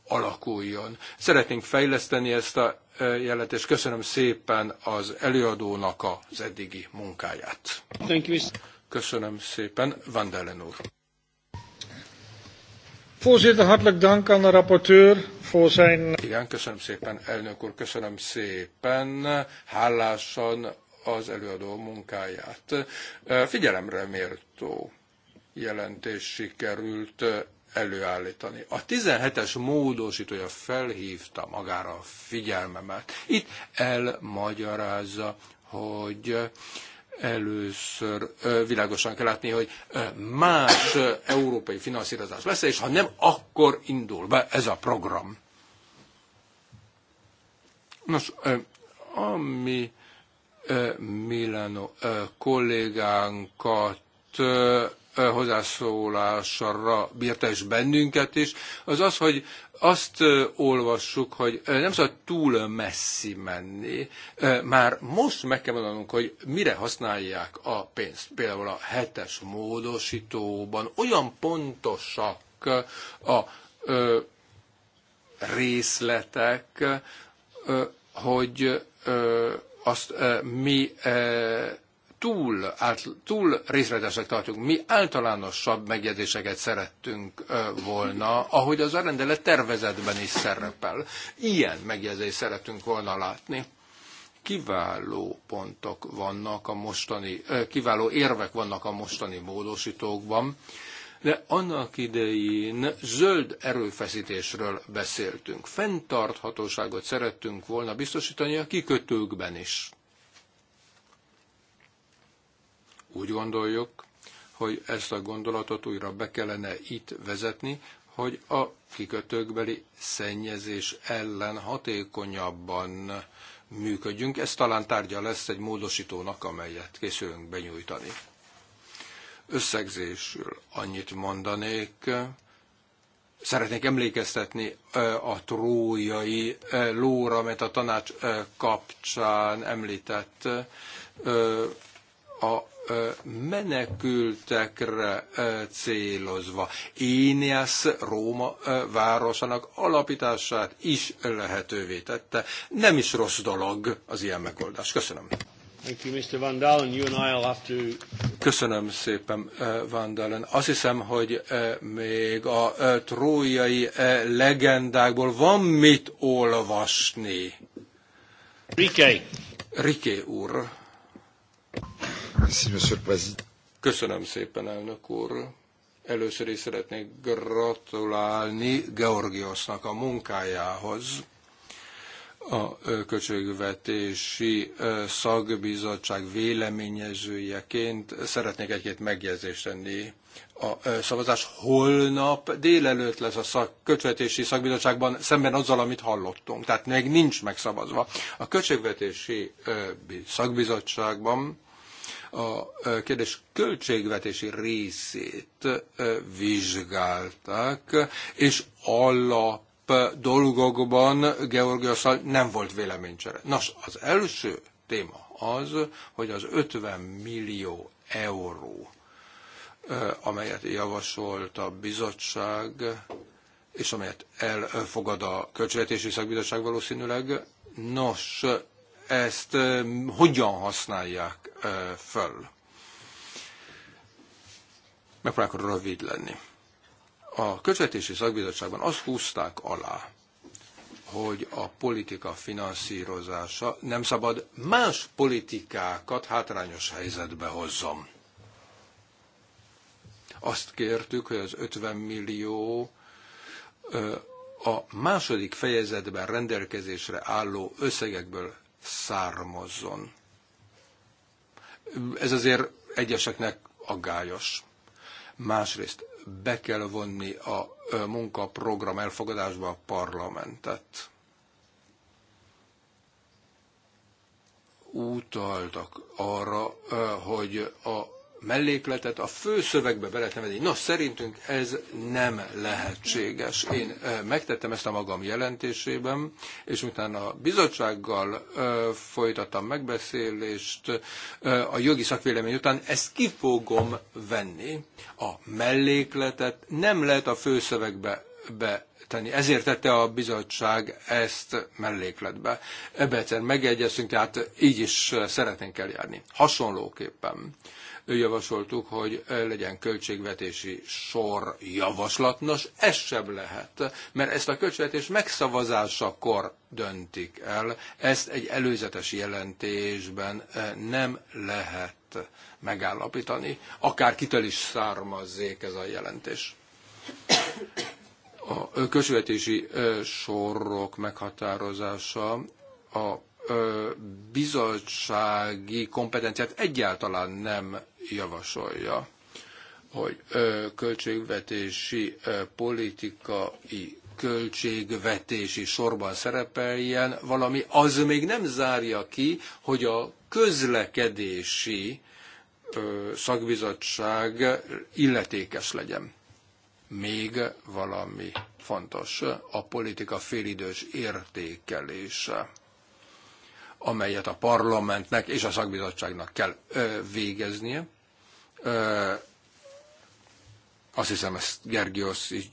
alakuljon. Szeretnénk fejleszteni ezt a jelentés. Köszönöm szépen az előadónak az eddigi munkáját. Köszönöm szépen, Van Delen úr. Voorzitter, hartelijk dank aan de rapporteur voor zijn... Igen, köszönöm szépen, elnök úr, köszönöm szépen, hálásan az előadó munkáját. Figyelemre méltó jelentés sikerült előállítani. A 17-es módosítója felhívta magára a figyelmemet. Itt elmagyarázza, hogy először világosan kell látni, hogy más európai finanszírozás lesz, és ha nem, akkor indul be ez a program. Nos, ami Milano kollégánkat hozzászólásra bírta és bennünket is, az az, hogy azt olvassuk, hogy nem szabad túl messzi menni. Már most meg kell mondanunk, hogy mire használják a pénzt. Például a hetes módosítóban olyan pontosak a részletek, hogy azt mi túl, át, túl részletesek tartjuk. Mi általánosabb megjegyzéseket szerettünk volna, ahogy az a rendelet tervezetben is szerepel. Ilyen megjegyzést szerettünk volna látni. Kiváló pontok vannak a mostani, kiváló érvek vannak a mostani módosítókban, de annak idején zöld erőfeszítésről beszéltünk. Fenntarthatóságot szerettünk volna biztosítani a kikötőkben is Úgy gondoljuk, hogy ezt a gondolatot újra be kellene itt vezetni, hogy a kikötőkbeli szennyezés ellen hatékonyabban működjünk. Ez talán tárgya lesz egy módosítónak, amelyet készülünk benyújtani. Összegzésül annyit mondanék, szeretnék emlékeztetni a trójai lóra, amit a tanács kapcsán említett a menekültekre célozva. Éniász Róma városának alapítását is lehetővé tette. Nem is rossz dolog az ilyen megoldás. Köszönöm. Köszönöm szépen, Van Dalen. Azt hiszem, hogy még a trójai legendákból van mit olvasni. Rike. Rike úr. Köszönöm szépen, elnök úr. Először is szeretnék gratulálni Georgiosnak a munkájához a költségvetési szakbizottság véleményezőjeként szeretnék egy-két megjegyzést tenni. A szavazás holnap délelőtt lesz a szak, költségvetési szakbizottságban szemben azzal, amit hallottunk. Tehát még nincs megszavazva. A költségvetési szakbizottságban a kérdés költségvetési részét vizsgálták, és alap dolgokban Georgiusszal nem volt véleménycsere. Nos, az első téma az, hogy az 50 millió euró, amelyet javasolt a bizottság, és amelyet elfogad a Költségvetési Szakbizottság valószínűleg, nos, ezt hogyan használják föl. Megpróbálok rövid lenni. A Költségvetési Szakbizottságban azt húzták alá, hogy a politika finanszírozása nem szabad más politikákat hátrányos helyzetbe hozzon. Azt kértük, hogy az 50 millió a második fejezetben rendelkezésre álló összegekből származzon. Ez azért egyeseknek aggályos. Másrészt be kell vonni a munkaprogram elfogadásba a parlamentet. Utaltak arra, hogy a mellékletet a főszövegbe beletemetni. Nos, szerintünk ez nem lehetséges. Én megtettem ezt a magam jelentésében, és utána a bizottsággal folytattam megbeszélést a jogi szakvélemény után, ezt ki fogom venni. A mellékletet nem lehet a főszövegbe be tenni. Ezért tette a bizottság ezt mellékletbe. Ebben egyszer megegyeztünk, tehát így is szeretnénk eljárni. Hasonlóképpen javasoltuk, hogy legyen költségvetési sor javaslat. Nos, ez sem lehet, mert ezt a költségvetés megszavazásakor döntik el. Ezt egy előzetes jelentésben eh, nem lehet megállapítani, akár kitől is származzék ez a jelentés. A költségvetési sorok meghatározása a bizottsági kompetenciát egyáltalán nem javasolja, hogy költségvetési politikai költségvetési sorban szerepeljen valami, az még nem zárja ki, hogy a közlekedési szakbizottság illetékes legyen. Még valami fontos, a politika félidős értékelése amelyet a parlamentnek és a szakbizottságnak kell végeznie. Azt hiszem, ezt Gergios is,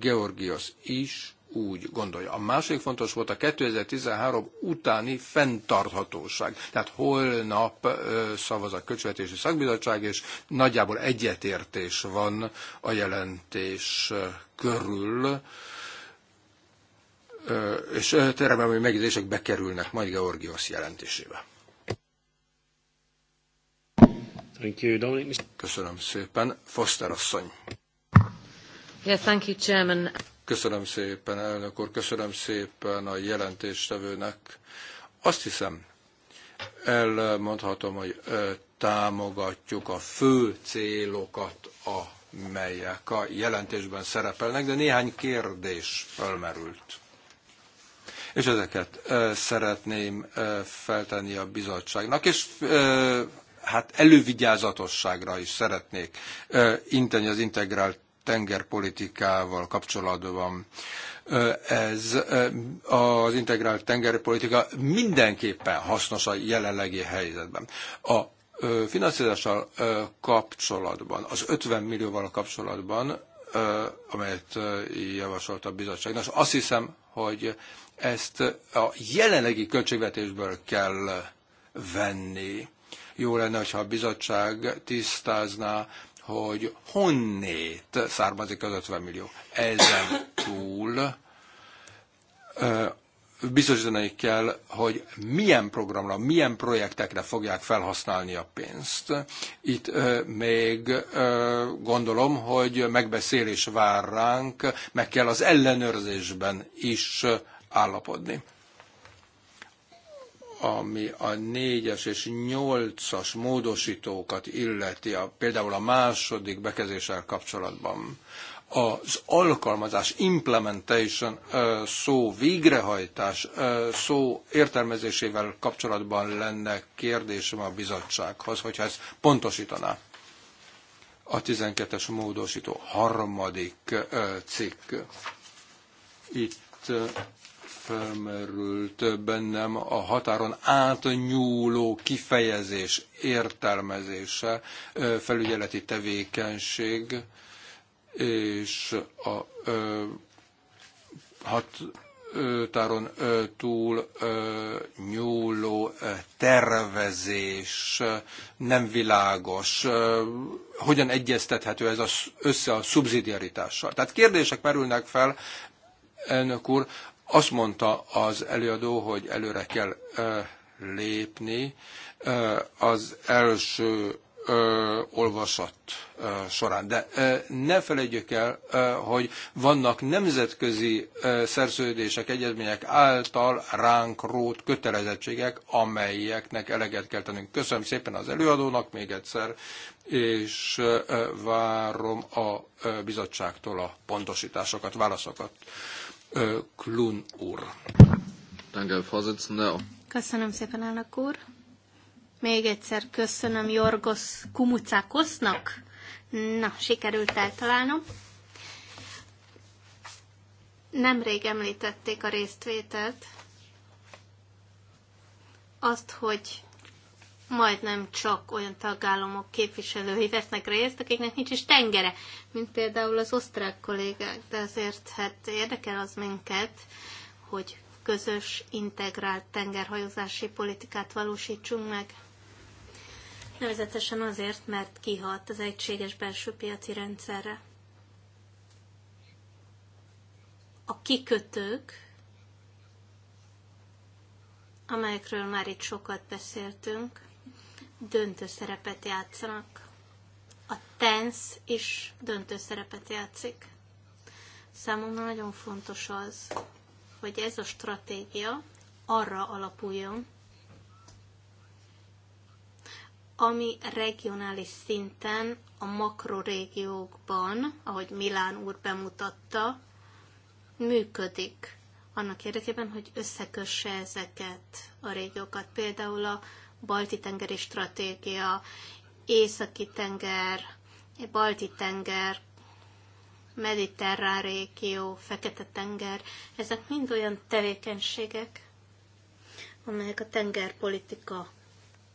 Georgios is úgy gondolja. A másik fontos volt a 2013 utáni fenntarthatóság. Tehát holnap szavaz a Köcsövetési Szakbizottság, és nagyjából egyetértés van a jelentés körül és remélem, hogy megjegyzések bekerülnek majd Georgios jelentésébe. Thank you, Dominic. Köszönöm szépen. Foster asszony. Yeah, thank you, Chairman. Köszönöm szépen, elnök úr, köszönöm szépen a jelentéstevőnek. Azt hiszem, elmondhatom, hogy támogatjuk a fő célokat, amelyek a jelentésben szerepelnek, de néhány kérdés felmerült és ezeket szeretném feltenni a bizottságnak, és hát elővigyázatosságra is szeretnék inteni az integrált tengerpolitikával kapcsolatban. Ez az integrált tengerpolitika mindenképpen hasznos a jelenlegi helyzetben. A finanszírozással kapcsolatban, az 50 millióval kapcsolatban, amelyet javasolt a bizottság. Nos, azt hiszem, hogy ezt a jelenlegi költségvetésből kell venni. Jó lenne, ha a bizottság tisztázná, hogy honnét származik az 50 millió. Ezen túl biztosítani kell, hogy milyen programra, milyen projektekre fogják felhasználni a pénzt. Itt még gondolom, hogy megbeszélés vár ránk, meg kell az ellenőrzésben is állapodni. Ami a négyes és nyolcas módosítókat illeti, a, például a második bekezéssel kapcsolatban, az alkalmazás, implementation szó, végrehajtás szó értelmezésével kapcsolatban lenne kérdésem a bizottsághoz, hogyha ezt pontosítaná. A 12-es módosító harmadik cikk. Itt felmerült bennem a határon átnyúló kifejezés, értelmezése, felügyeleti tevékenység és a ö, határon túl ö, nyúló tervezés nem világos. Hogyan egyeztethető ez össze a szubszidiaritással? Tehát kérdések merülnek fel, elnök úr, azt mondta az előadó, hogy előre kell lépni az első ö, olvasat ö, során. De ö, ne felejtjük el, ö, hogy vannak nemzetközi ö, szerződések, egyezmények által ránk rót kötelezettségek, amelyeknek eleget kell tennünk. Köszönöm szépen az előadónak még egyszer, és ö, várom a ö, bizottságtól a pontosításokat, válaszokat. Klun úr. Köszönöm szépen, elnök úr. Még egyszer köszönöm Jorgos Kumucákosznak. Na, sikerült eltalálnom. Nemrég említették a résztvételt, azt, hogy majdnem csak olyan tagállamok képviselői vesznek részt, akiknek nincs is tengere, mint például az osztrák kollégák. De azért hát érdekel az minket, hogy közös, integrált tengerhajózási politikát valósítsunk meg. Nevezetesen azért, mert kihat az egységes belső piaci rendszerre. A kikötők, amelyekről már itt sokat beszéltünk, döntő szerepet játszanak. A TENSZ is döntő szerepet játszik. Számomra nagyon fontos az, hogy ez a stratégia arra alapuljon, ami regionális szinten a makrorégiókban, ahogy Milán úr bemutatta, működik. Annak érdekében, hogy összekösse ezeket a régiókat. Például a balti-tengeri stratégia, északi-tenger, balti-tenger, mediterrán régió, Fekete-tenger, ezek mind olyan tevékenységek, amelyek a tengerpolitika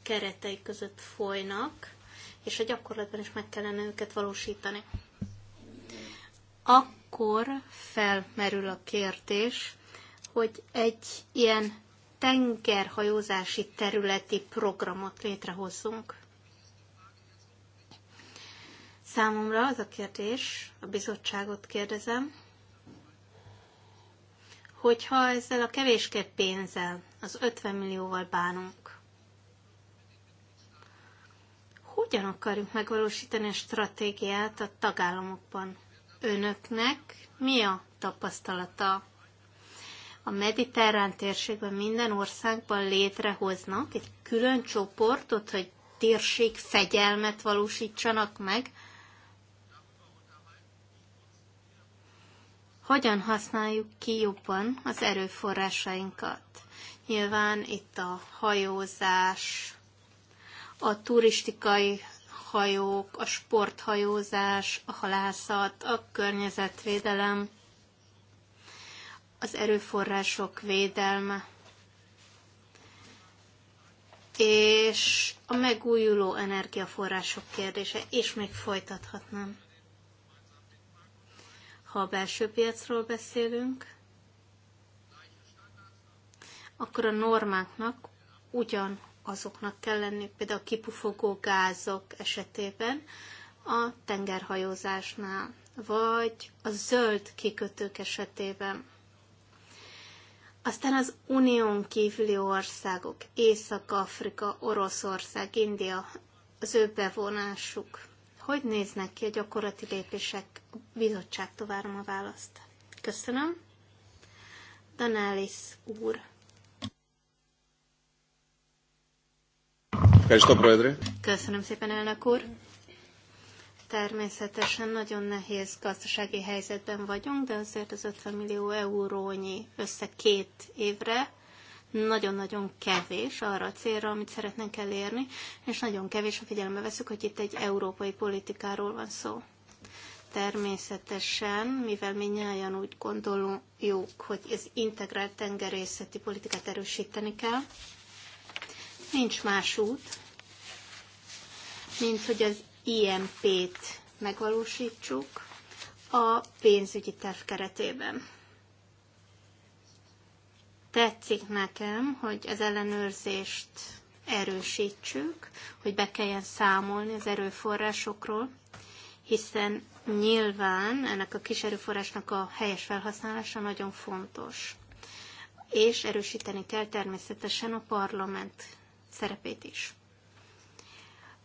keretei között folynak, és a gyakorlatban is meg kellene őket valósítani. Akkor felmerül a kérdés, hogy egy ilyen tengerhajózási területi programot létrehozzunk. Számomra az a kérdés, a bizottságot kérdezem, hogyha ezzel a kevéske pénzzel, az 50 millióval bánunk, hogyan akarjuk megvalósítani a stratégiát a tagállamokban? Önöknek mi a tapasztalata? a mediterrán térségben minden országban létrehoznak egy külön csoportot, hogy térség fegyelmet valósítsanak meg, hogyan használjuk ki jobban az erőforrásainkat. Nyilván itt a hajózás, a turistikai hajók, a sporthajózás, a halászat, a környezetvédelem, az erőforrások védelme és a megújuló energiaforrások kérdése, és még folytathatnám. Ha a belső piacról beszélünk, akkor a normáknak ugyanazoknak kell lenni, például a kipufogó gázok esetében a tengerhajózásnál, vagy a zöld kikötők esetében. Aztán az unión kívüli országok, Észak-Afrika, Oroszország, India, az ő bevonásuk. Hogy néznek ki a gyakorlati lépések? A bizottságtól várom a választ. Köszönöm. Danális úr. Köszönöm szépen, elnök úr. Természetesen nagyon nehéz gazdasági helyzetben vagyunk, de azért az 50 millió eurónyi össze két évre nagyon-nagyon kevés arra a célra, amit szeretnénk elérni, és nagyon kevés, ha figyelembe veszük, hogy itt egy európai politikáról van szó. Természetesen, mivel mi nyáján úgy gondoljuk, hogy az integrált tengerészeti politikát erősíteni kell, nincs más út, mint hogy az IMP-t megvalósítsuk a pénzügyi terv keretében. Tetszik nekem, hogy az ellenőrzést erősítsük, hogy be kelljen számolni az erőforrásokról, hiszen nyilván ennek a kis erőforrásnak a helyes felhasználása nagyon fontos. És erősíteni kell természetesen a parlament szerepét is.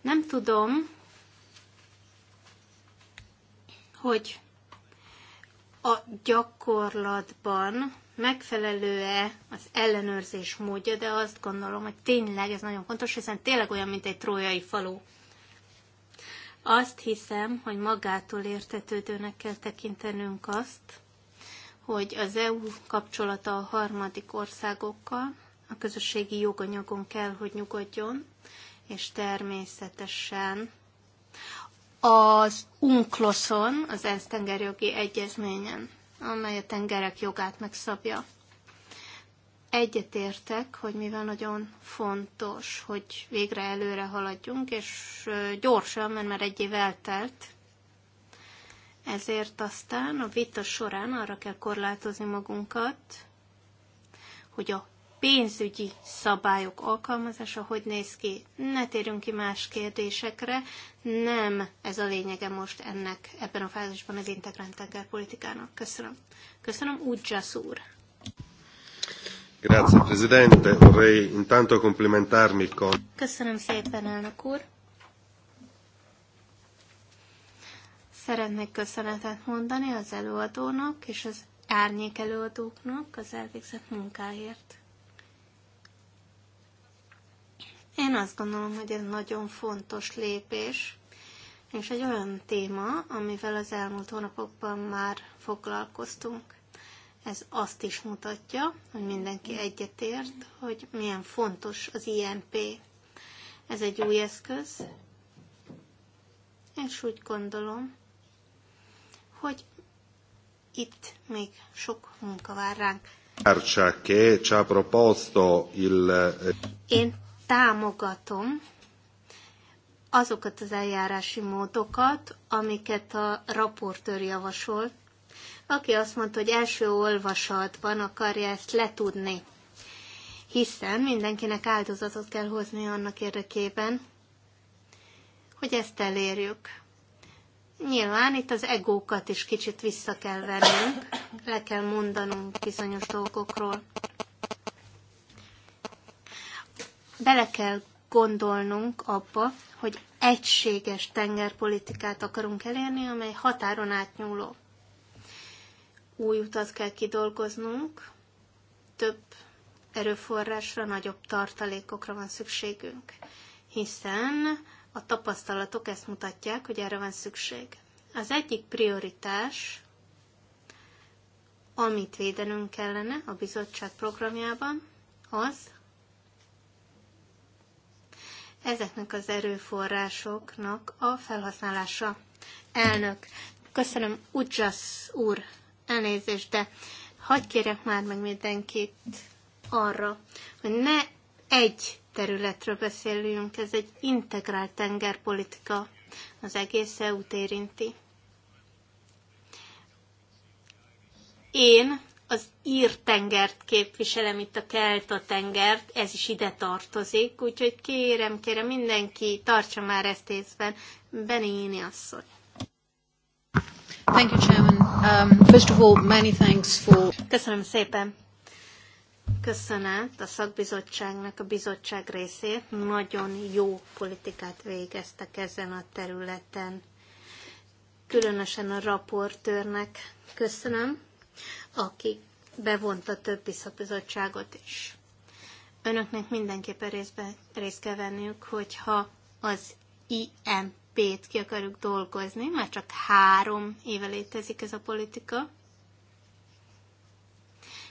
Nem tudom, hogy a gyakorlatban megfelelő-e az ellenőrzés módja, de azt gondolom, hogy tényleg ez nagyon fontos, hiszen tényleg olyan, mint egy trójai falu. Azt hiszem, hogy magától értetődőnek kell tekintenünk azt, hogy az EU kapcsolata a harmadik országokkal a közösségi joganyagon kell, hogy nyugodjon, és természetesen az UNCLOS-on, az ENSZ tengerjogi egyezményen, amely a tengerek jogát megszabja. Egyetértek, hogy mivel nagyon fontos, hogy végre előre haladjunk, és gyorsan, mert már egy év eltelt, ezért aztán a vita során arra kell korlátozni magunkat, hogy a pénzügyi szabályok alkalmazása hogy néz ki. Ne térjünk ki más kérdésekre, nem ez a lényege most ennek ebben a fázisban az integrált tengerpolitikának. Köszönöm. Köszönöm, Udjasz úr. Grazie Presidente, vorrei intanto complimentarmi con... Köszönöm szépen, elnök úr. Szeretnék köszönetet mondani az előadónak és az árnyék előadóknak az elvégzett munkáért. Én azt gondolom, hogy ez nagyon fontos lépés, és egy olyan téma, amivel az elmúlt hónapokban már foglalkoztunk. Ez azt is mutatja, hogy mindenki egyetért, hogy milyen fontos az IMP. Ez egy új eszköz, és úgy gondolom, hogy itt még sok munka vár ránk. Én támogatom azokat az eljárási módokat, amiket a raportőr javasolt, aki azt mondta, hogy első olvasatban akarja ezt letudni. Hiszen mindenkinek áldozatot kell hozni annak érdekében, hogy ezt elérjük. Nyilván itt az egókat is kicsit vissza kell vennünk, le kell mondanunk bizonyos dolgokról bele kell gondolnunk abba, hogy egységes tengerpolitikát akarunk elérni, amely határon átnyúló. Új utat kell kidolgoznunk, több erőforrásra, nagyobb tartalékokra van szükségünk, hiszen a tapasztalatok ezt mutatják, hogy erre van szükség. Az egyik prioritás, amit védenünk kellene a bizottság programjában, az, ezeknek az erőforrásoknak a felhasználása. Elnök, köszönöm, Ucsasz úr, elnézést, de hagyd kérek már meg mindenkit arra, hogy ne egy területről beszélünk, ez egy integrált tengerpolitika, az egész EU-t érinti. Én az írtengert tengert képviselem itt a Kelta-tengert, ez is ide tartozik, úgyhogy kérem, kérem mindenki, tartsa már ezt észben, Benini asszony. Thank you, Chairman. Um, first of all, many thanks for... Köszönöm szépen. Köszönet a szakbizottságnak a bizottság részét. Nagyon jó politikát végeztek ezen a területen. Különösen a raportőrnek köszönöm aki bevonta többi szakbizottságot is. Önöknek mindenképpen részben, részt kell venniük, hogyha az IMP-t ki akarjuk dolgozni, már csak három éve létezik ez a politika,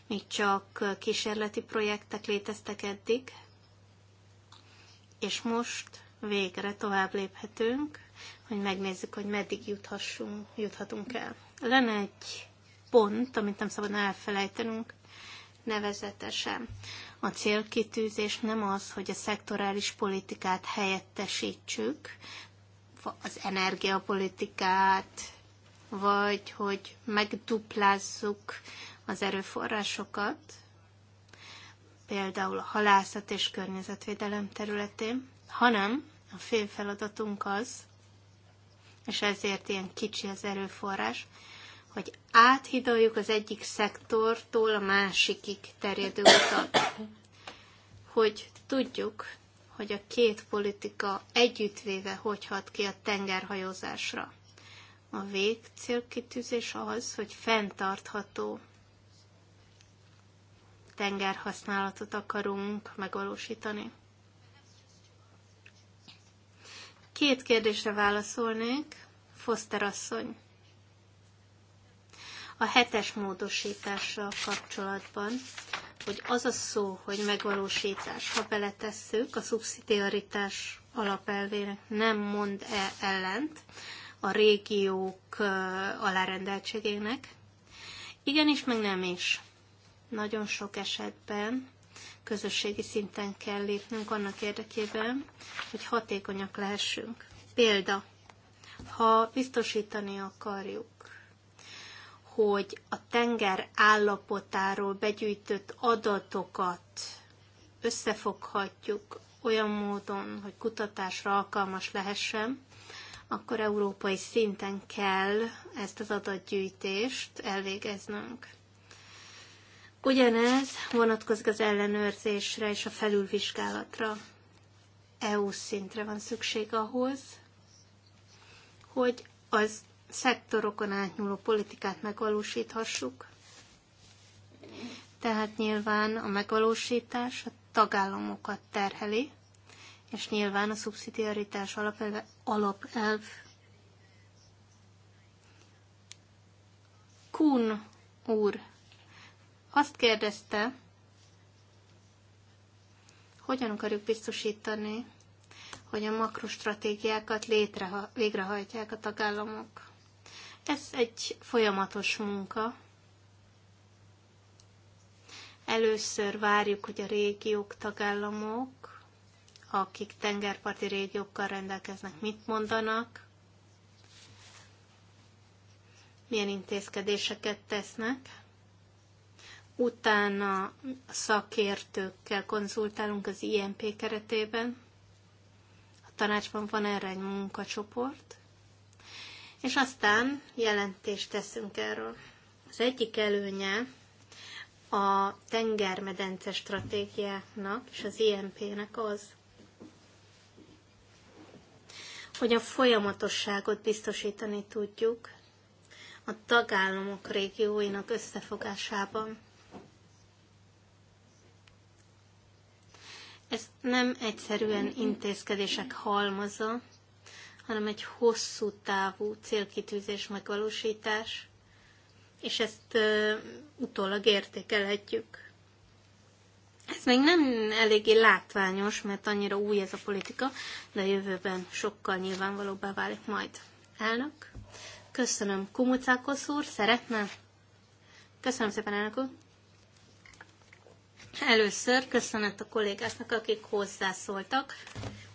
még csak kísérleti projektek léteztek eddig, és most végre tovább léphetünk, hogy megnézzük, hogy meddig juthassunk, juthatunk el. Lenne egy pont, amit nem szabad elfelejtenünk, nevezetesen. A célkitűzés nem az, hogy a szektorális politikát helyettesítsük, az energiapolitikát, vagy hogy megduplázzuk az erőforrásokat, például a halászat és környezetvédelem területén, hanem a fél feladatunk az, és ezért ilyen kicsi az erőforrás, hogy áthidaljuk az egyik szektortól a másikig terjedő utat. Hogy tudjuk, hogy a két politika együttvéve hogy hat ki a tengerhajózásra. A végcélkitűzés az, hogy fenntartható tengerhasználatot akarunk megvalósítani. Két kérdésre válaszolnék, Foster asszony a hetes módosítással kapcsolatban, hogy az a szó, hogy megvalósítás, ha beletesszük, a szubszidiaritás alapelvének nem mond -e ellent a régiók alárendeltségének. Igenis, meg nem is. Nagyon sok esetben közösségi szinten kell lépnünk annak érdekében, hogy hatékonyak lehessünk. Példa, ha biztosítani akarjuk hogy a tenger állapotáról begyűjtött adatokat összefoghatjuk olyan módon, hogy kutatásra alkalmas lehessen, akkor európai szinten kell ezt az adatgyűjtést elvégeznünk. Ugyanez vonatkozik az ellenőrzésre és a felülvizsgálatra. EU szintre van szükség ahhoz, hogy az szektorokon átnyúló politikát megvalósíthassuk. Tehát nyilván a megvalósítás a tagállamokat terheli, és nyilván a szubszidiaritás alapelve alapelv. Kun úr azt kérdezte, hogyan akarjuk biztosítani, hogy a makrostratégiákat létre, végrehajtják a tagállamok. Ez egy folyamatos munka. Először várjuk, hogy a régiók, tagállamok, akik tengerparti régiókkal rendelkeznek, mit mondanak, milyen intézkedéseket tesznek. Utána szakértőkkel konzultálunk az IMP keretében. A tanácsban van erre egy munkacsoport, és aztán jelentést teszünk erről. Az egyik előnye a tengermedence stratégiának és az IMP-nek az, hogy a folyamatosságot biztosítani tudjuk a tagállamok régióinak összefogásában. Ez nem egyszerűen intézkedések halmaza, hanem egy hosszú távú célkitűzés megvalósítás, és ezt utólag értékelhetjük. Ez még nem eléggé látványos, mert annyira új ez a politika, de a jövőben sokkal nyilvánvalóbbá válik majd. Elnök, köszönöm. Kumucákos úr, szeretne? Köszönöm szépen, elnök úr. Először köszönet a kollégáknak, akik hozzászóltak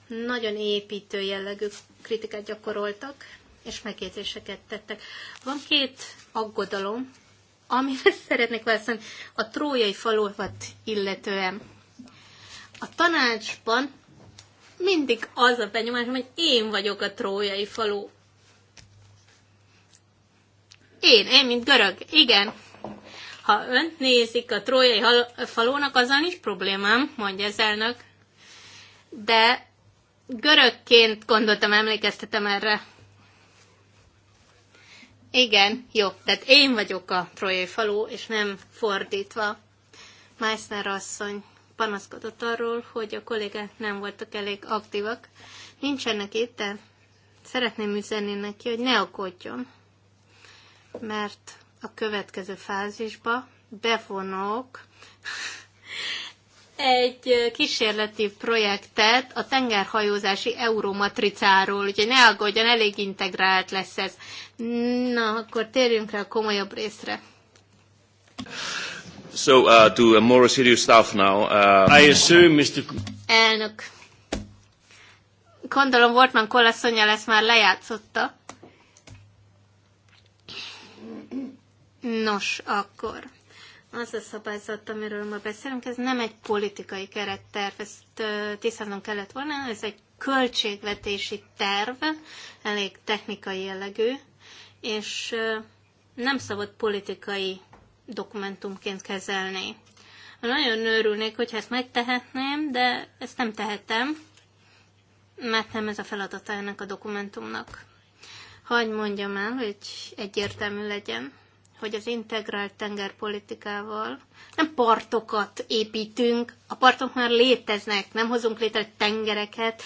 nagyon építő jellegű kritikát gyakoroltak, és megjegyzéseket tettek. Van két aggodalom, amire szeretnék válaszolni a trójai faluvat illetően. A tanácsban mindig az a benyomás, hogy én vagyok a trójai falu. Én, én, mint görög. Igen. Ha önt nézik a trójai falónak, azzal nincs problémám, mondja az elnök. De görögként gondoltam, emlékeztetem erre. Igen, jó. Tehát én vagyok a trojai falu, és nem fordítva. Meissner asszony panaszkodott arról, hogy a kollégák nem voltak elég aktívak. Nincsenek itt, de szeretném üzenni neki, hogy ne aggódjon, mert a következő fázisba bevonok egy kísérleti projektet a tengerhajózási euromatricáról, úgyhogy ne aggódjon, elég integrált lesz ez. Na, akkor térjünk rá a komolyabb részre. So, uh, to a more serious stuff now. Uh, I assume, Mr. Elnök. Gondolom, Wortman kolaszonya lesz már lejátszotta. Nos, akkor az a szabályzat, amiről ma beszélünk, ez nem egy politikai keretterv, ezt tisztáznom kellett volna, ez egy költségvetési terv, elég technikai jellegű, és nem szabad politikai dokumentumként kezelni. Nagyon örülnék, hogyha ezt megtehetném, de ezt nem tehetem, mert nem ez a feladata ennek a dokumentumnak. Hagy mondjam el, hogy egyértelmű legyen hogy az integrált tengerpolitikával nem partokat építünk, a partok már léteznek, nem hozunk létre tengereket,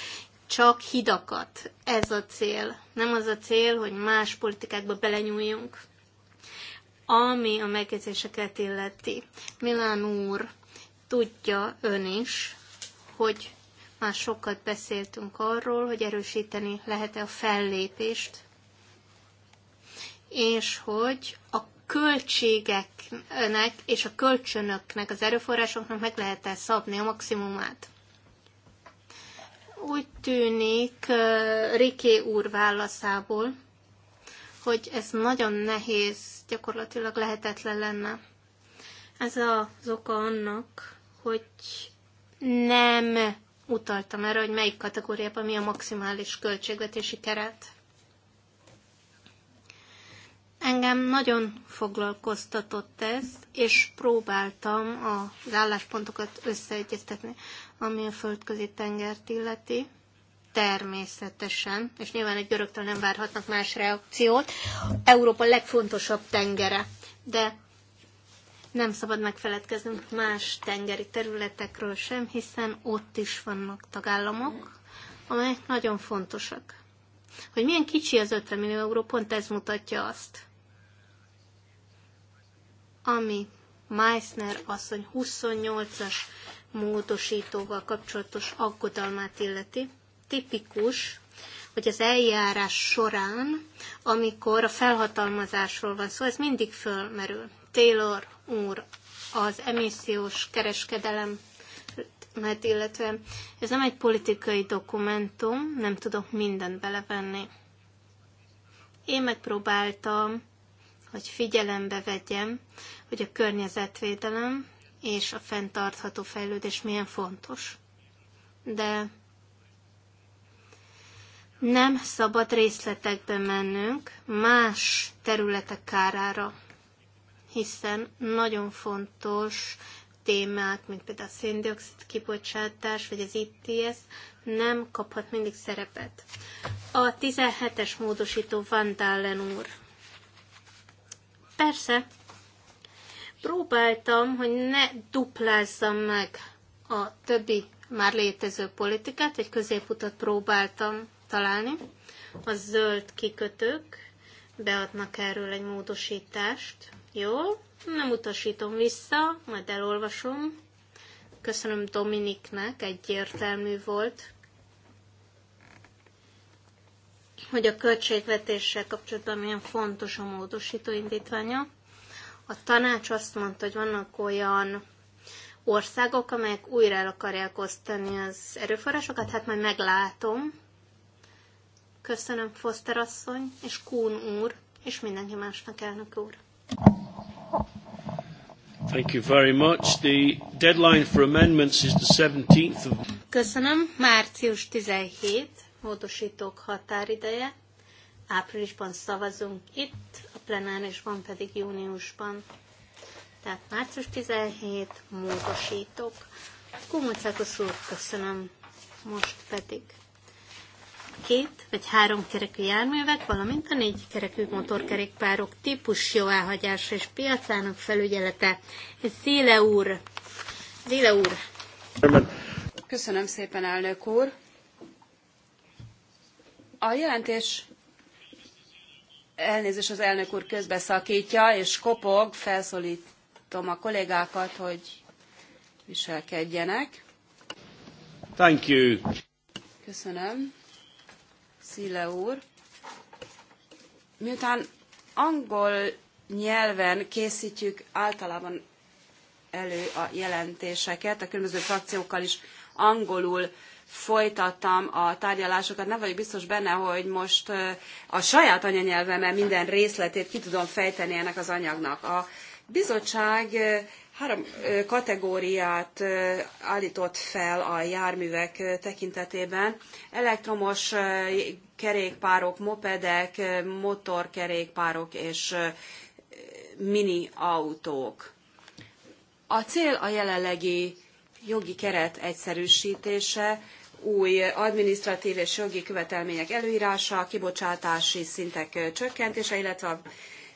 csak hidakat. Ez a cél. Nem az a cél, hogy más politikákba belenyúljunk. Ami a megjegyzéseket illeti. Milán úr, tudja ön is, hogy már sokat beszéltünk arról, hogy erősíteni lehet-e a fellépést, és hogy a költségeknek és a kölcsönöknek, az erőforrásoknak meg lehet -e szabni a maximumát? Úgy tűnik Riké úr válaszából, hogy ez nagyon nehéz, gyakorlatilag lehetetlen lenne. Ez az oka annak, hogy nem utaltam erre, hogy melyik kategóriában mi a maximális költségvetési keret. Engem nagyon foglalkoztatott ez, és próbáltam az álláspontokat összeegyeztetni, ami a földközi tengert illeti. Természetesen, és nyilván egy öröktől nem várhatnak más reakciót, Európa legfontosabb tengere, de nem szabad megfeledkeznünk más tengeri területekről sem, hiszen ott is vannak tagállamok, amelyek nagyon fontosak. Hogy milyen kicsi az 50 millió euró, pont ez mutatja azt ami Meissner asszony 28-as módosítóval kapcsolatos aggodalmát illeti, tipikus, hogy az eljárás során, amikor a felhatalmazásról van szó, ez mindig fölmerül. Taylor úr az emissziós kereskedelem mert illetve ez nem egy politikai dokumentum, nem tudok mindent belevenni. Én megpróbáltam hogy figyelembe vegyem, hogy a környezetvédelem és a fenntartható fejlődés milyen fontos. De nem szabad részletekbe mennünk más területek kárára, hiszen nagyon fontos témák, mint például a széndiokszid kibocsátás, vagy az ITS, nem kaphat mindig szerepet. A 17-es módosító Van Dallen úr Persze, próbáltam, hogy ne duplázzam meg a többi már létező politikát, egy középutat próbáltam találni. A zöld kikötők beadnak erről egy módosítást. Jó, nem utasítom vissza, majd elolvasom. Köszönöm Dominiknek, egyértelmű volt. hogy a költségvetéssel kapcsolatban milyen fontos a módosító indítványa. A tanács azt mondta, hogy vannak olyan országok, amelyek újra el akarják osztani az erőforrásokat, hát majd meglátom. Köszönöm Foster asszony, és Kuhn úr, és mindenki másnak elnök úr. Thank you very much. The deadline for amendments is the 17th of... Köszönöm, március 17 módosítók határideje. Áprilisban szavazunk itt, a plenárisban pedig júniusban. Tehát március 17, módosítók. Kumulcákos úr, köszönöm. Most pedig két vagy három kerekű járművek, valamint a négy kerekű motorkerékpárok típus jóváhagyása és piacának felügyelete. Zéle úr. Zéle úr. Köszönöm szépen, elnök úr. A jelentés elnézés az elnök úr közbeszakítja, és kopog, felszólítom a kollégákat, hogy viselkedjenek. Thank you. Köszönöm. Szile úr. Miután angol nyelven készítjük általában elő a jelentéseket, a különböző frakciókkal is angolul folytattam a tárgyalásokat, nem vagyok biztos benne, hogy most a saját anyanyelvemmel minden részletét ki tudom fejteni ennek az anyagnak. A bizottság három kategóriát állított fel a járművek tekintetében. Elektromos kerékpárok, mopedek, motorkerékpárok és mini autók. A cél a jelenlegi jogi keret egyszerűsítése, új adminisztratív és jogi követelmények előírása, kibocsátási szintek csökkentése, illetve a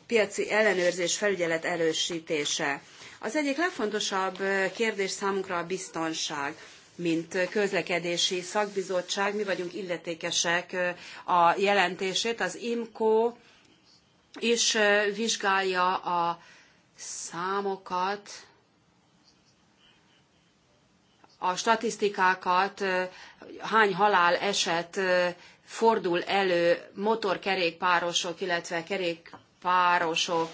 piaci ellenőrzés felügyelet erősítése. Az egyik legfontosabb kérdés számunkra a biztonság mint közlekedési szakbizottság, mi vagyunk illetékesek a jelentését. Az IMCO is vizsgálja a számokat, a statisztikákat, hány halál eset fordul elő motorkerékpárosok, illetve kerékpárosok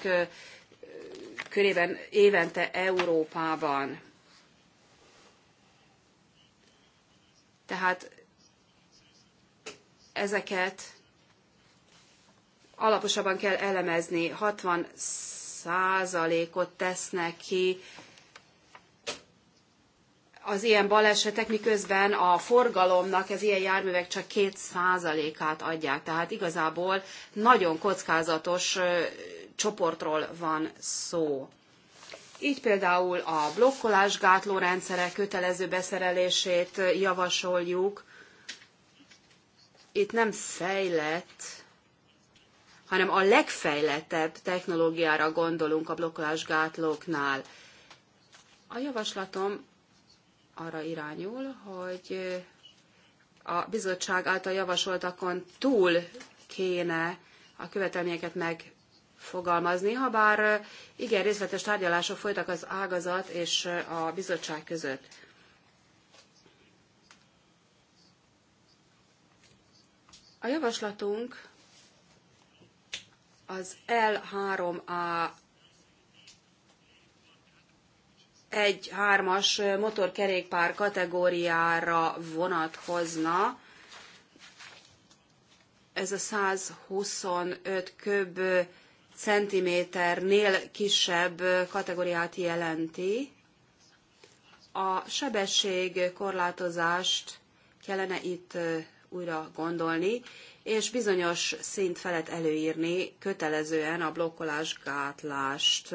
körében évente Európában. Tehát ezeket alaposabban kell elemezni. 60 százalékot tesznek ki az ilyen balesetek, miközben a forgalomnak az ilyen járművek csak 2 százalékát adják. Tehát igazából nagyon kockázatos csoportról van szó. Így például a gátló rendszerek kötelező beszerelését javasoljuk. Itt nem fejlett, hanem a legfejlettebb technológiára gondolunk a blokkolásgátlóknál. A javaslatom arra irányul, hogy a bizottság által javasoltakon túl kéne a követelményeket megfogalmazni, ha bár igen részletes tárgyalások folytak az ágazat és a bizottság között. A javaslatunk az L3A 1-3-as motorkerékpár kategóriára vonatkozna. Ez a 125 köb centiméternél kisebb kategóriát jelenti. A sebesség korlátozást kellene itt újra gondolni, és bizonyos szint felett előírni kötelezően a blokkolás gátlást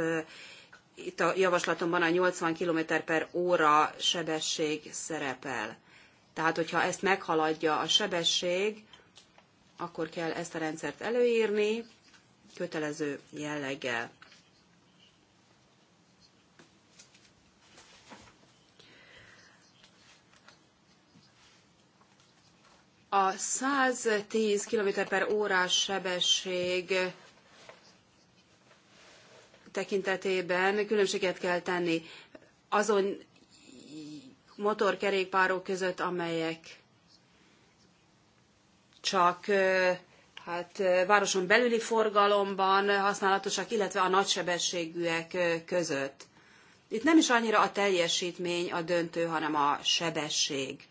itt a javaslatomban a 80 km per óra sebesség szerepel. Tehát, hogyha ezt meghaladja a sebesség, akkor kell ezt a rendszert előírni kötelező jelleggel. A 110 km per órás sebesség tekintetében különbséget kell tenni azon motorkerékpárok között, amelyek csak hát városon belüli forgalomban használatosak, illetve a nagysebességűek között. Itt nem is annyira a teljesítmény a döntő, hanem a sebesség,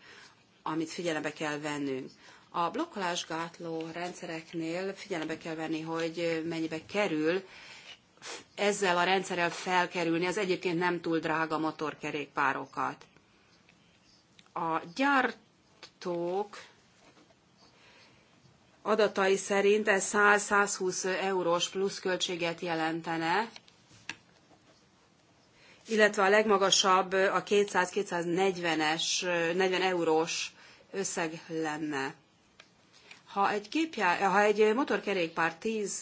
amit figyelembe kell vennünk. A blokkolásgátló rendszereknél figyelembe kell venni, hogy mennyibe kerül ezzel a rendszerrel felkerülni az egyébként nem túl drága motorkerékpárokat. A gyártók adatai szerint ez 100-120 eurós pluszköltséget jelentene, illetve a legmagasabb a 200-240-es, 40 eurós összeg lenne. Ha egy, képjá, ha egy motorkerékpár 10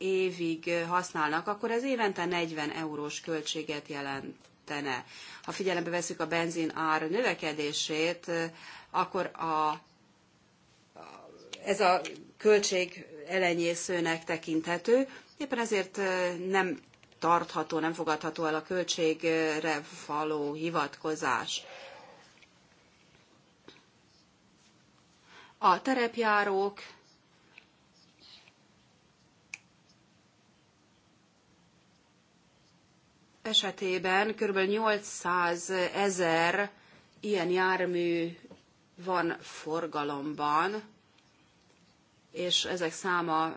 évig használnak, akkor ez évente 40 eurós költséget jelentene. Ha figyelembe veszük a benzin ár növekedését, akkor a, ez a költség elenyészőnek tekinthető. Éppen ezért nem tartható, nem fogadható el a költségre való hivatkozás. A terepjárók esetében kb. 800 ezer ilyen jármű van forgalomban, és ezek száma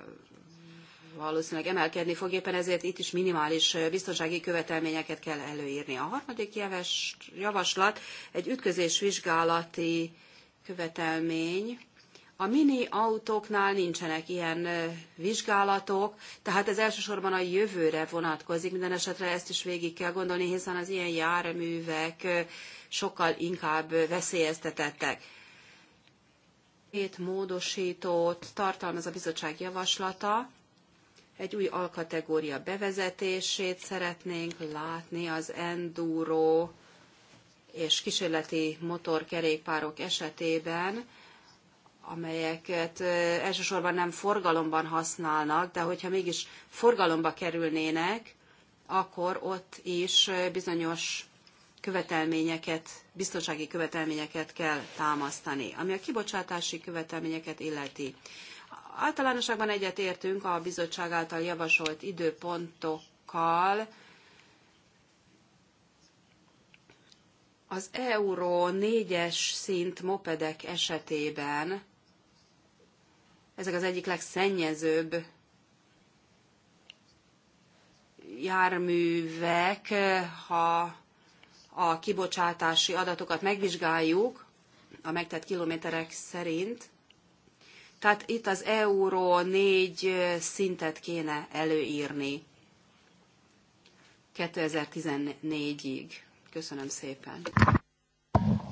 valószínűleg emelkedni fog, éppen ezért itt is minimális biztonsági követelményeket kell előírni. A harmadik javaslat egy ütközésvizsgálati követelmény, a mini autóknál nincsenek ilyen vizsgálatok, tehát ez elsősorban a jövőre vonatkozik, minden esetre ezt is végig kell gondolni, hiszen az ilyen járművek sokkal inkább veszélyeztetettek. Két módosítót tartalmaz a bizottság javaslata, egy új alkategória bevezetését szeretnénk látni az enduro és kísérleti motorkerékpárok esetében amelyeket elsősorban nem forgalomban használnak, de hogyha mégis forgalomba kerülnének, akkor ott is bizonyos követelményeket, biztonsági követelményeket kell támasztani. Ami a kibocsátási követelményeket illeti. Általánosságban egyetértünk a bizottság által javasolt időpontokkal. Az euró négyes szint mopedek esetében ezek az egyik legszennyezőbb járművek, ha a kibocsátási adatokat megvizsgáljuk, a megtett kilométerek szerint. Tehát itt az euró négy szintet kéne előírni 2014-ig. Köszönöm szépen.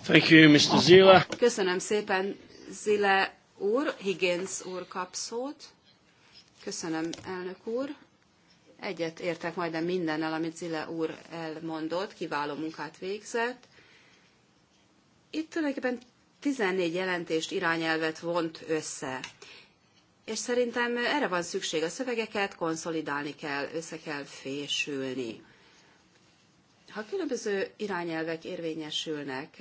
Thank you, Mr. Zila. Köszönöm szépen, Zile úr, Higgins úr kap szót. Köszönöm, elnök úr. Egyet értek majdnem mindennel, amit Zile úr elmondott, kiváló munkát végzett. Itt tulajdonképpen 14 jelentést, irányelvet vont össze. És szerintem erre van szükség. A szövegeket konszolidálni kell, össze kell fésülni. Ha különböző irányelvek érvényesülnek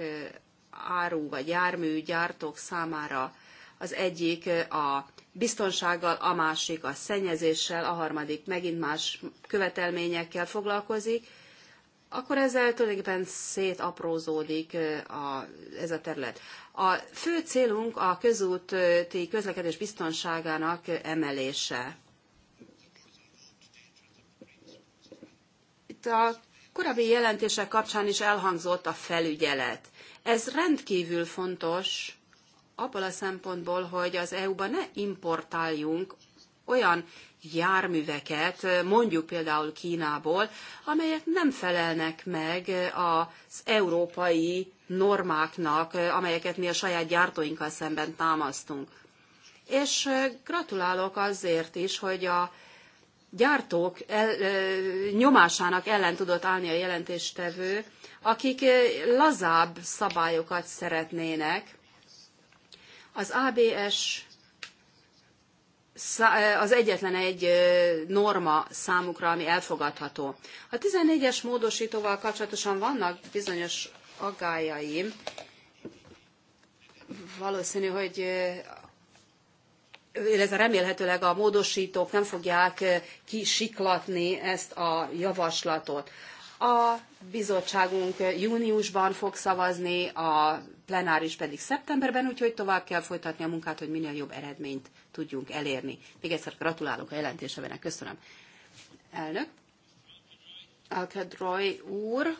áru vagy jármű gyártók számára, az egyik a biztonsággal, a másik a szennyezéssel, a harmadik megint más követelményekkel foglalkozik, akkor ezzel tulajdonképpen szétaprózódik a, ez a terület. A fő célunk a közúti közlekedés biztonságának emelése. Itt a korábbi jelentések kapcsán is elhangzott a felügyelet. Ez rendkívül fontos, abból a szempontból, hogy az EU-ba ne importáljunk olyan járműveket, mondjuk például Kínából, amelyek nem felelnek meg az európai normáknak, amelyeket mi a saját gyártóinkkal szemben támasztunk. És gratulálok azért is, hogy a gyártók el, nyomásának ellen tudott állni a jelentéstevő, akik lazább szabályokat szeretnének, az ABS az egyetlen egy norma számukra, ami elfogadható. A 14-es módosítóval kapcsolatosan vannak bizonyos aggájaim. Valószínű, hogy illetve remélhetőleg a módosítók nem fogják kisiklatni ezt a javaslatot. A bizottságunk júniusban fog szavazni, a plenáris pedig szeptemberben, úgyhogy tovább kell folytatni a munkát, hogy minél jobb eredményt tudjunk elérni. Még egyszer gratulálok a jelentésevenek. Köszönöm. Elnök. Alkedroy úr.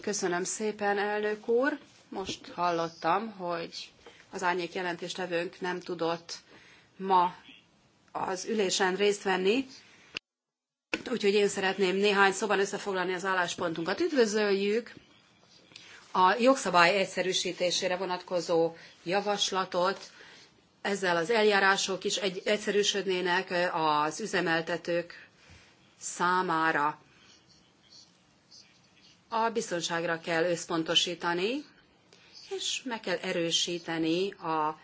Köszönöm szépen, elnök úr. Most hallottam, hogy az árnyék jelentéstevőnk nem tudott ma az ülésen részt venni, Úgyhogy én szeretném néhány szóban összefoglalni az álláspontunkat. Üdvözöljük a jogszabály egyszerűsítésére vonatkozó javaslatot, ezzel az eljárások is egy, egyszerűsödnének az üzemeltetők számára. A biztonságra kell összpontosítani, és meg kell erősíteni a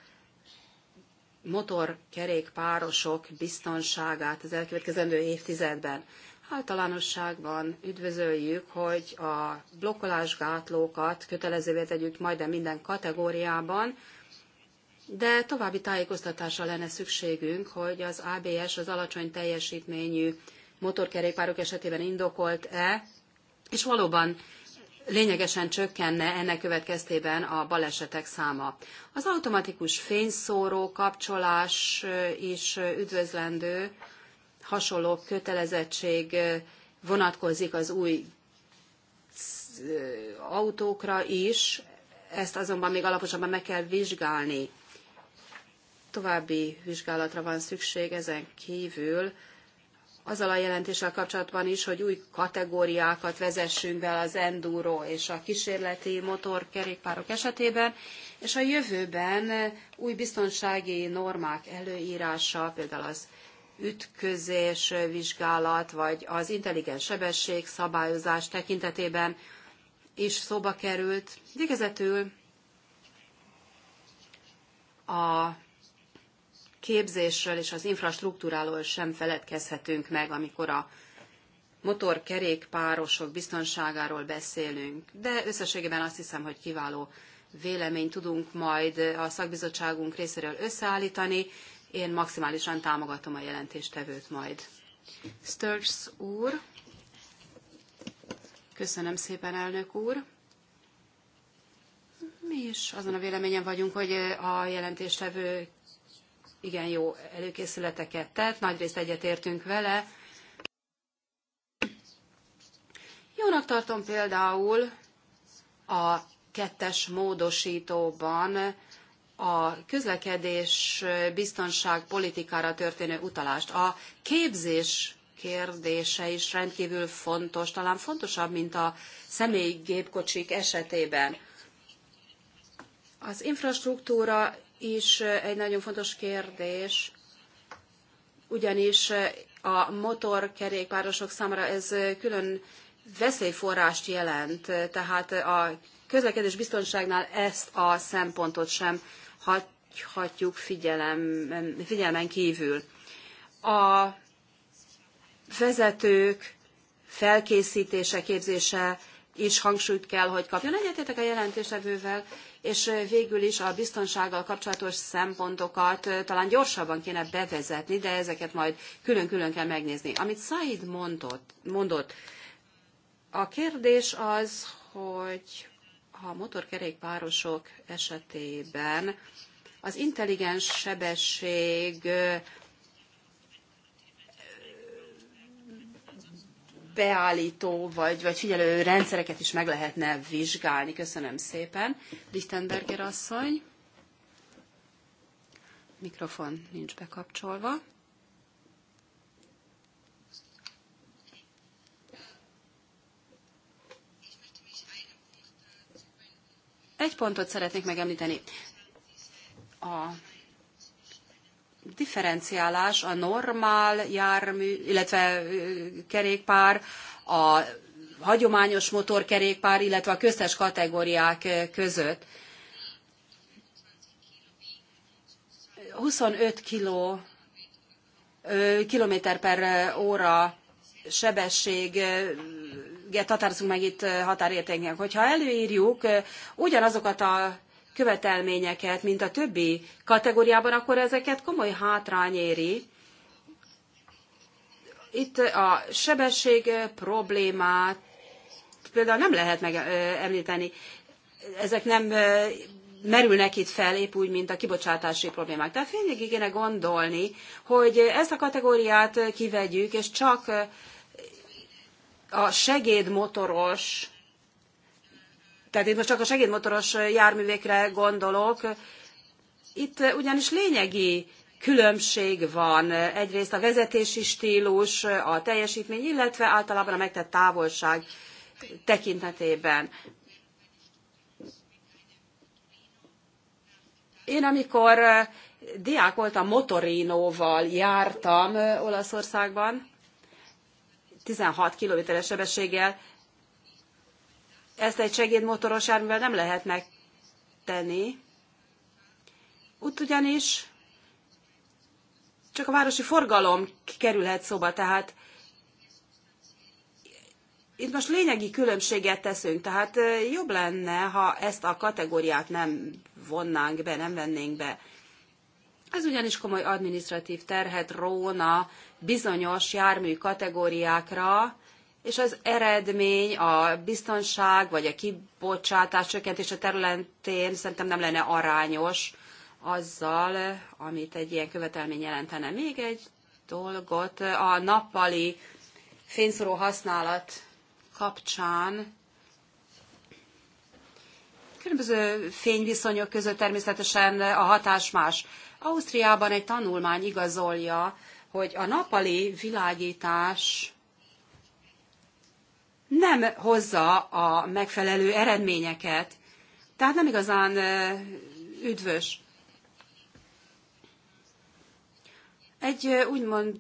motorkerékpárosok biztonságát az elkövetkezendő évtizedben. Általánosságban üdvözöljük, hogy a blokkolásgátlókat kötelezővé tegyük majdnem minden kategóriában, de további tájékoztatásra lenne szükségünk, hogy az ABS az alacsony teljesítményű motorkerékpárok esetében indokolt-e, és valóban lényegesen csökkenne ennek következtében a balesetek száma. Az automatikus fényszóró kapcsolás is üdvözlendő, hasonló kötelezettség vonatkozik az új autókra is, ezt azonban még alaposabban meg kell vizsgálni. További vizsgálatra van szükség ezen kívül azzal a jelentéssel kapcsolatban is, hogy új kategóriákat vezessünk be az enduro és a kísérleti motorkerékpárok esetében, és a jövőben új biztonsági normák előírása, például az ütközés vizsgálat, vagy az intelligens sebesség szabályozás tekintetében is szóba került. Végezetül a képzésről és az infrastruktúráról sem feledkezhetünk meg, amikor a motorkerékpárosok biztonságáról beszélünk. De összességében azt hiszem, hogy kiváló véleményt tudunk majd a szakbizottságunk részéről összeállítani. Én maximálisan támogatom a jelentéstevőt majd. Sturges úr, köszönöm szépen, elnök úr. Mi is azon a véleményen vagyunk, hogy a jelentéstevő igen jó előkészületeket tett, nagyrészt egyetértünk vele. Jónak tartom például a kettes módosítóban a közlekedés biztonság politikára történő utalást. A képzés kérdése is rendkívül fontos, talán fontosabb, mint a személyi gépkocsik esetében. Az infrastruktúra is eh, egy nagyon fontos kérdés, ugyanis eh, a motorkerékpárosok számára ez eh, külön veszélyforrást jelent, tehát a közlekedés biztonságnál ezt a szempontot sem hagyhatjuk figyelem, figyelmen kívül. A vezetők felkészítése, képzése is hangsúlyt kell, hogy kapjon. Egyetetek a jelentésevővel, és végül is a biztonsággal kapcsolatos szempontokat talán gyorsabban kéne bevezetni, de ezeket majd külön-külön kell megnézni. Amit Said mondott, mondott, a kérdés az, hogy a motorkerékpárosok esetében az intelligens sebesség beállító vagy, vagy figyelő rendszereket is meg lehetne vizsgálni. Köszönöm szépen. Lichtenberger asszony. Mikrofon nincs bekapcsolva. Egy pontot szeretnék megemlíteni. A differenciálás a normál jármű, illetve kerékpár, a hagyományos motorkerékpár, illetve a köztes kategóriák között. 25 kiló, kilométer per óra sebesség határozunk meg itt határértéknek. Hogyha előírjuk ugyanazokat a követelményeket, mint a többi kategóriában, akkor ezeket komoly hátrány éri. Itt a sebesség problémát például nem lehet megemlíteni. Ezek nem merülnek itt fel, épp úgy, mint a kibocsátási problémák. Tehát fényleg kéne gondolni, hogy ezt a kategóriát kivegyük, és csak a segédmotoros tehát itt most csak a segédmotoros járművekre gondolok. Itt ugyanis lényegi különbség van. Egyrészt a vezetési stílus, a teljesítmény, illetve általában a megtett távolság tekintetében. Én amikor eh, diák voltam, motorinóval jártam eh, Olaszországban, 16 kilométeres sebességgel, ezt egy segédmotoros járművel nem lehet megtenni. Úgy ugyanis csak a városi forgalom kerülhet szóba, tehát itt most lényegi különbséget teszünk, tehát jobb lenne, ha ezt a kategóriát nem vonnánk be, nem vennénk be. Ez ugyanis komoly administratív terhet róna bizonyos jármű kategóriákra, és az eredmény a biztonság vagy a kibocsátás csökkentése területén szerintem nem lenne arányos azzal, amit egy ilyen követelmény jelentene. Még egy dolgot a nappali fényszóró használat kapcsán különböző fényviszonyok között természetesen a hatás más. Ausztriában egy tanulmány igazolja, hogy a nappali világítás nem hozza a megfelelő eredményeket, tehát nem igazán üdvös. Egy úgymond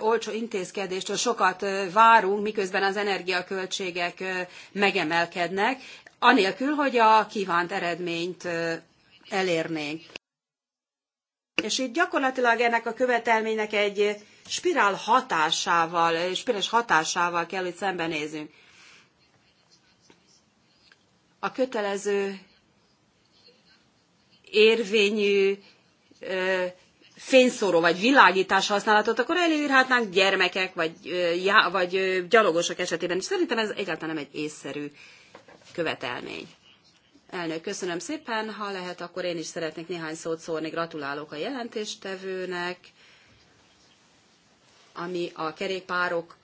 olcsó intézkedéstől sokat várunk, miközben az energiaköltségek megemelkednek, anélkül, hogy a kívánt eredményt elérnénk. És itt gyakorlatilag ennek a követelménynek egy spirál hatásával, spirális hatásával kell, hogy szembenézünk a kötelező érvényű fényszóró vagy világítás használatot, akkor előírhatnánk gyermekek vagy, já, vagy gyalogosok esetében. És szerintem ez egyáltalán nem egy észszerű követelmény. Elnök, köszönöm szépen. Ha lehet, akkor én is szeretnék néhány szót szólni. Gratulálok a jelentéstevőnek, ami a kerékpárok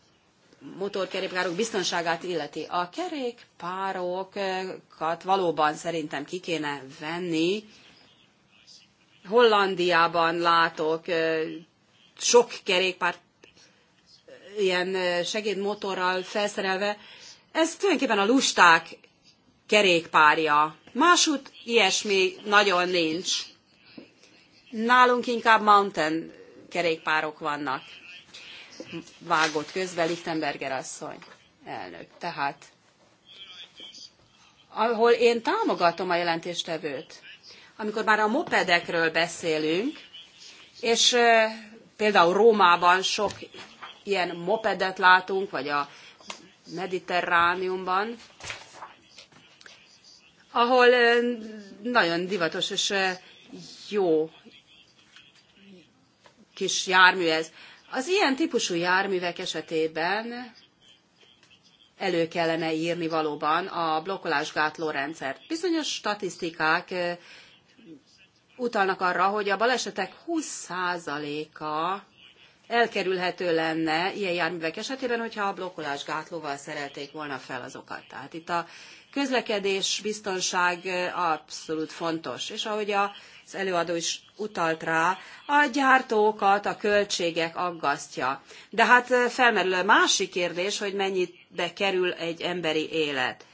motorkerékpárok biztonságát illeti. A kerékpárokat valóban szerintem ki kéne venni. Hollandiában látok sok kerékpárt ilyen segédmotorral felszerelve. Ez tulajdonképpen a lusták kerékpárja. Másút ilyesmi nagyon nincs. Nálunk inkább mountain kerékpárok vannak vágott közbe Lichtenberger asszony elnök. Tehát, ahol én támogatom a jelentéstevőt, amikor már a mopedekről beszélünk, és például Rómában sok ilyen mopedet látunk, vagy a Mediterrániumban, ahol nagyon divatos és jó kis jármű ez. Az ilyen típusú járművek esetében elő kellene írni valóban a blokkolásgátló rendszert. Bizonyos statisztikák utalnak arra, hogy a balesetek 20%-a elkerülhető lenne ilyen járművek esetében, hogyha a blokkolásgátlóval szerelték volna fel azokat. Tehát itt a közlekedés biztonság abszolút fontos. És ahogy az előadó is utalt rá, a gyártókat a költségek aggasztja. De hát felmerül a másik kérdés, hogy mennyibe kerül egy emberi élet.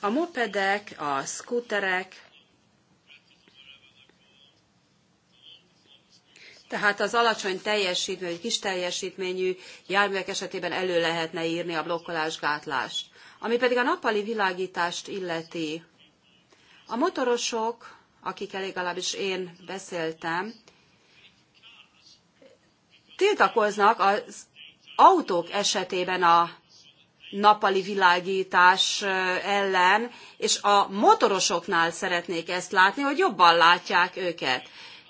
A mopedek, a skuterek, tehát az alacsony teljesítmény, vagy kis teljesítményű járművek esetében elő lehetne írni a blokkolásgátlást. Ami pedig a nappali világítást illeti, a motorosok akikkel legalábbis én beszéltem, tiltakoznak az autók esetében a nappali világítás ellen, és a motorosoknál szeretnék ezt látni, hogy jobban látják őket.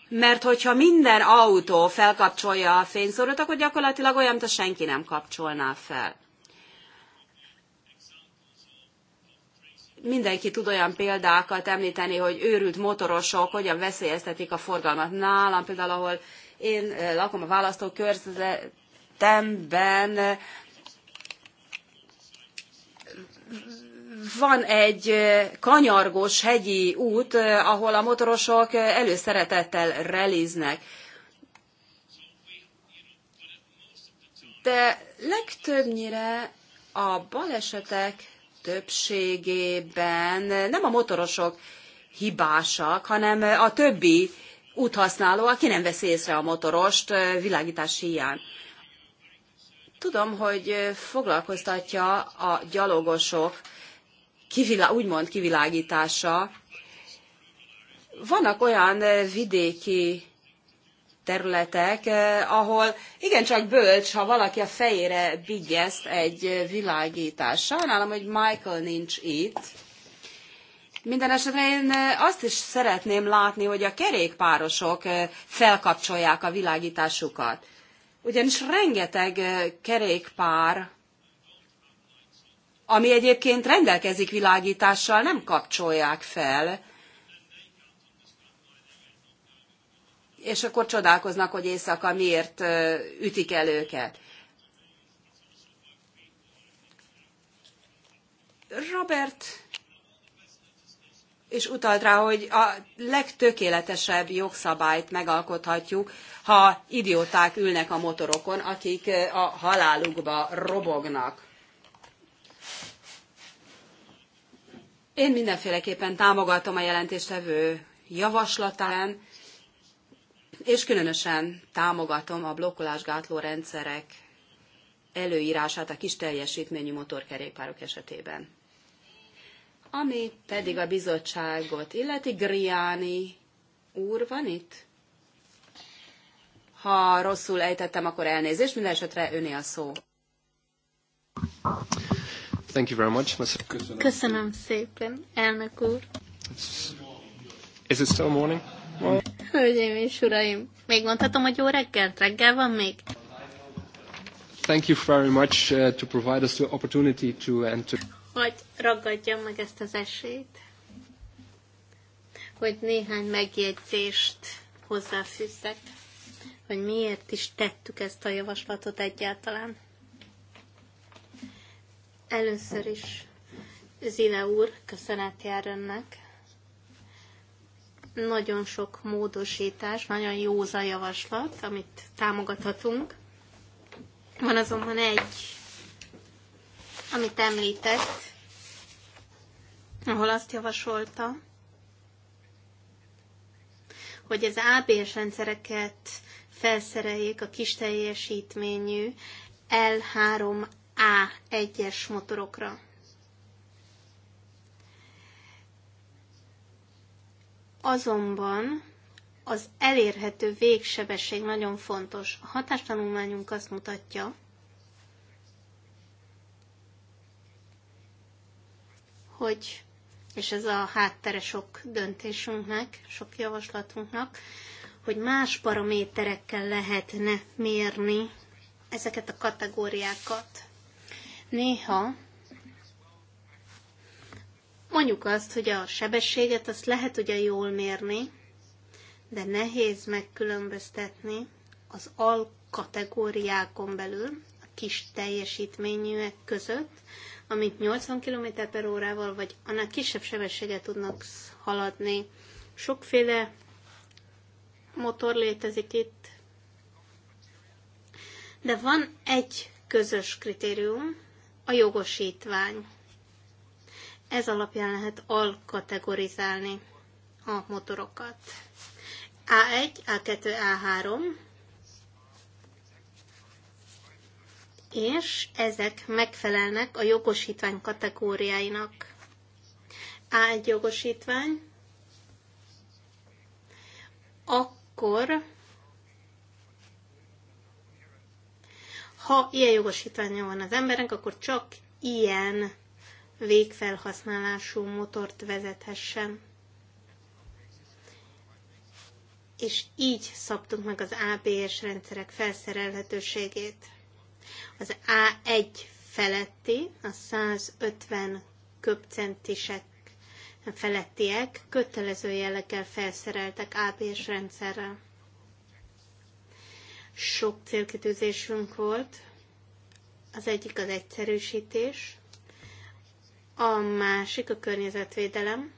Mert hogyha minden autó felkapcsolja a fényszórót, akkor gyakorlatilag olyan, mintha senki nem kapcsolná fel. mindenki tud olyan példákat említeni, hogy őrült motorosok hogyan veszélyeztetik a forgalmat. Nálam például, ahol én eh, lakom a választókörzetemben, van egy eh, kanyargós hegyi út, eh, ahol a motorosok előszeretettel reliznek. De legtöbbnyire a balesetek többségében nem a motorosok hibásak, hanem a többi úthasználó, aki nem veszi észre a motorost világítás hiány. Tudom, hogy foglalkoztatja a gyalogosok kivilá, úgymond kivilágítása. Vannak olyan vidéki területek, eh, ahol igencsak bölcs, ha valaki a fejére vigyezt egy eh, világítás. Sajnálom, hogy Michael nincs itt. Minden esetre én eh, azt is szeretném látni, hogy a kerékpárosok felkapcsolják a világításukat. Ugyanis rengeteg kerékpár, ami egyébként rendelkezik világítással, nem kapcsolják fel és akkor csodálkoznak, hogy éjszaka miért ütik el őket. Robert és utalt rá, hogy a legtökéletesebb jogszabályt megalkothatjuk, ha idióták ülnek a motorokon, akik a halálukba robognak. Én mindenféleképpen támogatom a jelentéstevő javaslatán, és különösen támogatom a blokkolásgátló rendszerek előírását a kis teljesítményű motorkerékpárok esetében. Ami pedig a bizottságot illeti, Griani úr van itt? Ha rosszul ejtettem, akkor elnézést, minden esetre öné a szó. Thank you very much, Mr. Köszönöm. Köszönöm szépen, elnök úr. Is it still morning? Hölgyeim és uraim, még mondhatom, hogy jó reggelt? Reggel van még? Thank you very much uh, to provide us the opportunity to enter. Hogy ragadjam meg ezt az esélyt, hogy néhány megjegyzést hozzáfűzzek, hogy miért is tettük ezt a javaslatot egyáltalán. Először is Zile úr, köszönet jár önnek nagyon sok módosítás, nagyon józa javaslat, amit támogathatunk. Van azonban egy, amit említett, ahol azt javasolta, hogy az ABS rendszereket felszereljék a kis teljesítményű L3A1-es motorokra. Azonban az elérhető végsebesség nagyon fontos. A hatástanulmányunk azt mutatja, hogy, és ez a háttere sok döntésünknek, sok javaslatunknak, hogy más paraméterekkel lehetne mérni ezeket a kategóriákat. Néha Mondjuk azt, hogy a sebességet azt lehet ugye jól mérni, de nehéz megkülönböztetni az alkategóriákon belül, a kis teljesítményűek között, amit 80 km per órával, vagy annál kisebb sebességet tudnak haladni. Sokféle motor létezik itt, de van egy közös kritérium, a jogosítvány. Ez alapján lehet alkategorizálni a motorokat. A1, A2, A3, és ezek megfelelnek a jogosítvány kategóriáinak. A1 jogosítvány, akkor ha ilyen jogosítványa van az embernek, akkor csak ilyen végfelhasználású motort vezethessen. És így szabtunk meg az ABS rendszerek felszerelhetőségét. Az A1 feletti, a 150 köbcentisek felettiek kötelező jelleggel felszereltek ABS rendszerrel. Sok célkitűzésünk volt. Az egyik az egyszerűsítés, a másik a környezetvédelem,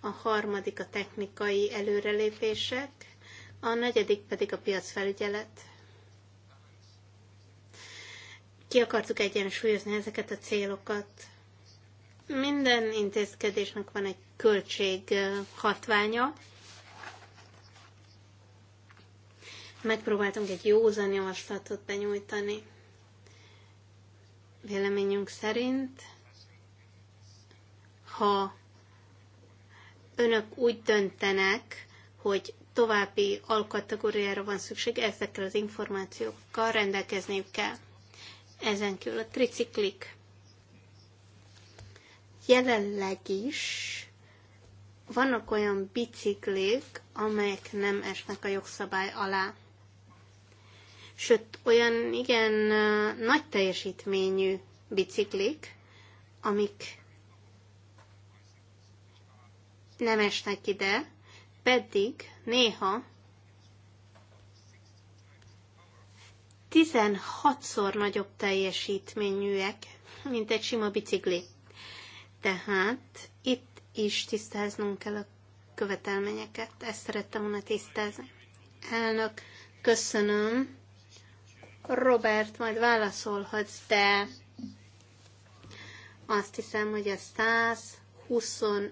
a harmadik a technikai előrelépések, a negyedik pedig a piacfelügyelet. Ki akartuk egyensúlyozni ezeket a célokat. Minden intézkedésnek van egy költség hatványa. Megpróbáltunk egy józan javaslatot benyújtani. Véleményünk szerint ha önök úgy döntenek, hogy további alkategóriára van szükség, ezekkel az információkkal rendelkezniük kell. Ezen kívül a triciklik jelenleg is vannak olyan biciklik, amelyek nem esnek a jogszabály alá. Sőt, olyan igen nagy teljesítményű biciklik, amik nem esnek ide, pedig néha 16-szor nagyobb teljesítményűek, mint egy sima bicikli. Tehát itt is tisztáznunk kell a követelményeket. Ezt szerettem volna tisztázni. Elnök, köszönöm. Robert, majd válaszolhatsz, de azt hiszem, hogy a 100 25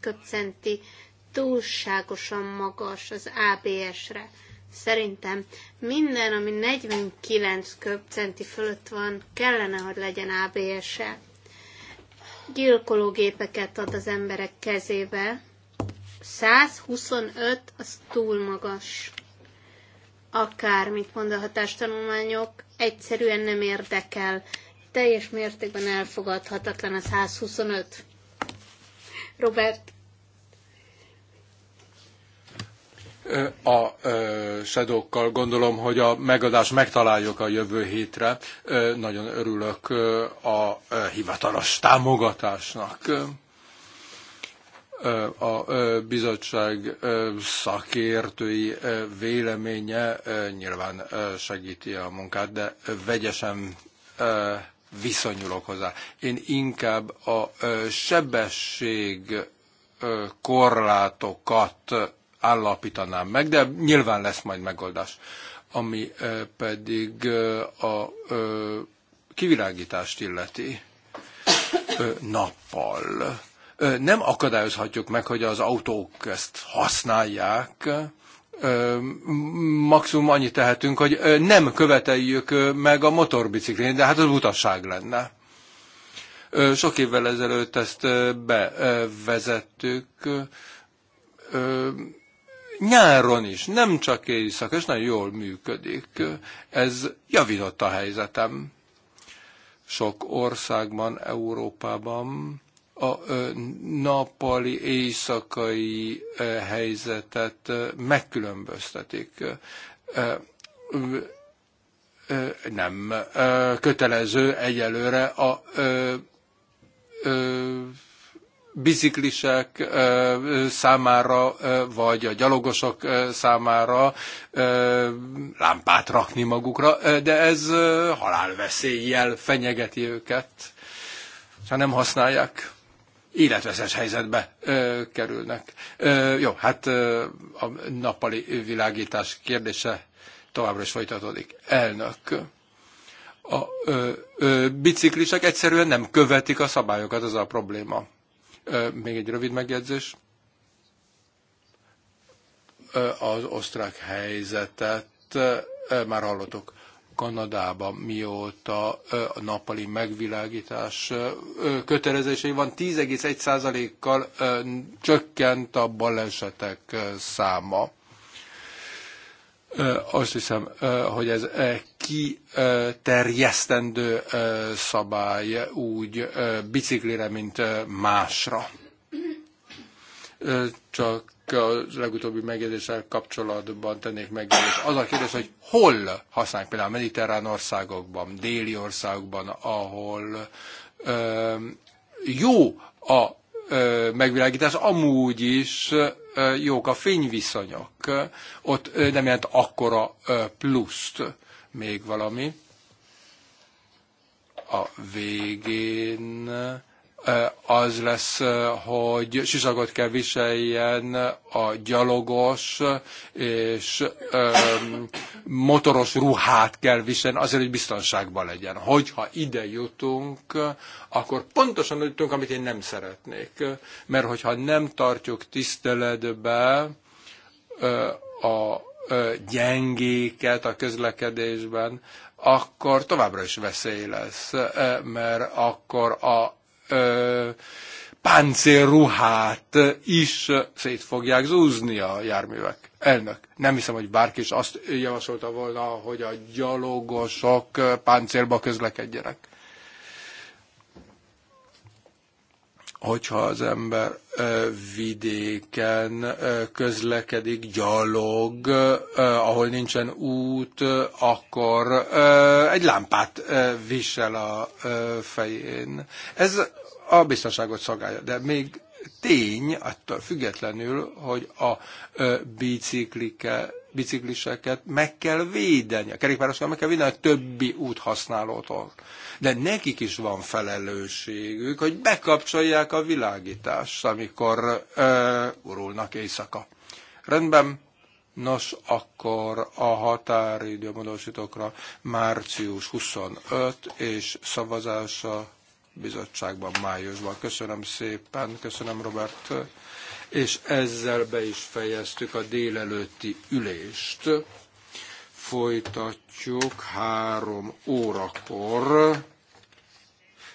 köpcenti túlságosan magas az ABS-re. Szerintem minden, ami 49 köpcenti fölött van, kellene, hogy legyen ABS-e. Gyilkológépeket ad az emberek kezébe. 125 az túl magas. Akármit mond a hatástanulmányok, egyszerűen nem érdekel. Teljes mértékben elfogadhatatlan a 125. Robert. A sedókkal gondolom, hogy a megadást megtaláljuk a jövő hétre. Nagyon örülök a hivatalos támogatásnak a bizottság szakértői véleménye nyilván segíti a munkát, de vegyesen viszonyulok hozzá. Én inkább a sebesség korlátokat állapítanám meg, de nyilván lesz majd megoldás. Ami pedig a kivilágítást illeti nappal. Nem akadályozhatjuk meg, hogy az autók ezt használják, maximum annyit tehetünk, hogy nem követeljük meg a motorbiciklét, de hát az utasság lenne. Sok évvel ezelőtt ezt bevezettük, nyáron is, nem csak éjszaka, és nagyon jól működik. Ez javított a helyzetem. Sok országban, Európában a nappali éjszakai helyzetet megkülönböztetik. Nem kötelező egyelőre a biciklisek számára, vagy a gyalogosok számára lámpát rakni magukra, de ez halálveszéllyel fenyegeti őket, ha nem használják életveszes helyzetbe ö, kerülnek. Ö, jó, hát ö, a nappali világítás kérdése továbbra is folytatódik. Elnök, a ö, ö, biciklisek egyszerűen nem követik a szabályokat, ez a probléma. Ö, még egy rövid megjegyzés. Ö, az osztrák helyzetet ö, már hallottuk Kanadába mióta a napali megvilágítás kötelezései van, 10,1%-kal csökkent a balesetek száma. Azt hiszem, hogy ez kiterjesztendő szabály úgy biciklire, mint másra. Csak a legutóbbi megjegyzéssel kapcsolatban tennék meg. Az a kérdés, hogy hol használják például a mediterrán országokban, déli országokban, ahol ö, jó a ö, megvilágítás, amúgy is ö, jók a fényviszonyok. Ott ö, nem jelent akkora ö, pluszt még valami. A végén az lesz, hogy sisakot kell viseljen a gyalogos, és motoros ruhát kell viselni azért, hogy biztonságban legyen. Hogyha ide jutunk, akkor pontosan jutunk, amit én nem szeretnék. Mert hogyha nem tartjuk tiszteletbe a gyengéket a közlekedésben, akkor továbbra is veszély lesz, mert akkor a páncélruhát is szét fogják zúzni a járművek. Elnök, nem hiszem, hogy bárki is azt javasolta volna, hogy a gyalogosok páncélba közlekedjenek. hogyha az ember vidéken közlekedik, gyalog, ahol nincsen út, akkor egy lámpát visel a fején. Ez a biztonságot szolgálja, de még tény, attól függetlenül, hogy a biciklike bicikliseket meg kell védeni, a kerékpárosokat meg kell védeni a többi úthasználótól. De nekik is van felelősségük, hogy bekapcsolják a világítást, amikor ö, urulnak éjszaka. Rendben, nos, akkor a határidő március 25 és szavazása bizottságban májusban. Köszönöm szépen, köszönöm Robert és ezzel be is fejeztük a délelőtti ülést. Folytatjuk három órakor,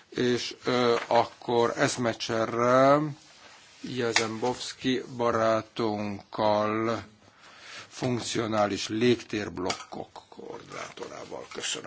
és ö, akkor eszmecserre Jezembovszki barátunkkal funkcionális légtérblokkok koordinátorával. Köszönöm.